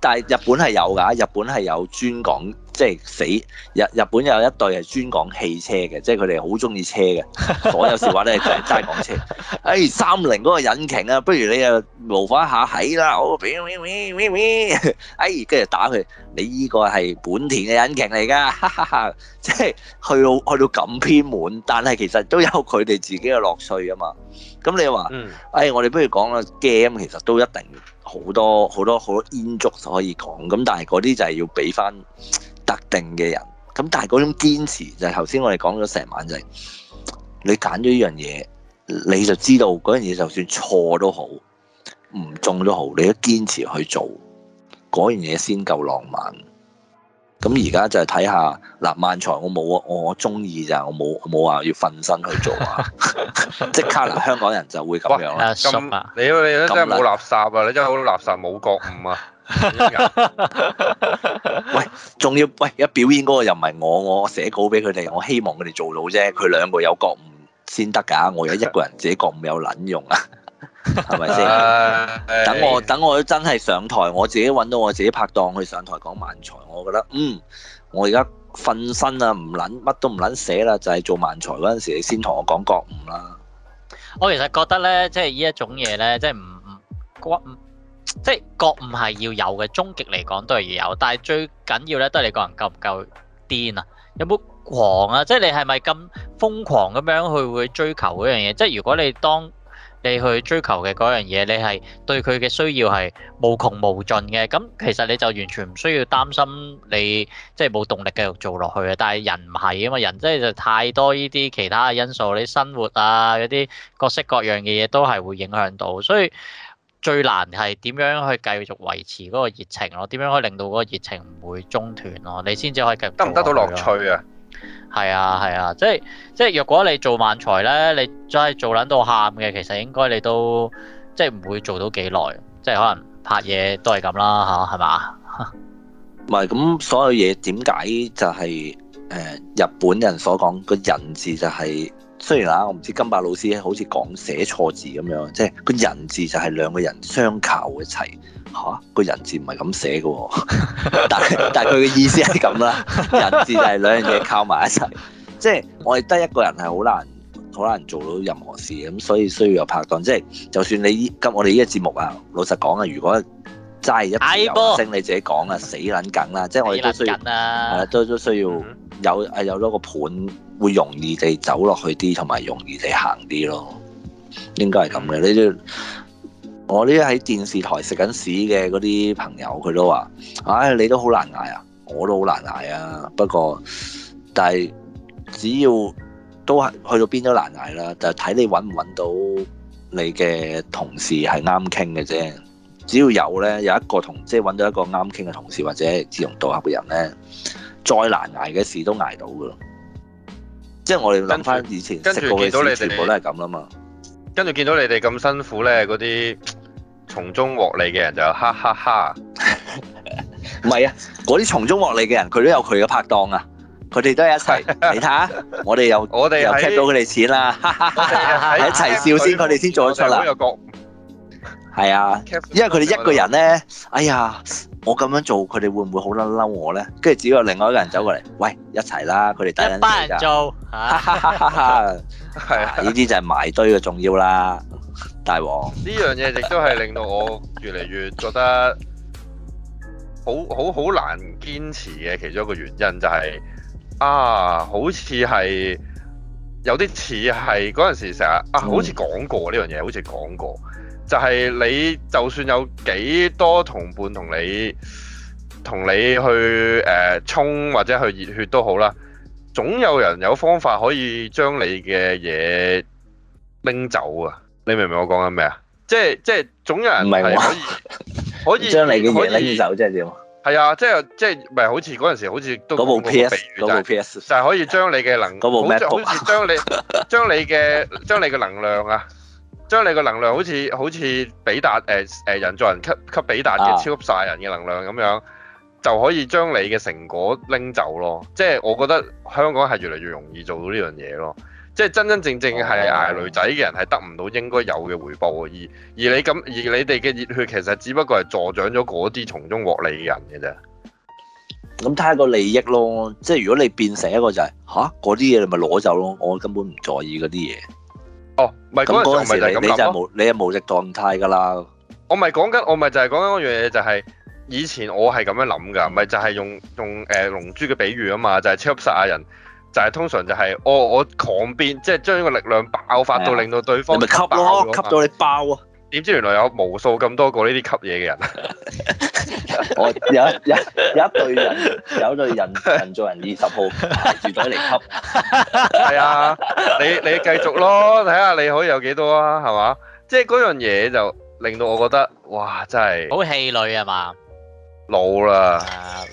但係日本係有㗎，日本係有專講。即係死日，日本有一對係專講汽車嘅，即係佢哋好中意車嘅， 所有説話咧就齋講車。哎，三菱嗰個引擎啊，不如你又模仿一下係啦，好咪咪哎，跟住打佢，你依個係本田嘅引擎嚟㗎，即係去到去到咁偏門，但係其實都有佢哋自己嘅樂趣啊嘛。咁你話，哎，我哋不如講個 game，其實都一定好多好多好多煙燭可以講，咁但係嗰啲就係要俾翻。特定嘅人，咁但係嗰種堅持就係頭先我哋講咗成晚就係，你揀咗呢樣嘢，你就知道嗰樣嘢就算錯都好，唔中都好，你都堅持去做，嗰樣嘢先夠浪漫。咁而家就係睇下立漫才我冇啊。我中意就咋，我冇冇話要瞓身去做
啊，即係可能香港人
就會咁樣啦。
你你真係冇垃圾、啊、麼垃圾啊！你真係好垃圾，冇覺悟啊！
喂，仲要喂，一表演嗰個又唔係我，我寫稿俾佢哋，我希望佢哋做到啫。佢兩個有覺悟先得㗎，我而家一個人自己覺悟有撚用啊？係咪先？等我等我真係上台，我自己搵到我自己拍檔去上台講漫才，我覺得嗯，我而家瞓身啊，唔撚乜都唔撚寫啦，就係做漫才嗰陣時，你先同我講覺悟啦。
我其實覺得呢，即係呢一種嘢呢，即係唔唔覺唔。即係覺悟係要有嘅，終極嚟講都係要有，但係最緊要咧都係你個人夠唔夠癲啊？有冇狂啊？即係你係咪咁瘋狂咁樣去會追求嗰樣嘢？即係如果你當你去追求嘅嗰樣嘢，你係對佢嘅需要係無窮無盡嘅，咁其實你就完全唔需要擔心你即係冇動力繼續做落去啊。但係人唔係啊嘛，人即係就太多呢啲其他嘅因素，你生活啊，嗰啲各式各樣嘅嘢都係會影響到，所以。最難係點樣去繼續維持嗰個熱情咯？點樣可以令到嗰個熱情唔會中斷咯？你先至可以繼續得唔得到樂趣啊？係啊係啊，啊，即係即係若果你做漫才咧，你真係做撚到喊嘅，其實應該你都即係唔會做到幾耐，即係可能拍嘢都係咁啦嚇，係嘛？
唔係咁，所有嘢點解就係、是、誒、呃、日本人所講個人字就係、是？雖然啊，我唔知金伯老師好似講寫錯字咁樣，即係個人字就係兩個人相靠一齊嚇，個、啊、人字唔係咁寫嘅， 但係但係佢嘅意思係咁啦，人字就係兩樣嘢靠埋一齊，即係我哋得一個人係好難好難做到任何事嘅，咁所以需要有拍檔，即係就算你今我哋呢個節目啊，老實講啊，如果真一波，正你自己講啊，死撚梗啦！即係我哋都需要，係啊，都都需要有係有多個伴會容易地走落去啲，同埋容易地行啲咯，應該係咁嘅。你都我呢喺電視台食緊屎嘅嗰啲朋友，佢都話，唉、哎，你都好難捱啊！我都好難捱啊！不過，但係只要都係去到邊都難捱啦，就睇你揾唔揾到你嘅同事係啱傾嘅啫。只要有咧有一個同即係揾到一個啱傾嘅同事或者志同道合嘅人咧，再難捱嘅事都捱到噶咯。即係我哋諗翻以前食過嘅事，全部都係咁
啦嘛。跟住見到你哋咁辛苦咧，嗰啲從中獲利嘅人就哈哈哈。
唔係啊，嗰啲從中獲利嘅人佢都有佢嘅拍檔啊，佢哋都係一齊。你睇 們下 我哋們又 我哋又劈到佢哋錢啦，
喺一齊笑先，佢哋先做得出啦。係啊，因為佢哋一個人
咧，哎呀，我咁樣做，佢哋會唔會好嬲嬲我咧？跟住只有另外一個人走過嚟，喂，一齊啦！佢哋一班人做，係 啊，呢啲就係埋堆嘅重要啦，大王。
呢樣嘢亦都係令到我越嚟越覺得 好好好，好難堅持嘅其中一個原因，就係，就係啊，好似係有啲似係嗰陣時成日啊，好似講過呢樣嘢，好似講過。就係你，就算有幾多同伴同你同你去誒衝、呃、或者去熱血都好啦，總有人有方法可以將你嘅嘢拎走啊！你明唔明我講緊咩啊？即係即係總有人係可以可以可以可以將 你嘅嘢拎走，即係點？係啊，即係即係唔好似嗰陣時好似都部 PS 嗰部就係可以將你嘅能量 Mac，好似將你 將你嘅將你嘅能量啊！將你個能量，好似好似比達誒誒人造人吸吸比達嘅超級晒人嘅能量咁樣，啊、就可以將你嘅成果拎走咯。即係我覺得香港係越嚟越容易做到呢樣嘢咯。即係真真正正係捱、嗯啊、女仔嘅人係得唔到應該有嘅回報，而你而你咁而你哋嘅熱血其實只不過係助長咗嗰啲從中獲利嘅人嘅啫。
咁睇下個利益咯。即係如果你變成一個就係吓嗰啲嘢，你咪攞走咯。我根本唔在意嗰啲嘢。
哦，唔係嗰陣時你就、啊、你就無
你係無力狀態噶啦。
我咪講緊，我咪就係講緊嗰樣嘢，就係以前我係咁樣諗噶，咪就係用用誒龍、呃、珠嘅比喻啊嘛，就係超級撒亞人，就係、是、通常就係我我狂變，即係將個力量爆發到令到對方咪吸、哎、吸，吸到你爆啊！點知原來有無數咁多個呢啲吸嘢嘅人？ 我有有有一對人，
有一對人人造人二
十號提住袋嚟吸。係 啊，你你繼續咯，睇下你可以有幾多啊？係嘛，即係嗰樣嘢就令到我覺得，哇！真係好
氣餒了啊嘛？老啦，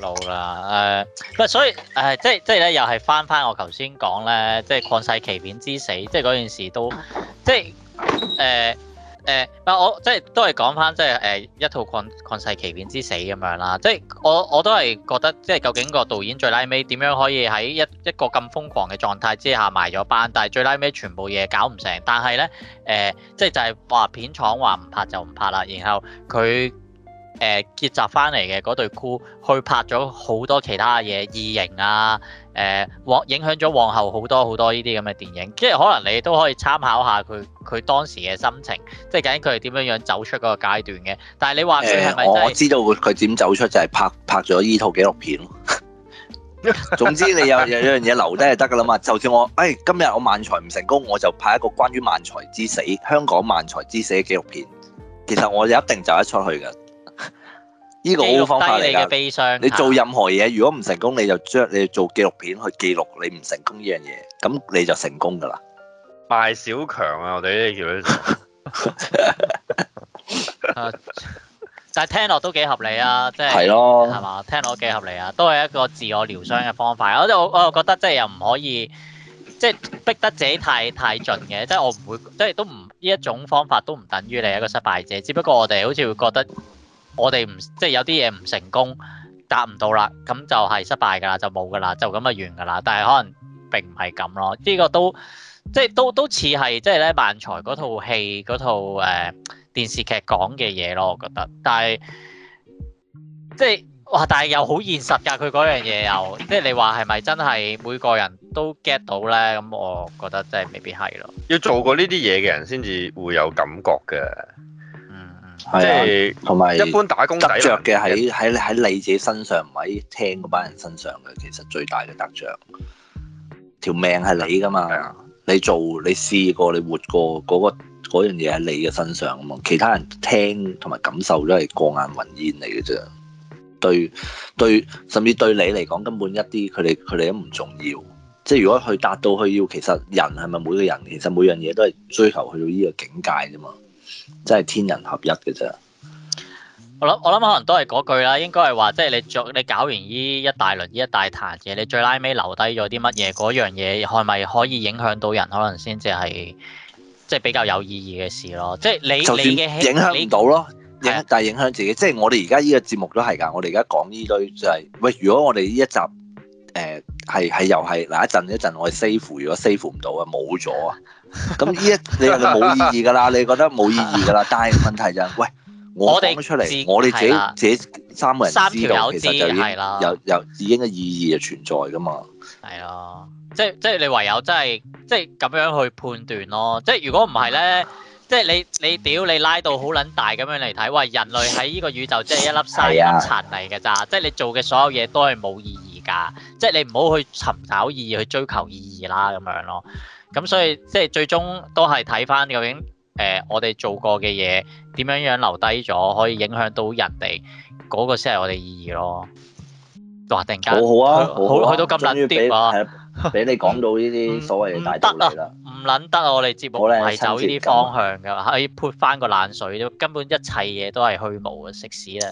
老、呃、啦。誒，唔所以誒、呃，即係即係咧，又係翻翻我頭先講咧，即係《曠世奇片之死》即件事，即係嗰陣時都即係誒。呃誒，嗱、呃、我即係都係講翻，即係誒、呃、一套狂《曠曠世奇片之死》咁樣啦，即係我我都係覺得，即係究竟個導演最拉尾點樣可以喺一一個咁瘋狂嘅狀態之下埋咗班，但係最拉尾全部嘢搞唔成，但係咧誒，即係就係、是、話片廠話唔拍就唔拍啦，然後佢。誒，結集翻嚟嘅嗰對箍，去拍咗好多其他嘢，異形啊，誒、欸，往影響咗往後好多好多呢啲咁嘅電影，即係可能你都可以參考下佢佢當時嘅心情，即係究竟佢係點樣樣走出嗰個階段嘅。但係你話佢、就是欸、我，我知
道佢佢點走出就係拍拍咗呢套紀錄片
咯。 總之你有有
樣嘢留低就得㗎啦嘛。 就算我誒、哎、今日我漫才唔成功，我就拍一個關於漫才之死香港漫才之死嘅紀錄片，其實我一定走得出去㗎。呢個好方法嚟
㗎，你做
任何嘢，如果唔成功，你就將你做紀錄片去記錄你唔成功呢樣嘢，咁你就成功㗎啦。
賣小強啊，我哋呢啲，
但係聽落都幾合理啊，即係係咯，係嘛？聽落幾合理啊，都係一個自我療傷嘅方法。我即係我，我又覺得即係又唔可以，即係逼得自己太太盡嘅，即係我唔會，即係都唔呢一種方法都唔等於你係一個失敗者，只不過我哋好似會覺得。我哋唔即係有啲嘢唔成功，達唔到啦，咁就係失敗㗎啦，就冇㗎啦，就咁就完㗎啦。但係可能並唔係咁咯，呢、這個都即係都都似係即係咧漫才嗰套戲嗰套誒、呃、電視劇講嘅嘢咯，我覺得。但係即係哇，但係又好現實㗎，佢嗰樣嘢又即係你話係咪真係每個人都 get 到咧？咁我覺得即係未必係咯。
要做過呢啲嘢嘅人先至會有感覺嘅。係同埋一般打工得着嘅喺喺喺你
自己身上，唔喺聽嗰班人身上嘅。其實最大嘅得着條命係你噶嘛。啊、你做你試過你活過嗰、嗰個樣嘢喺你嘅身上啊嘛。其他人聽同埋感受都係過眼雲煙嚟嘅啫。對對，甚至對你嚟講根本一啲佢哋佢哋都唔重要。即係如果去達到佢要，其實人係咪每個人？其實每樣嘢都係追求去到呢個境界啫嘛。真係天人合一嘅啫。
我諗我諗可能都係嗰句啦，應該係話即係你做你搞完呢一大輪呢一大壇嘢，你最拉尾留低咗啲乜嘢？嗰樣嘢係咪可以影響到人？可能先至係即係比較有意義嘅事咯。即係你響你嘅影響唔到咯，影
但係影響自己。的即係我哋而家呢個節目都係噶，我哋而家講呢堆就係、是、喂，如果我哋呢一集誒係係又係嗱一陣一陣，我哋 save 如果 save 唔到啊，冇咗啊。咁呢 一你話冇意義噶啦，你覺得冇意義噶啦。但係問題就，喂，我哋出嚟，我哋自己自己三個人知道，三條友知道其實是的 有有自己嘅意義就存在噶嘛。
係啊，即即係你唯有真係即係咁樣去判斷咯。即係如果唔係咧，即係你你屌你，你，你拉到好撚大咁樣嚟睇，喂，人類喺呢個宇宙即係一粒沙塵嚟㗎咋。即係、就是、你做嘅所有嘢都係冇意義㗎。即、就、係、是、你唔好去尋找意義去追求意義啦，咁樣咯。咁所以即係最終都係睇翻究竟誒、呃、我哋做過嘅嘢點樣樣留低咗，可以影響到人哋嗰、那個先係我哋意義咯。哇！突然間好好啊，去好啊去、啊、到咁撚啲喎，
俾你講到呢啲所謂嘅大道理啦。
唔撚得啊！我哋節目唔係走呢啲方向嘅，可以潑翻個冷水啫。根本一切嘢都係虛無嘅，食屎啦！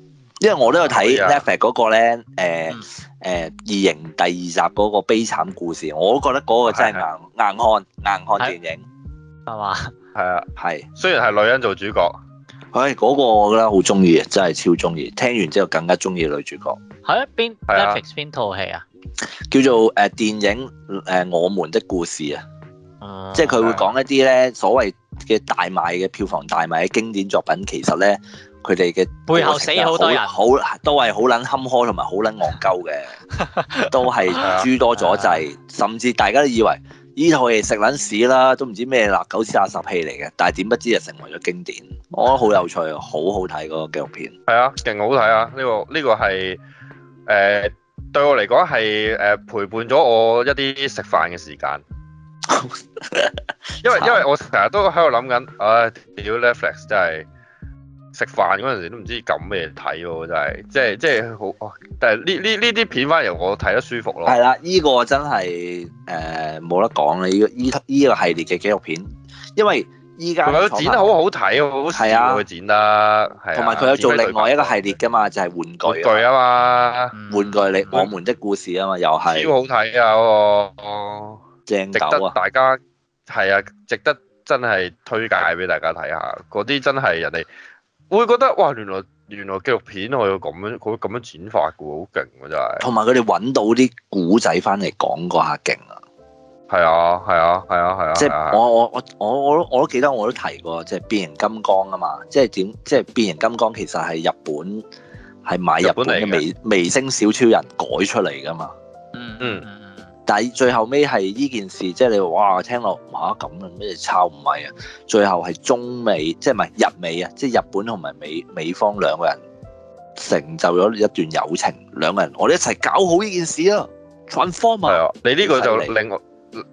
因為我都有睇 Netflix 嗰個咧，誒誒、嗯、異形第二集嗰個悲慘故事，我都覺得嗰個真係硬的硬漢硬漢電影，係嘛？係啊，係的。的雖然係女人做主角，唉，嗰、那個我覺得好中意啊，真係超中意。聽完之後更加中意女主角。
喺邊的 Netflix 邊套戲啊？
叫做誒、呃、電影《誒、呃、我們的故事》啊、嗯，即係佢會講一啲咧所謂嘅大賣嘅票房大賣嘅經典作品，其實咧。佢哋嘅背後死好多人，好都係好撚坎坷同埋好撚戇鳩嘅，都係 諸多阻滯、就是， 甚至大家都以為呢套嘢食撚屎啦，都唔知咩垃九狗屎垃圾戲嚟嘅，但係點不知就成為咗經典，我覺得好有趣，好好睇嗰個紀錄片。
係啊，勁好睇啊！呢個呢個係誒對我嚟講係誒陪伴咗我一啲食飯嘅時間，因為因為我成日都喺度諗緊，唉、哎，屌 Netflix 真係～食飯嗰陣時都唔知撳咩睇喎，真係即係即係好但係呢呢呢啲片翻嚟我睇得舒服咯。係啦，呢、 這
個真係誒冇得講啦！依依依個系列嘅紀錄片，因為依家剪得好好睇，好係啊，剪得同埋佢有做另外一個系列㗎嘛，就係、是、玩具具啊嘛，玩具，玩具你我 們的故事啊嘛，又係超好睇、
那個、啊！嗰個正值得大家係啊，值得真係推介俾大家睇下嗰啲真係人哋。我會覺得哇，原來原來紀錄片可以咁樣咁樣剪法嘅喎，好勁喎真係。同埋佢哋
揾到啲古仔翻嚟講嗰下
勁啊！係啊係啊係啊係啊！即 係我我我我我我
都記得我都提過，即係變形金剛啊嘛！即係點即係變形金剛其實係日本係買日本嘅微微星小超人改出嚟噶嘛。嗯嗯。但係最後尾係呢件事，即係你話哇，聽落嚇咁啊咩抄唔係啊！最後係中美，即係唔係日美啊，即係日本同埋美美方兩個人成就咗一段友情，兩個人我哋一齊搞好呢件事啊！Transform，
啊啊你呢個就令我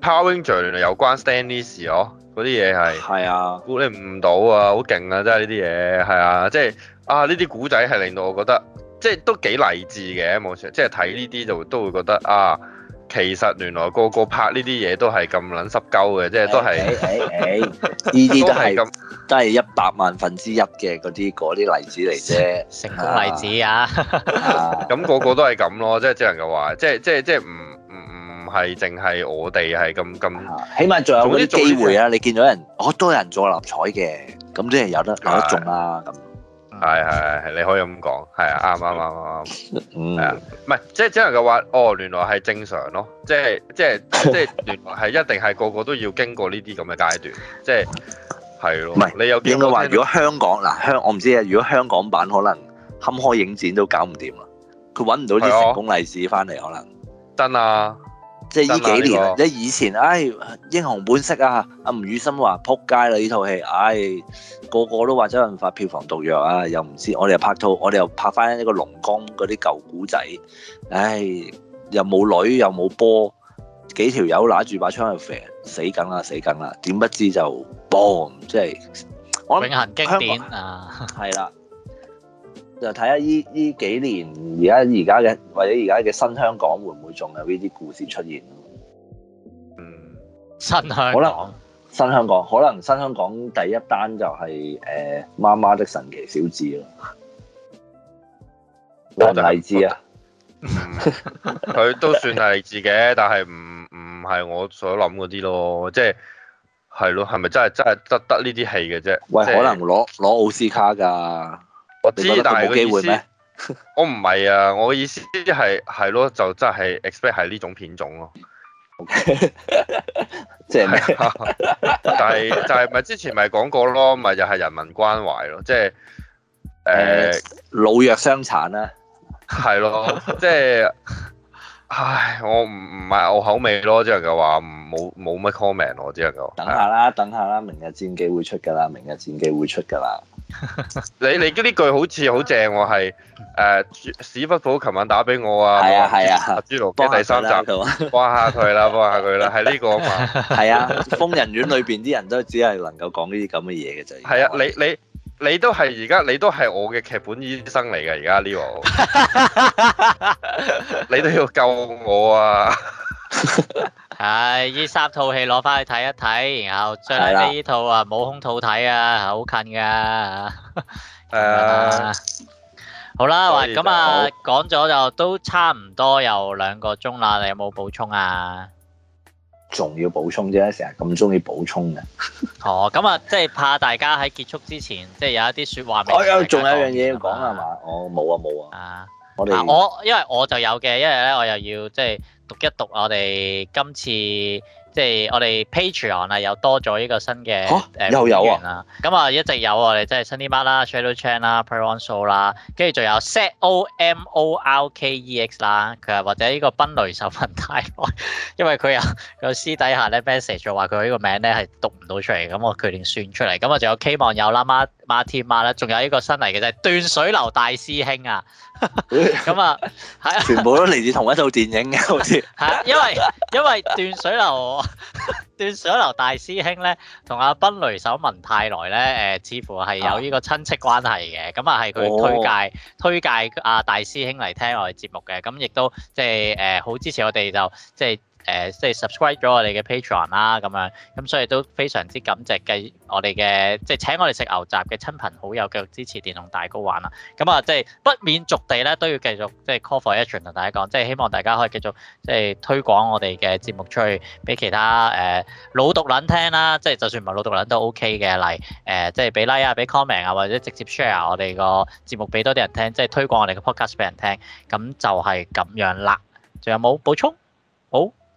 Power Rangers 有關 Stan 啲事哦，嗰啲嘢係係啊，估你唔到啊，好勁啊，啊！真係呢啲嘢係啊，即係啊呢啲古仔係令到我覺得即係都幾勵志嘅，冇錯，即係睇呢啲就會都會覺得啊～其實原來個個拍呢啲嘢都係咁撚濕鳩嘅，即係都係，呢啲、哎哎哎、都係 都係一百萬分之一嘅嗰啲啲例子嚟啫。成
功例子啊！
咁、啊啊、個個都係咁咯，即係只能夠話，即係即係即係唔唔唔係淨係我哋係咁咁。啊、起碼仲有嗰啲機會啊！你見到人好多人中六合彩嘅，咁即係有得有得中啦咁。係係係係，你可以咁講，係啊，啱啱啱啱，
係啊，
唔係即係只能夠話，哦，原來係正常咯，即係即係即係原來係一定係個個都要經過呢啲咁嘅階段，即係係咯，唔係你有見到話，如果
香港嗱香，我唔知啊，如果香港版可能冚開影展都搞唔掂啦，佢揾唔到啲成功例子翻嚟，可能
真啊。
即係呢幾年，即
以前，唉、哎，英雄本色啊！阿吳宇森話：撲街啦！呢套戲，唉、哎，個個都話周潤發票房毒藥啊！又唔知，我哋又拍套，我哋又拍翻一個龍江嗰啲舊古仔，唉、哎，又冇女，又冇波，幾條友攬住把槍就射死緊啦，死緊啦！點不知就 boom，即係我永恒經典啊了，係啦。就睇下依呢幾年而家而家嘅或者而家嘅新香港會唔會仲有呢啲故事出現？嗯，
新香港，可能
新香港，可能新香港第一單就係、是、誒、欸、媽媽的神奇小子
咯。但係勵志啊？佢都算係勵志嘅，但係唔唔係我所諗嗰啲咯。即係係咯，係咪真係真係得得呢啲戲嘅啫？喂，可能
攞攞奧斯卡㗎？
我知，但係個意思，我唔係啊！我意思係係咯，就真係 expect 係呢種片種咯、啊。即係 但係就係咪之前咪講過咯？咪就係、是、人民關懷咯，即係誒老弱傷殘啦、啊。係 咯，即、就、係、是，唉，我唔唔係我口味咯，即係話冇冇乜 comment 我即係講。話等下啦，啊、等下啦，明日
戰記會出㗎啦，明日戰記會出㗎啦。
你你呢句好似好正喎、啊，係誒、呃、屎忽火，琴晚打俾我啊！係啊係啊，豬籠嘅第三集，幫下佢啦，幫下佢啦，係呢個啊嘛，係啊，瘋人院裏邊啲人都只係能夠講呢啲咁嘅嘢嘅啫，啊， 你你你都係而家，你都係我嘅劇本醫生嚟㗎而家呢個， 你都要救我啊！
係依三套戲攞翻去睇一睇，然後最緊要依套啊，冇空肚睇啊，好近噶。誒，好啦，咁啊，講咗就都差唔多有兩個鐘啦，你有冇補充啊？
仲要補充啫，成日咁中意補充嘅。
哦，咁啊，即係怕大家喺結束之前，即係有一啲說話未講。我有，仲有一樣嘢要講啊嘛，我冇啊冇啊。啊，我哋我因為我就有嘅，因為咧我又要即係。讀一讀我哋今次即係我哋 Patreon 啊，又多咗呢個新嘅誒會員啦。咁啊、嗯、一直有啊，即係 Sunny 乜啦，Shadow Chan 啦 Preon Show 啦，跟住仲有 s e t o m o r k e x 啦，佢係或者呢個奔雷手份太耐，因為佢有個私底下咧 message 話佢呢個名咧係讀唔到出嚟，咁我決定算出嚟。咁啊，仲有 K 網友啦嘛。馬鐵馬啦，仲有依個新嚟嘅就係，斷水流大師兄啊，咁 啊樣，啊， 全部
都嚟自同一套電影嘅好似。係
因為因為斷水流斷 水流大師兄咧，同阿奔雷手文泰來咧誒、呃，似乎係有呢個親戚關係嘅。咁啊、哦，係佢推介推介啊大師兄嚟聽我哋節目嘅，咁亦都即係誒好支持我哋就即係。就係誒、呃，即係 subscribe 咗我哋嘅 Patreon 啦，咁樣，咁所以都非常之感謝繼繼，繼我哋嘅即係請我哋食牛雜嘅親朋好友繼續支持電動大哥玩啦。咁啊，即係不免俗地咧都要繼續即係 call for action 同大家講，即係希望大家可以繼續即係推廣我哋嘅節目出去俾其他誒、呃、老毒撚聽啦。即係就算唔係老毒撚都 OK 嘅，例誒、呃、即係俾 like 啊，俾 comment 啊，或者直接 share 我哋個節目俾多啲人聽，即係推廣我哋嘅 podcast 俾人聽。咁就係咁樣啦。仲有冇補充？好。